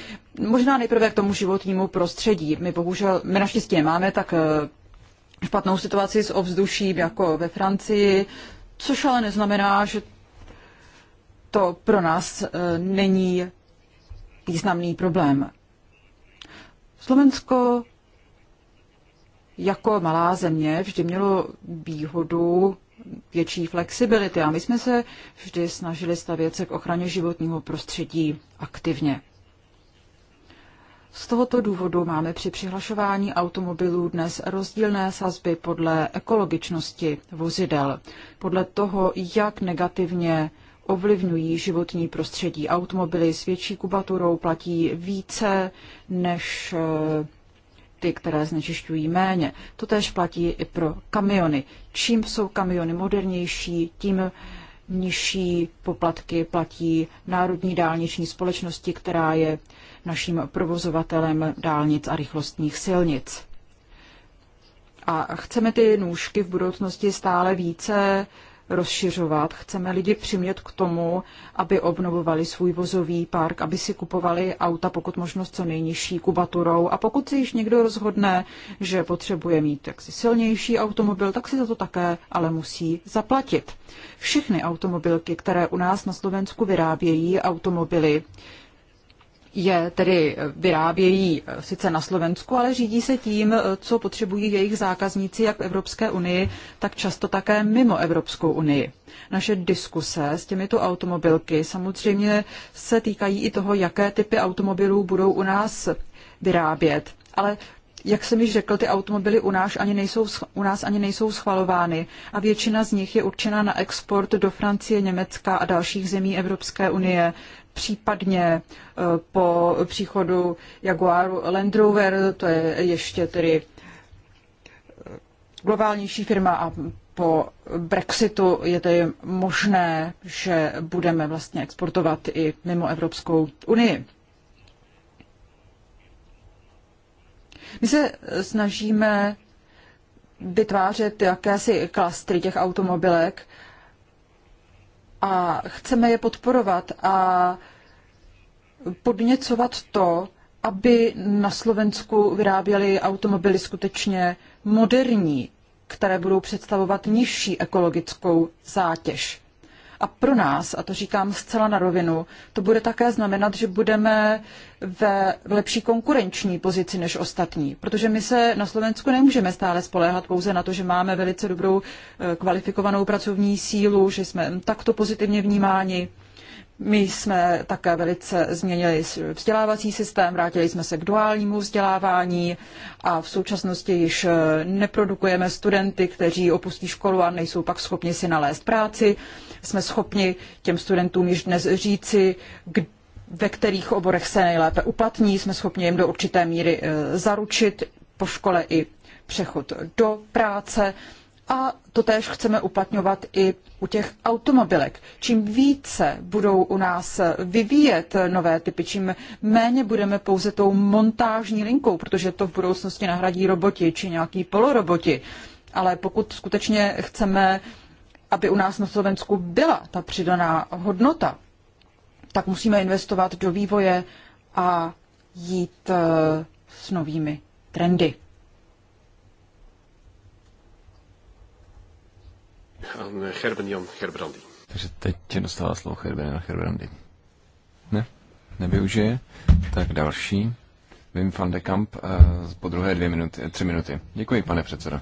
Možná nejprve k tomu životnímu prostředí. My bohužel, my naštěstí nemáme tak eh, špatnou situaci s ovzduším jako ve Francii, což ale neznamená, že to pro nás eh, není významný problém. Slovensko jako malá země vždy mělo výhodu větší flexibility. A my jsme se vždy snažili stavět se k ochraně životního prostředí aktivně. Z tohoto důvodu máme při přihlašování automobilů dnes rozdílné sazby podle ekologičnosti vozidel, podle toho, jak negativně ovlivňují životní prostředí. Automobily s větší kubaturou platí více než eh, ty, které znečišťují méně. To též platí i pro kamiony. Čím jsou kamiony modernější, tím nižší poplatky platí Národní dálniční společnosti, která je naším provozovatelem dálnic a rychlostních silnic. A chceme ty nůžky v budoucnosti stále více rozšiřovat. Chceme lidi přimět k tomu, aby obnovovali svůj vozový park, aby si kupovali auta pokud možnost, co nejnižší kubaturou. A pokud si již někdo rozhodne, že potřebuje mít jaksi silnější automobil, tak si za to také ale musí zaplatit. Všechny automobilky, které u nás na Slovensku vyrábějí automobily, je tedy vyrábějí eh, sice na Slovensku, ale řídí se tím, eh, co potřebují jejich zákazníci jak v Evropské unii, tak často také mimo Evropskou unii. Naše diskuse s těmito automobilky samozřejmě se týkají i toho, jaké typy automobilů budou u nás vyrábět. Ale jak jsem již řekl, ty automobily u nás, ani nejsou, u nás ani nejsou schvalovány a většina z nich je určena na export do Francie, Německa a dalších zemí Evropské unie případně eh, po příchodu Jaguaru Land Rover, to je ještě tedy eh, globálnější firma a po Brexitu je tedy možné, že budeme vlastně exportovat i mimo Evropskou unii. My se snažíme vytvářet jakési klastry těch automobilek a chceme je podporovat a podněcovat to, aby na Slovensku vyráběli automobily skutečně moderní, které budou představovat nižší ekologickou zátěž. A pro nás, a to říkám zcela na rovinu, to bude také znamenat, že budeme ve lepší konkurenční pozici než ostatní, protože my se na Slovensku nemůžeme stále spoléhat pouze na to, že máme velice dobrou eh, kvalifikovanou pracovní sílu, že jsme takto pozitivně vnímáni. My jsme také velice změnili vzdělávací systém, vrátili jsme se k duálnímu vzdělávání a v současnosti již eh, neprodukujeme studenty, kteří opustí školu a nejsou pak schopni si nalézt práci jsme schopni těm studentům již dnes říci, ve kterých oborech se nejlépe uplatní, jsme schopni jim do určité míry e, zaručit po škole i přechod do práce. A to též chceme uplatňovat i u těch automobilek. Čím více budou u nás vyvíjet nové typy, čím méně budeme pouze tou montážní linkou, protože to v budoucnosti nahradí roboti či nějaký poloroboti. Ale pokud skutečně chceme aby u nás na Slovensku byla ta přidaná hodnota, tak musíme investovat do vývoje a jít eh, s novými trendy. Gerben Jan Takže teď tě dostává slovo Gerben Jan Gerbrandy. Ne, nevyužije. Tak další. Vím van de Kamp, eh, po druhé dvě minuty, tři minuty. Děkuji, pane předsedo.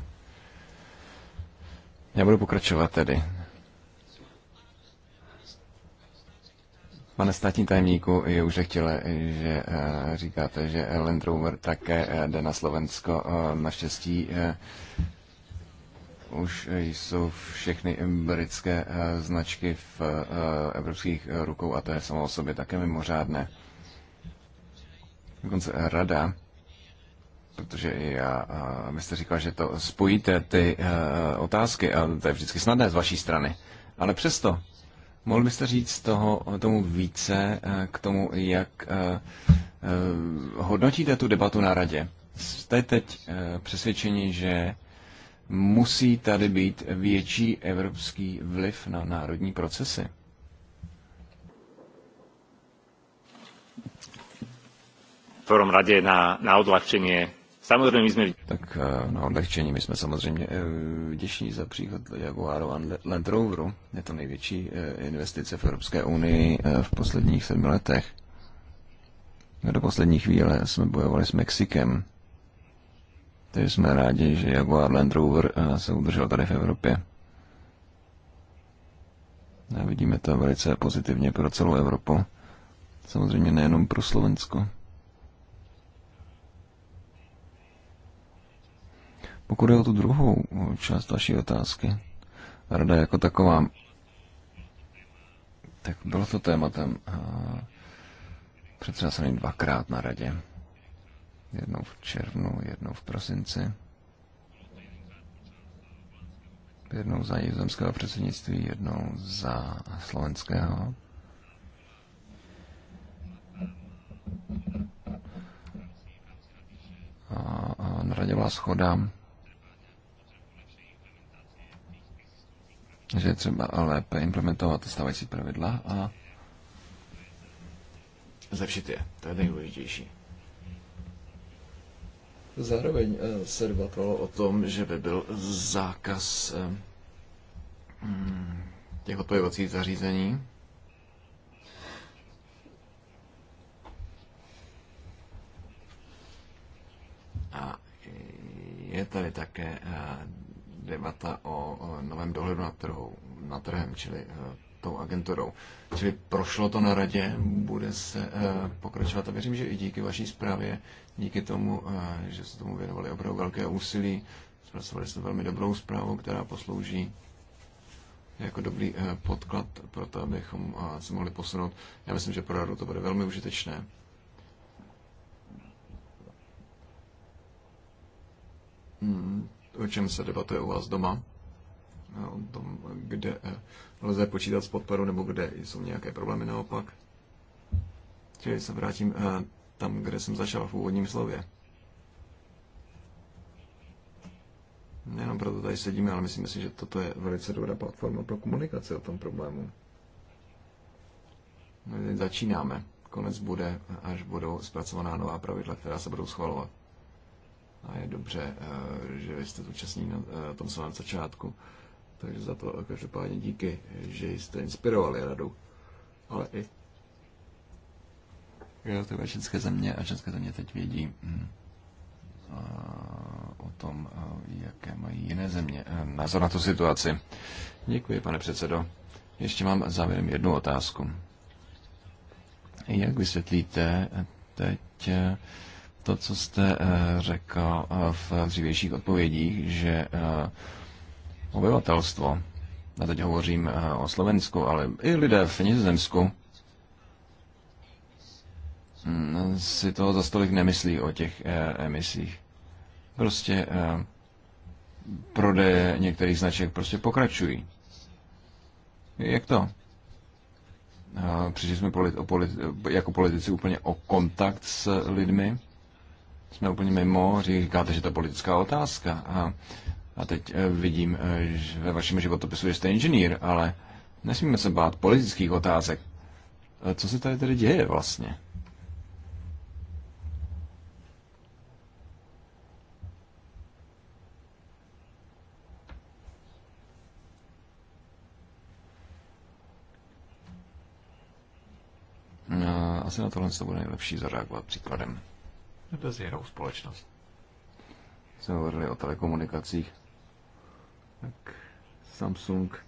Já budu pokračovat tedy. Pane státní tajemníku, je už chtěle, že eh, říkáte, že Land Rover také eh, jde na Slovensko. Eh, naštěstí už jsou všechny britské značky v evropských rukou a to je samo o sobě také mimořádné. Dokonce rada protože já, vy jste říkal, že to spojíte ty e, otázky a to je vždycky snadné z vaší strany. Ale přesto, mohl byste říct toho, tomu více e, k tomu, jak e, hodnotíte tu debatu na radě? Jste teď přesvědčeni, že musí tady být větší evropský vliv na národní procesy? V prvom rade na, na odľahčenie Samozřejmě my jsme... Tak eh, na odlehčení, my jsme samozřejmě eh, vděční za příklad Jaguaru a Land Roveru. Je to největší eh, investice v Evropské unii v posledních sedmi letech. No, do poslední chvíle jsme bojovali s Mexikem. Takže jsme rádi, že Jaguar Land Rover se udržel tady v Evropě. A vidíme to velice pozitivně pro celou Evropu. Samozřejmě nejenom pro Slovensko. Pokud je o tu druhou část vaší otázky, rada jako taková, tak bylo to tématem předřazený dvakrát na radě. Jednou v červnu, jednou v prosinci. Jednou za nizozemského předsednictví, jednou za slovenského. A, a na radě byla schoda že je třeba lépe implementovat stávající pravidla a zlepšit je. To je nejdůležitější. Zároveň eh, se debatovalo o tom, že by byl zákaz eh, mm, těch odpojovacích zařízení. A je tady také eh, debata o novém dohledu na, trhu, na trhem, čili e, tou agenturou. Čili prošlo to na radě, bude se e, pokračovat a věřím, že i díky vaší zprávě, díky tomu, e, že se tomu věnovali opravdu velké úsilí, zpracovali jste velmi dobrou zprávu, která poslouží jako dobrý podklad pro to, abychom se mohli posunout. Já myslím, že pro radu to bude velmi užitečné. Hmm, o čem se debatuje u vás doma, o tom, kde eh, lze počítat s podporou nebo kde jsou nějaké problémy naopak. Čili se vrátím eh, tam, kde jsem začal v úvodním slově. Nejenom proto tady sedíme, ale myslím si, že toto je velice dobrá platforma pro komunikaci o tom problému. No, začínáme. Konec bude, až budou zpracovaná nová pravidla, která se budou schvalovat. A je dobře, eh, že jste zúčastní na eh, tom samém začátku. Takže za to každopádně díky, že jste inspirovali radu, ale i jednotlivé české země a české země teď vědí hm, o tom, eh, jaké mají jiné země názor na tu situaci. Děkuji, pane předsedo. Ještě mám závěrem jednu otázku. Jak vysvětlíte teď to, co jste eh, řekl eh, v dřívějších odpovědích, že eh, obyvatelstvo, a teď hovořím o Slovensku, ale i lidé v Nizozemsku, mm, si to za stolik nemyslí o těch emisích. Prostě prodeje některých značek prostě pokračují. Jak to? Přišli jsme politi- politi- jako politici úplně o kontakt s lidmi jsme úplně mimo, říkáte, že to je politická otázka. A, a teď e, vidím e, že ve vašem životopisu, že jste inženýr, ale nesmíme se bát politických otázek. E, co se tady tedy děje vlastně? Asi na tohle se bude nejlepší zareagovat příkladem dozírou společnost. Jsme hovorili o telekomunikacích. Tak Samsung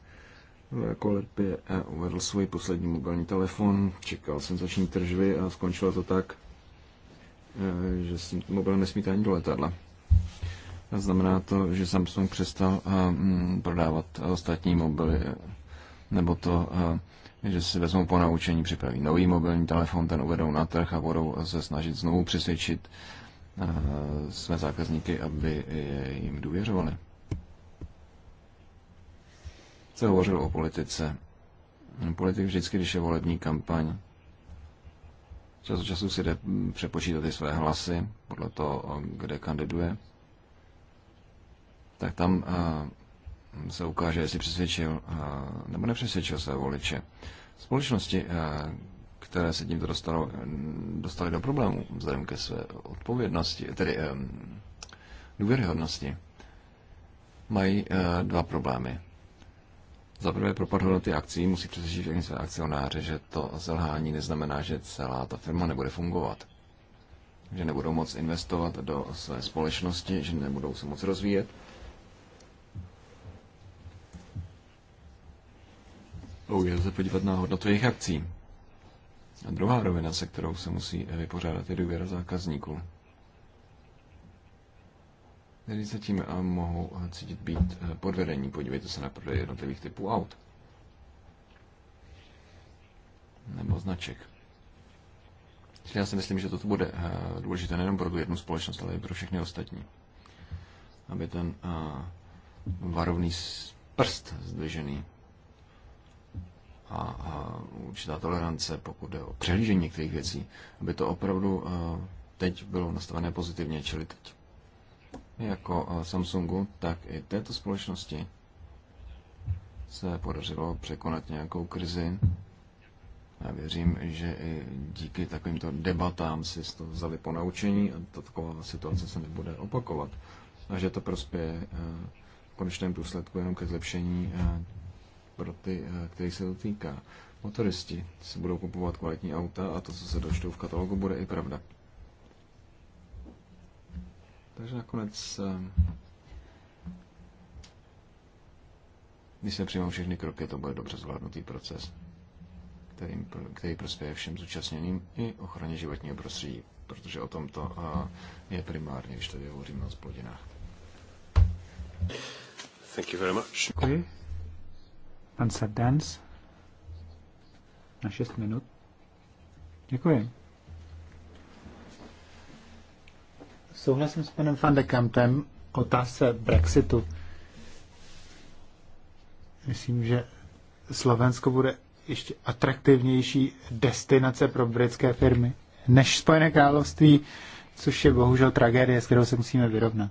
v kolepě eh, uvedl svůj poslední mobilní telefon, čekal senzační tržby a skončilo to tak, eh, že s tím mobilem nesmíte ani do letadla. Znamená to, že Samsung přestal eh, prodávat ostatní mobily, nebo to že si vezmou po naučení, připraví nový mobilní telefon, ten uvedou na trh a budou se snažit znovu přesvědčit eh, své zákazníky, aby jim důvěřovali. Co hovořil o politice? Politik vždycky, když je volební kampaň, čas od času si jde přepočítat i své hlasy podle toho, kde kandiduje, tak tam eh, se ukáže, jestli přesvědčil eh, nebo nepřesvědčil své voliče. Společnosti, eh, které se tímto dostalo, dostali do problému vzhledem ke své odpovědnosti, tedy eh, důvěryhodnosti, mají dva problémy. Za prvé propad hodnoty akcí musí přesvědčit všechny své akcionáře, že to zelhání neznamená, že celá ta firma nebude fungovat. Že nebudou moc investovat do své společnosti, že nebudou se moc rozvíjet Oh, je se podívat na hodnotu jejich akcí. A druhá rovina, se kterou se musí vypořádat, je důvěra zákazníků, kteří zatím mohou cítit být eh, podvedení. Podívejte se na prodej jednotlivých typů aut nebo značek. Čili já si myslím, že toto bude eh, důležité nejen pro tu jednu společnost, ale i pro všechny ostatní. Aby ten eh, varovný prst zdvižený a, a určitá tolerance, pokud jde o přehlížení některých věcí, aby to opravdu eh, teď bylo nastavené pozitivně, čili teď jako eh, Samsungu, tak i této společnosti se podařilo překonat nějakou krizi. Já věřím, že i díky takovýmto debatám si to vzali po naučení a to taková situace se nebude opakovat. A že to prospěje eh, v konečném důsledku jenom ke zlepšení pro ty, eh, který se to týká. Motoristi si budou kupovat kvalitní auta a to, co se dočtou v katalogu, bude i pravda. Takže nakonec, eh, když se přijmou všechny kroky, to bude dobře zvládnutý proces, který, který prospěje všem zúčastněným i ochraně životního prostředí, protože o tom to eh, je primárně, když tady hovoříme o splodinách. Thank you very much. Děkuji. Pan Dance na 6 minut. Děkuji. Souhlasím s panem Van de Kampem otázce Brexitu. Myslím, že Slovensko bude ještě atraktivnější destinace pro britské firmy než Spojené království, což je bohužel tragédie, s kterou se musíme vyrovnat.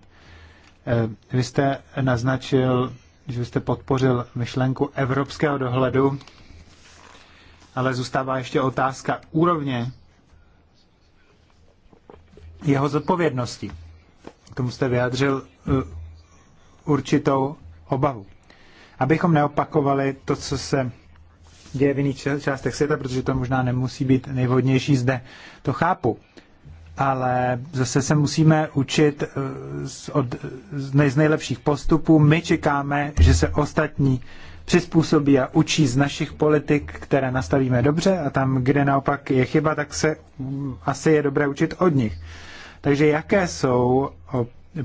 Eh, vy jste naznačil když jste podpořil myšlenku evropského dohledu, ale zůstává ještě otázka úrovně jeho zodpovědnosti. K tomu jste vyjádřil uh, určitou obavu. Abychom neopakovali to, co se děje v jiných částech světa, protože to možná nemusí být nejvhodnější zde. To chápu ale zase se musíme učit eh, z, od, z nejlepších postupů. My čekáme, že se ostatní přizpůsobí a učí z našich politik, které nastavíme dobře a tam, kde naopak je chyba, tak se mm, asi je dobré učit od nich. Takže jaké jsou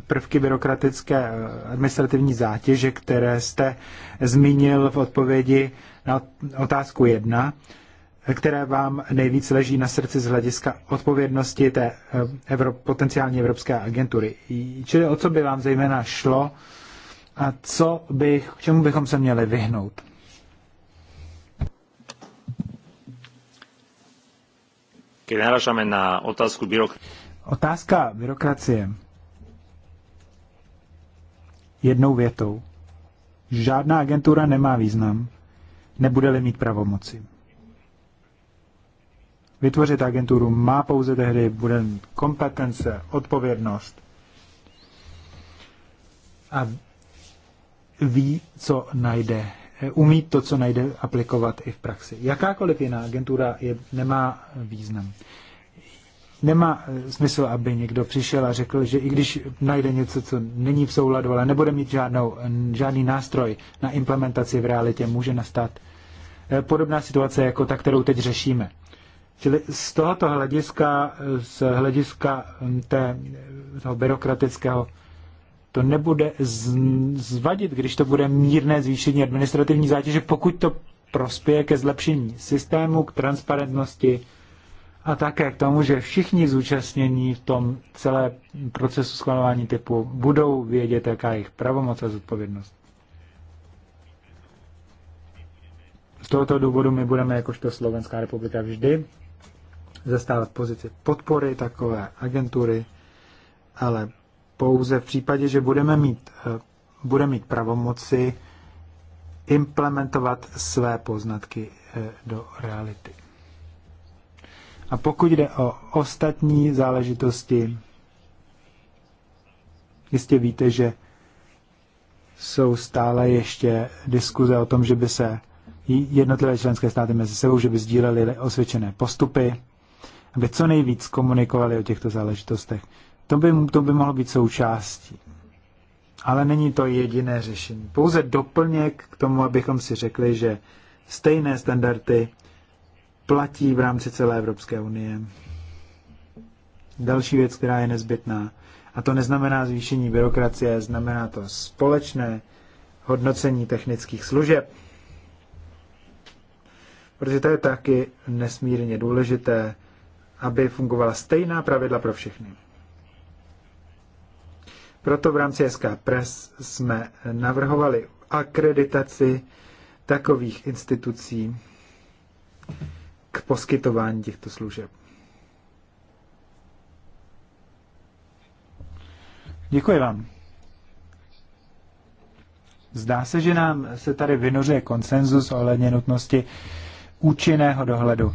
prvky byrokratické eh, administrativní zátěže, které jste zmínil v odpovědi na otázku jedna? které vám nejvíc leží na srdci z hlediska odpovědnosti té eh, evro, potenciální evropské agentury. Čili o co by vám zejména šlo a co bych, k čemu bychom se měli vyhnout? Když narážíme na otázku byrokracie. Otázka byrokracie. Jednou větou. Žádná agentura nemá význam, nebude-li mít pravomoci. Vytvořit agenturu má pouze tehdy, bude kompetence, odpovědnost a ví, co najde, umí to, co najde, aplikovat i v praxi. Jakákoliv jiná agentura je, nemá význam. Nemá eh, smysl, aby někdo přišel a řekl, že i když najde něco, co není v souladu, ale nebude mít žádnou, žádný nástroj na implementaci v realitě, může nastat eh, podobná situace jako ta, kterou teď řešíme. Čili z tohoto hlediska, z hlediska hm, té, toho byrokratického, to nebude zvadit, když to bude mírné zvýšení administrativní zátěže, pokud to prospěje ke zlepšení systému, k transparentnosti a také k tomu, že všichni zúčastnění v tom celé procesu schvalování typu budou vědět, jaká je jejich pravomoc a zodpovědnost. Z tohoto důvodu my budeme jakožto Slovenská republika vždy zastávat pozici podpory takové agentury, ale pouze v případě, že budeme mít, eh, bude mít pravomoci implementovat své poznatky eh, do reality. A pokud jde o ostatní záležitosti, jistě víte, že jsou stále ještě diskuze o tom, že by se jednotlivé členské státy mezi sebou, že by sdíleli osvědčené postupy aby co nejvíc komunikovali o těchto záležitostech. To by, to by mohlo být součástí. Ale není to jediné řešení. Pouze doplněk k tomu, abychom si řekli, že stejné standardy platí v rámci celé Evropské unie. Další věc, která je nezbytná, a to neznamená zvýšení byrokracie, znamená to společné hodnocení technických služeb. Protože to je taky nesmírně důležité aby fungovala stejná pravidla pro všechny. Proto v rámci SK Press jsme navrhovali akreditaci takových institucí k poskytování těchto služeb. Děkuji vám. Zdá se, že nám se tady vynořuje konsenzus ohledně nutnosti účinného dohledu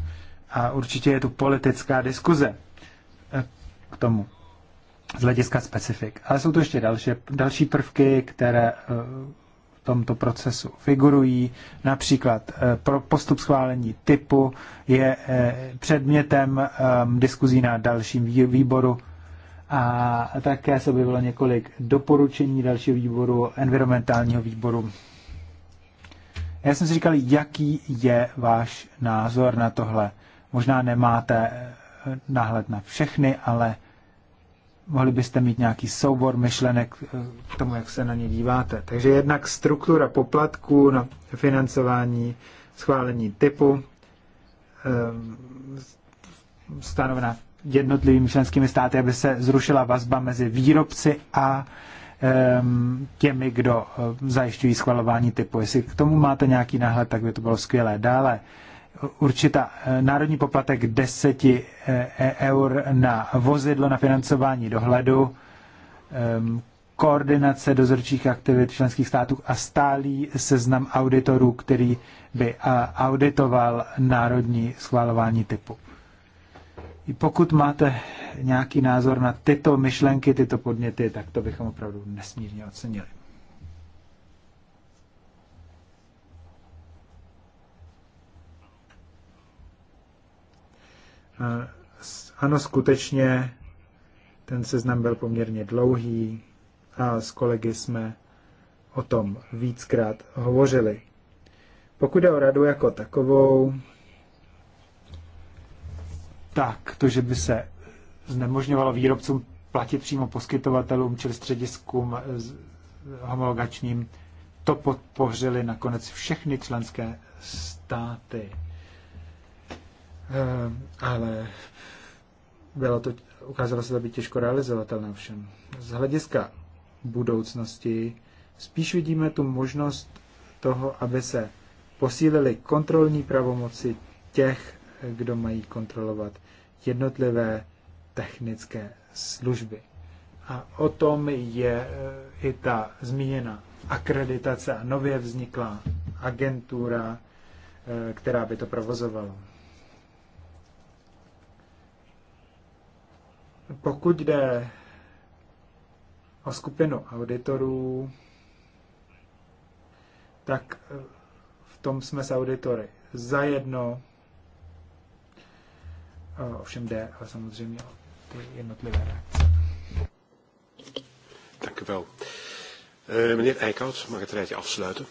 a určitě je tu politická diskuze eh, k tomu z hlediska specifik. Ale jsou tu ještě další, další prvky, které eh, v tomto procesu figurují. Například eh, pro postup schválení typu je předmětem ehm, diskuzí na dalším výboru a také se objevilo několik doporučení dalšího výboru, environmentálního výboru. Já jsem si říkal, jaký je váš názor na tohle. Možná nemáte eh, náhled na všechny, ale mohli byste mít nějaký soubor myšlenek eh, k tomu, jak se na ně díváte. Takže jednak struktura poplatků na financování, schválení typu, eh, stanovena jednotlivými členskými státy, aby se zrušila vazba mezi výrobci a ehm, těmi, kdo zajišťují schvalování typu. Jestli k tomu máte nějaký náhled, tak by to bylo skvělé. Dále určitá eh, národní poplatek 10 eh, e, eur na vozidlo na financování dohledu, ehm, koordinace dozorčích aktivit členských států a stálý seznam auditorů, který by auditoval národní schvalování typu. Pokud máte nějaký názor na tyto myšlenky, tyto podněty, tak to bychom opravdu nesmírně ocenili. Eh, ano, skutečně ten seznam byl poměrně dlouhý a s kolegy jsme o tom víckrát hovořili. Pokud jde o radu jako takovou, tak to, že by se znemožňovalo výrobcům platit přímo poskytovatelům, čili střediskům eh, homologačním, to podpořili nakonec všechny členské státy. Eh, ale bylo to, ukázalo se to být těžko realizovatelné všem. Z hlediska budoucnosti spíš vidíme tu možnost toho, aby se posílili kontrolní pravomoci těch, kdo mají kontrolovat jednotlivé technické služby. A o tom je eh, i ta zmíněna akreditace a nově vzniklá agentura, eh, která by to provozovala. Pokud jde o skupinu auditorů, tak eh, v tom jsme s auditory zajedno. Ovšem jde ale samozřejmě o ty jednotlivé reakce. Tak u wel. Uh, eh, meneer Eickhout, mag het rijtje er afsluiten?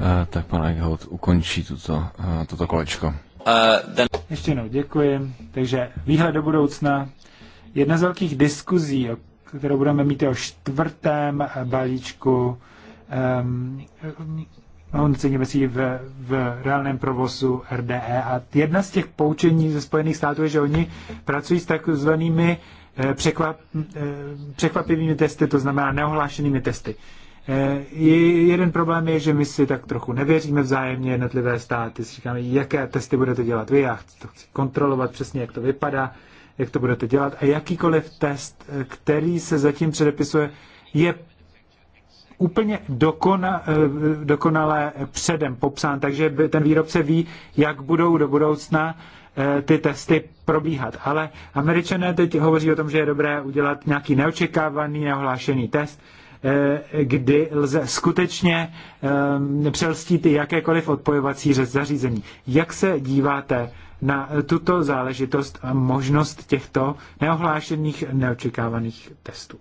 Uh, tak pan Eichhout ukončí tuto, uh, toto kolečko. Uh, then... Ještě jednou děkuji. Takže výhled do budoucna Jedna z velkých diskuzí, kterou budeme mít o čtvrtém balíčku um, hodnocení no, si v, v reálném provozu RDE. A jedna z těch poučení ze Spojených států je, že oni pracují s takzvanými eh, překvap, eh, překvapivými testy, to znamená neohlášenými testy. Eh, jeden problém je, že my si tak trochu nevěříme vzájemně jednotlivé státy. Si říkáme, jaké testy budete dělat vy, já to chci kontrolovat přesně, jak to vypadá jak to budete dělat. A jakýkoliv test, který se zatím předepisuje, je úplně dokona, eh, dokonale předem popsán, takže ten výrobce ví, jak budou do budoucna eh, ty testy probíhat. Ale američané teď hovoří o tom, že je dobré udělat nějaký neočekávaný, neohlášený test, eh, kdy lze skutečně přelstít i jakékoliv odpojovací zařízení. Jak se díváte na tuto záležitost a možnost těchto neohlášených neočekávaných testů.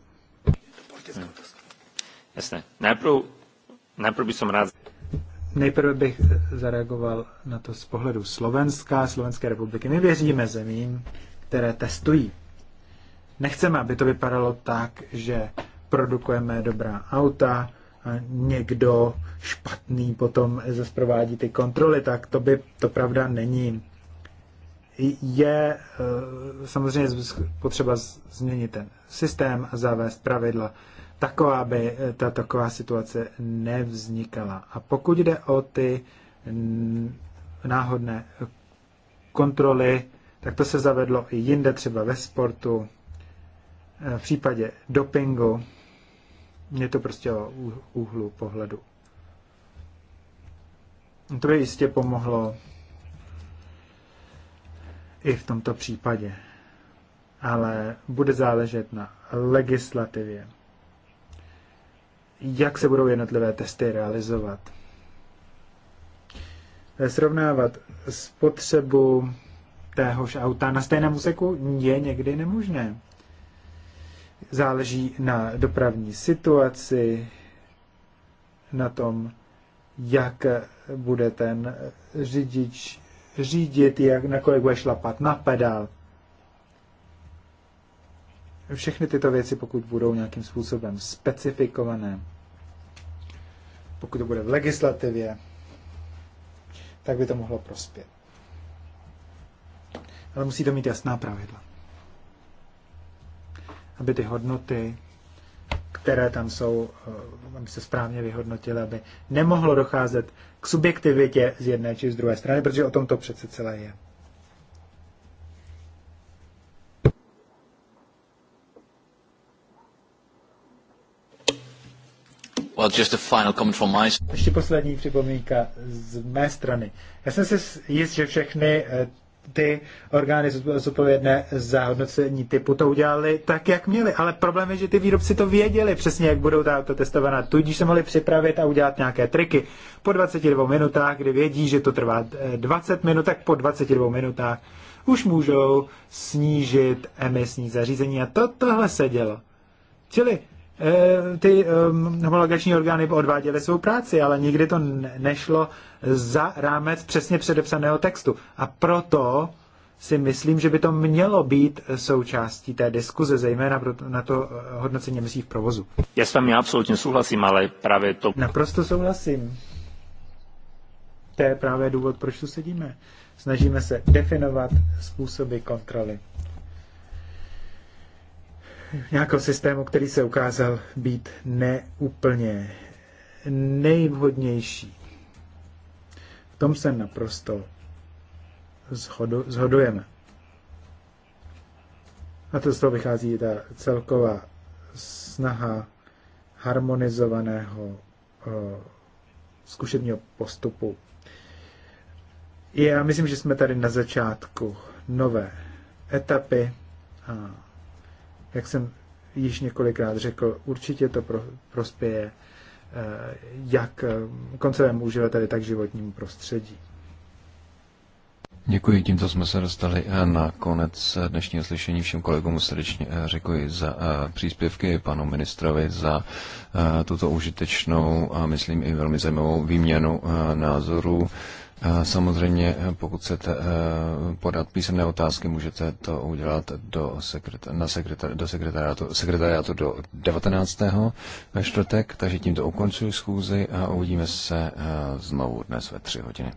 Jasné. Nejprve bych som rád... Nejprve bych zareagoval na to z pohledu Slovenska, Slovenské republiky. My věříme zemím, které testují. Nechceme, aby to vypadalo tak, že produkujeme dobrá auta a někdo špatný potom zase provádí ty kontroly, tak to by to pravda není je eh, samozřejmě potřeba změnit ten systém a zavést pravidla taková, aby eh, ta taková situace nevznikala. A pokud jde o ty náhodné kontroly, tak to se zavedlo i jinde, třeba ve sportu, eh, v případě dopingu. Je to prostě o úhlu pohledu. To by jistě pomohlo i v tomto případě. Ale bude záležet na legislativě, jak se budou jednotlivé testy realizovat. Srovnávat spotřebu téhož auta na stejném úseku je někdy nemožné. Záleží na dopravní situaci, na tom, jak bude ten řidič řídit, jak, na kolik bude šlapat, na pedál. Všechny tyto věci, pokud budou nějakým způsobem specifikované, pokud to bude v legislativě, tak by to mohlo prospět. Ale musí to mít jasná pravidla. Aby ty hodnoty, které tam jsou, eh, aby se správně vyhodnotily, aby nemohlo docházet k subjektivitě z jedné či z druhé strany, protože o tom to přece celé je. Well, just a final comment from my... Ještě poslední připomínka z mé strany. Já jsem si jist, že všechny eh, ty orgány zodpovědné za hodnocení typu to udělali tak, jak měli. Ale problém je, že ty výrobci to věděli přesně, jak budou ta auta testovaná. Tudíž se mohli připravit a udělat nějaké triky. Po 22 minutách, kdy vědí, že to trvá 20 eh, minut, tak po 22 minutách už můžou snížit emisní zařízení. A to tohle se dělo. Čili Eh, ty homologační orgány odváděly svou práci, ale nikdy to nešlo za rámec přesně předepsaného textu. A proto si myslím, že by to mělo být součástí té diskuze, zejména na to eh, hodnocení emisí v provozu. Já s vámi absolutně souhlasím, ale právě to... Naprosto souhlasím. To je právě důvod, proč tu sedíme. Snažíme se definovat způsoby kontroly nějakého systému, který se ukázal být neúplně nejvhodnější. V tom se naprosto zhodu, zhodujeme. A to z toho vychází ta celková snaha harmonizovaného uh, zkušebního postupu. Já myslím, že jsme tady na začátku nové etapy a jak jsem již několikrát řekl, určitě to pro, prospěje eh, jak eh, koncovému uživateli, tak životnímu prostředí. Děkuji, tímto jsme se dostali eh, na konec dnešního slyšení. Všem kolegům srdečně děkuji za příspěvky, panu ministrovi za tuto užitečnou a myslím i velmi zajímavou výměnu názorů. Samozřejmě, pokud chcete eh, podat písemné otázky, můžete to udělat do, sekretar, na sekretar, do sekretariátu, sekretariátu do 19. ve čtvrtek, takže tímto ukončuji schůzi a uvidíme se eh, znovu dnes ve 3 hodiny.